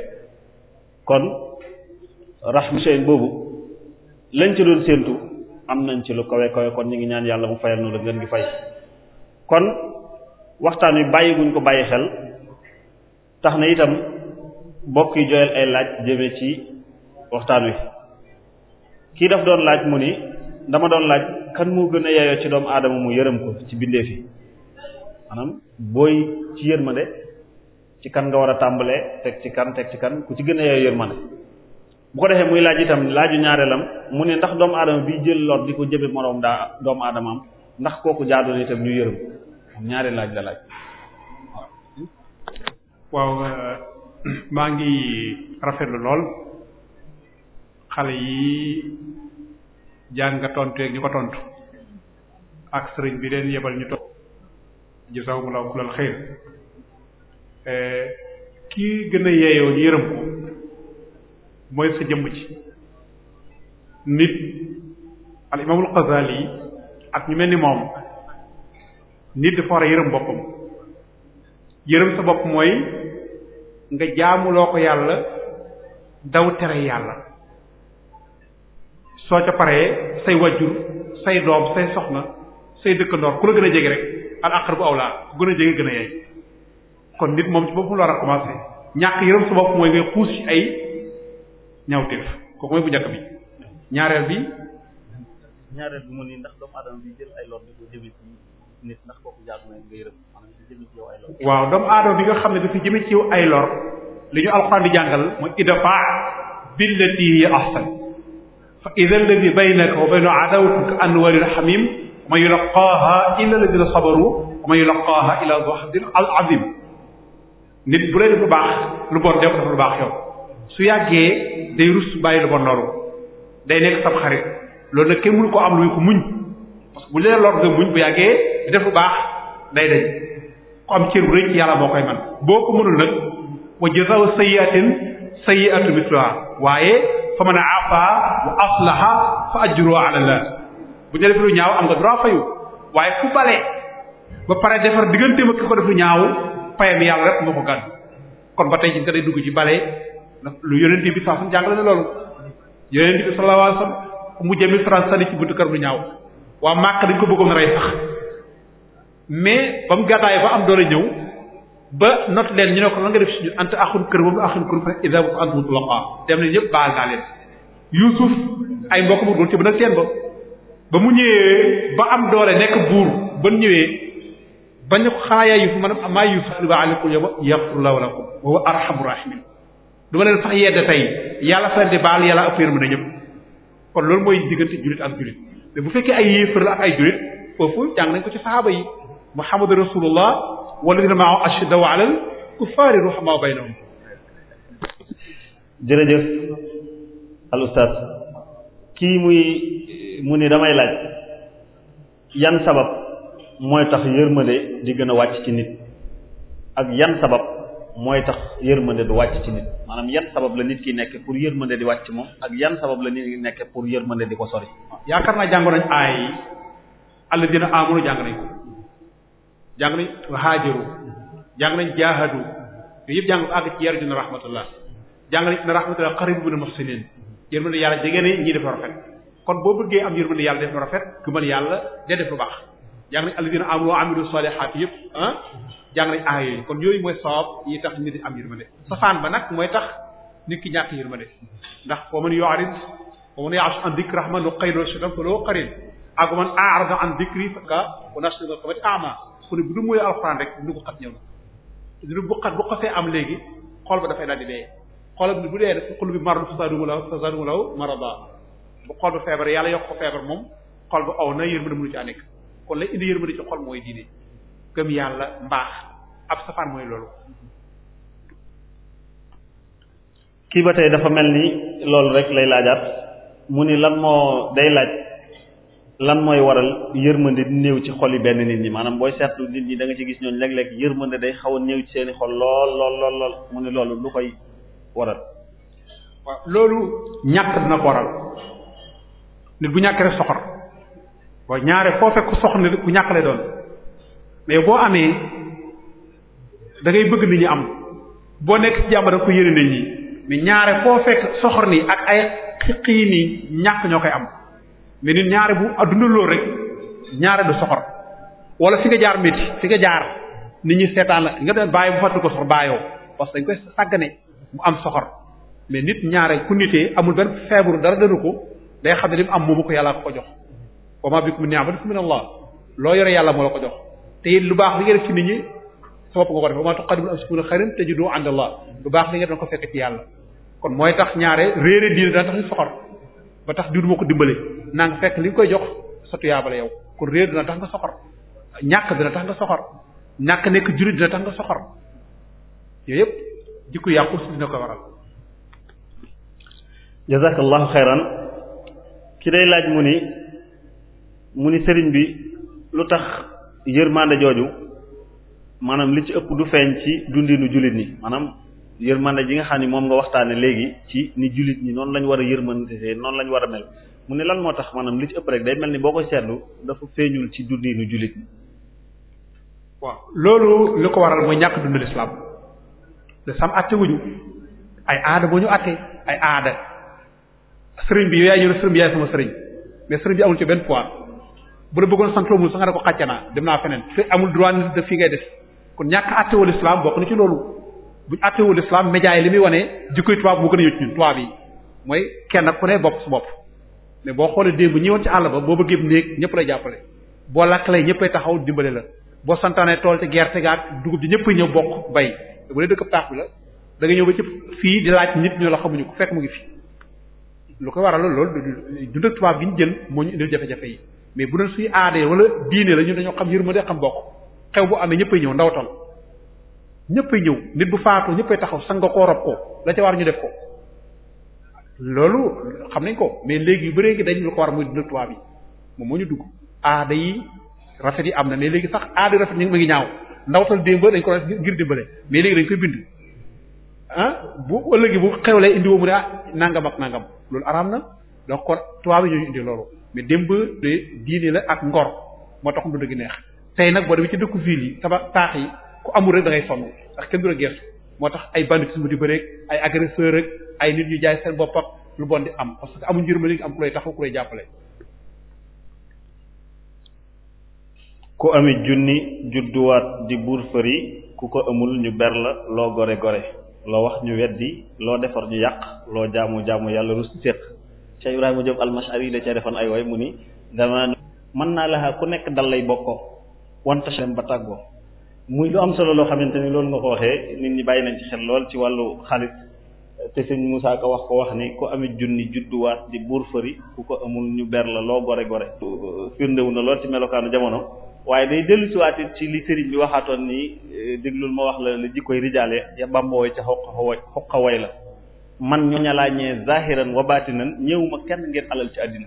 kon rahmatulah boobu. lañ ci doon séentu am nañ ci lu kawe kawe kon ñu ngi ñaan yàlla mu fayal noonu la ngeen di fay kon waxtaan wi bàyyi guñ ko bàyyi xel tax na itam mbokk yi joyal ay laaj jëme ci waxtaan wi kii daf doon laaj mu ni dama doon laaj kan moo gën a yeyoo ci doomu aadama mu yërëm ko ci bindee fi maanaam booy ci yërmande ci kan nga war a tàmbalee teg ci kan teg ci kan ku ci gën a yeyoo yërmande bu ko defee muy laaj itam laaju ñaareelam mu ne ndax doomu aadama bi jël lool di ko jëbe moroom daa doomu aadamaam ndax kooku jaadu na itam ñu yërëm moom ñaari laaj la laaj waaw euh, maa ngi rafetlu lool xale yi jàng nga tontu ak ak sëriñ bi leen yebal ñu tontu jazaakumullahu kullal xayr euh, kii gën a yeeyoo yërëm ko mooy sa jëmm ci nit al imaamul Xasaali ak ñu mel ni moom nit dafa war a yërëm boppam yërëm sa bopp mooy nga jaamuloo ko yàlla daw tere yàlla soo ca paree say wajjur say doom say soxna say dëkkandoor ku la gën a jege rek al aqrabu awlaa ku gën a jege gën a yey kon nit moom ci boppam la war a commencer ñàkk yërëm sa bopp mooy ngay xuus ay ñawteef kooku mooy bu njëkk bi ñaareel bi. bi mu ay waaw doomu aadama bi nga xam ne dafa jëme ci yow ay lor li ñu alxuraan di jàngal mooy idfa billati hiya ahsan fa idha alladhi baynaka wa baynahu adawatun ka annahu waliyyun hamim ma yulqaaha illa alladhina sabaru wa ma yulqaaha illa dhu hazzin azim nit bu lay def lu baax lu bon def lu baax yow su yàggee day rus bàyyi lu bon loolu day nekk sab xarit loolu nag kenn mënu ko am luy ko muñ parce bu leen lor nga muñ bu yàggee di def lu baax day dañ ko am cër bu rëy ci yàlla moo koy man boo ko mënul nag wa waaye fa man afa wa aslaha fa ajruha ala bu ñu def lu ñaaw am nga droit fayu waaye ku bale ba pare defar digganteem ak ki ko def lu ñaaw payam yàlla rek moo ko gàddu kon ba tey ci nga day dugg ci bale lu yonent bi saa sam jàngale na loolu yonent bi sallallahu alayhi wasallam mu jëmi France sani ci buntu kër bu ñaaw waa Màkka dañ ko bëggoon rey sax mais ba mu gàddaay ba am doole ñëw ba not leen ñu ne ko la nga def suñu ant axun kër boobu axun kër fa isa ko antum waqa dem nañ ñëpp baal naa leen Yuusuf mu dul ba mu ñëwee ba am doole nekk buur ba ñëwee bañ ko xaayaa Yuusuf maanaam amaa Yuusuf li ba aleykum yow ba yaxfirullahu lakum wa huwa arhamur rahimin du ma leen sax yedde tey yàlla fa baal yàlla ëpp yërmande ñëpp kon loolu mooy diggante jullit ak jullit mais bu fekkee ay yéefar la ak ay jullit foofu jàng nañ ko ci saxaaba yi muhammadu rasulullah walladina ma'ahu ashiddaw alal kuffaari ruhamaa baynahum jërëjëf muy mu ni damay laaj yan sabab mooy tax yërmande di gën a wàcc ci nit ak yan sabab mooy tax yërmande du wàcc ci nit maanaam yan sabab la nit ki nekke pour yërmande di wàcc moom ak yan sabab la nit ki nekk pour yërmande di ko sori. yaakaar naa jàngoon nañ aay yi àll dina aamunu jàng nañ ko jàng nañ haajaru jàng nañ jaahadu yooyu yëpp jàng àgg ci yarjuna rahmatullah jàng nañ na rahmatullah qaribun minal muhsinin yërmande yàlla jege ne ñii dafa rafet kon boo bëggee am yërmande yàlla def rafet ku mën yàlla day def lu baax jàng nañ àll dina aamunu wa amilu salihaati yëpp ah. jàng nañ aay yooyu kon yooyu mooy sabab yi tax nit am yërmande safaan ba nag mooy tax nit ki ñàkk yërmande ndax wa man yu'rid man ya'sh an dhikri rahman nuqayyid lahu shaytan fa lahu qarin ak wa man a'rada an dhikri fa nashghalahu bil a'ma ku bu ko xat ñëw na bu xat bu xasee am léegi xool ba dafay daal di dee xol bi bu dee def xol bi maradu fasaadu law fasaadu law marada bu xol ba feebar yàlla yokk ko feebar moom xool ba aw na yërmande mënu ci nekk kon lay indi yërmande ci xol mooy diine gëm yàlla mbaax ab safaan mooy loolu kii ba tey dafa mel ni loolu rek lay laajaat mu ni lan moo day laaj lan mooy waral yërmande di néew ci xol yi benn nit ñi maanaam booy seetlu nit ñi da nga ci gis ñooñu léeg-léeg yërmande day xaw a néew ci seeni xol lool lool lool lool mu ni loolu lu koy waral waaw loolu ñàkk dina ko waral nit bu ñàkk rek soxor waaye ñaare foo fekk soxor nit ku ñàkk lay doon mais boo amee dangay bëgg nit ñi am boo nekk ci jàmm da ko yéene nit ñi mais ñaare foo fekk soxor nii ak ay xiqii ni ñàkk ñoo koy am mais nit ñaare bu adduna lool rek ñaare du soxor wala fi nga jaar métti fi nga jaar nit ñi seetaan la nga doon bàyyi bu fàttali ko soxor bàyyoo parce que dañ koy sàggane mu am soxor mais nit ñaare ku nitee amul benn feebaru dara dënu ko day xam ne li mu am moomu ko yàlla ko jox wa ma bikum ni'matin min Allah loo yore yàlla moo la ko jox te it lu baax li nga def ci nit ñi sopp nga ko def wa ma tuqaddimu li anfusikum min khairin tajiduhu 'inda Allah lu baax li nga doon ko fekk ci yàlla kon mooy tax ñaare réere diine dana tax ñu soxor ba tax diwdu moo ko dimbale naa nga fekk li nga koy jox sa tuyaaba yow kon réer dina tax nga soxor ñàkk dina tax nga ñàkk nekk juri dina tax nga soxor yooyu yëpp jikko yàqu si dina ko waral jazakallahu xayran ki day laaj mu ni mu ni sëriñ bi lu tax yërmande jooju maanaam li ci ëpp du feeñ ci dundinu jullit ni maanaam yërmande ji nga xam ni moom nga waxtaane léegi ci ni jullit ñi noonu lañu war a yërmante noonu lañ war a mel mu ne lan moo tax maanaam li ci ëpp day mel ni boo ko seetlu dafa feeñul ci dundinu jullit ñi waaw loolu li ko waral mooy ñàkk dund lislaam lislaam sam wuñu ay aada boo ñu àtte ay aada sëriñ bi yow yaay ñëw sëriñ bi yaay sama sëriñ mais sëriñ bi amul ci benn poids bu bëggoon sant loolu ko xàcce naa dem naa feneen fi def fi ngay des kon ñàkk àttewul islam bokk ci loolu buñ àttewul islam média yi li muy wane jikkoy tubaab moo gën a mooy kenn ku ne bopp su bopp mais boo xoolee démb ñëwoon ci àll boo bëggee néeg ñëpp lay jàppale boo lakkalee ñëppay taxaw dimbale la boo santaane tool te gerte gaa dugub ji ñëpp ñëw bokk bay bu dee dëkk taax la da nga ñëw ba ci fii di laaj nit ñu la xamuñu ko fekk mu ngi fii lu ko waral loolu dund ak tuwaab gi ñu jël moo ñu indil jafe-jafe yi mais bu doon suñu aadee wala diine la ñu dañoo xam yërmande xam bokk xew bu amee ñëppay ñëw ndawtal ñëppay ñëw nit bu faatoo ñëppay taxaw sang nga koo rob ko la ca war ñu def ko loolu xam nañ ko mais léegi yu bëree gi dañ lu ko war muy dina tubaab yi moom moo ñu dugg aada yi rafet yi am na mais léegi sax aada rafet ñu ngi ma ngi ñaaw ndawtal démb dañ ko def ngir dimbale mais léegi dañ koy bind ah bu ëllëgi bu xewlee indi woo mu ne ah nangam ak nangam loolu na donc kon ñu indi loolu mais démb de diine la ak ngor moo tax dund gi neex tey nag boo demee ci dëkku ville yi taba taax yi ku amul rek da ngay sonn ndax kenn du la gerte moo tax ay banditisme di bëreeg ay agresseur rek ay nit ñu jaay seen bopp lu bon di am parce que amuñ njërma li am ku lay taxaw ku lay jàppale. ku amee junni judduwaat di buur fëri ku ko amul ñu ber la loo gore gore loo wax ñu weddi loo defar ñu yàq loo jaamu jaamu yàlla rus séq Cheikh Ibrahima Diop al-Mash'ari da cee defoon ay way mu ni dama mën naa laxaa ku nekk dal lay bokkoo wantasem ba tàggoo muy lu am solo loo xamante ni loolu nga ko waxee nit ñi bàyyi nañ ci xel lool ci wàllu xaalis te sëñ Moussa ko wax ko wax ni ku amee junni judduwaat di buur fëri ku ko amul ñu ber la loo gore gore firndewu na lool ci melokaanu jamono waaye day dellu siwaat it ci li sëriñ bi waxaatoon nii ni eh, déglul ma wax la la jikkoy rijaale ya bambooy ca xoq xoq way la man ñooña laa ñee zahiran wa batinan ñëwuma kenn ngir alal ci àddina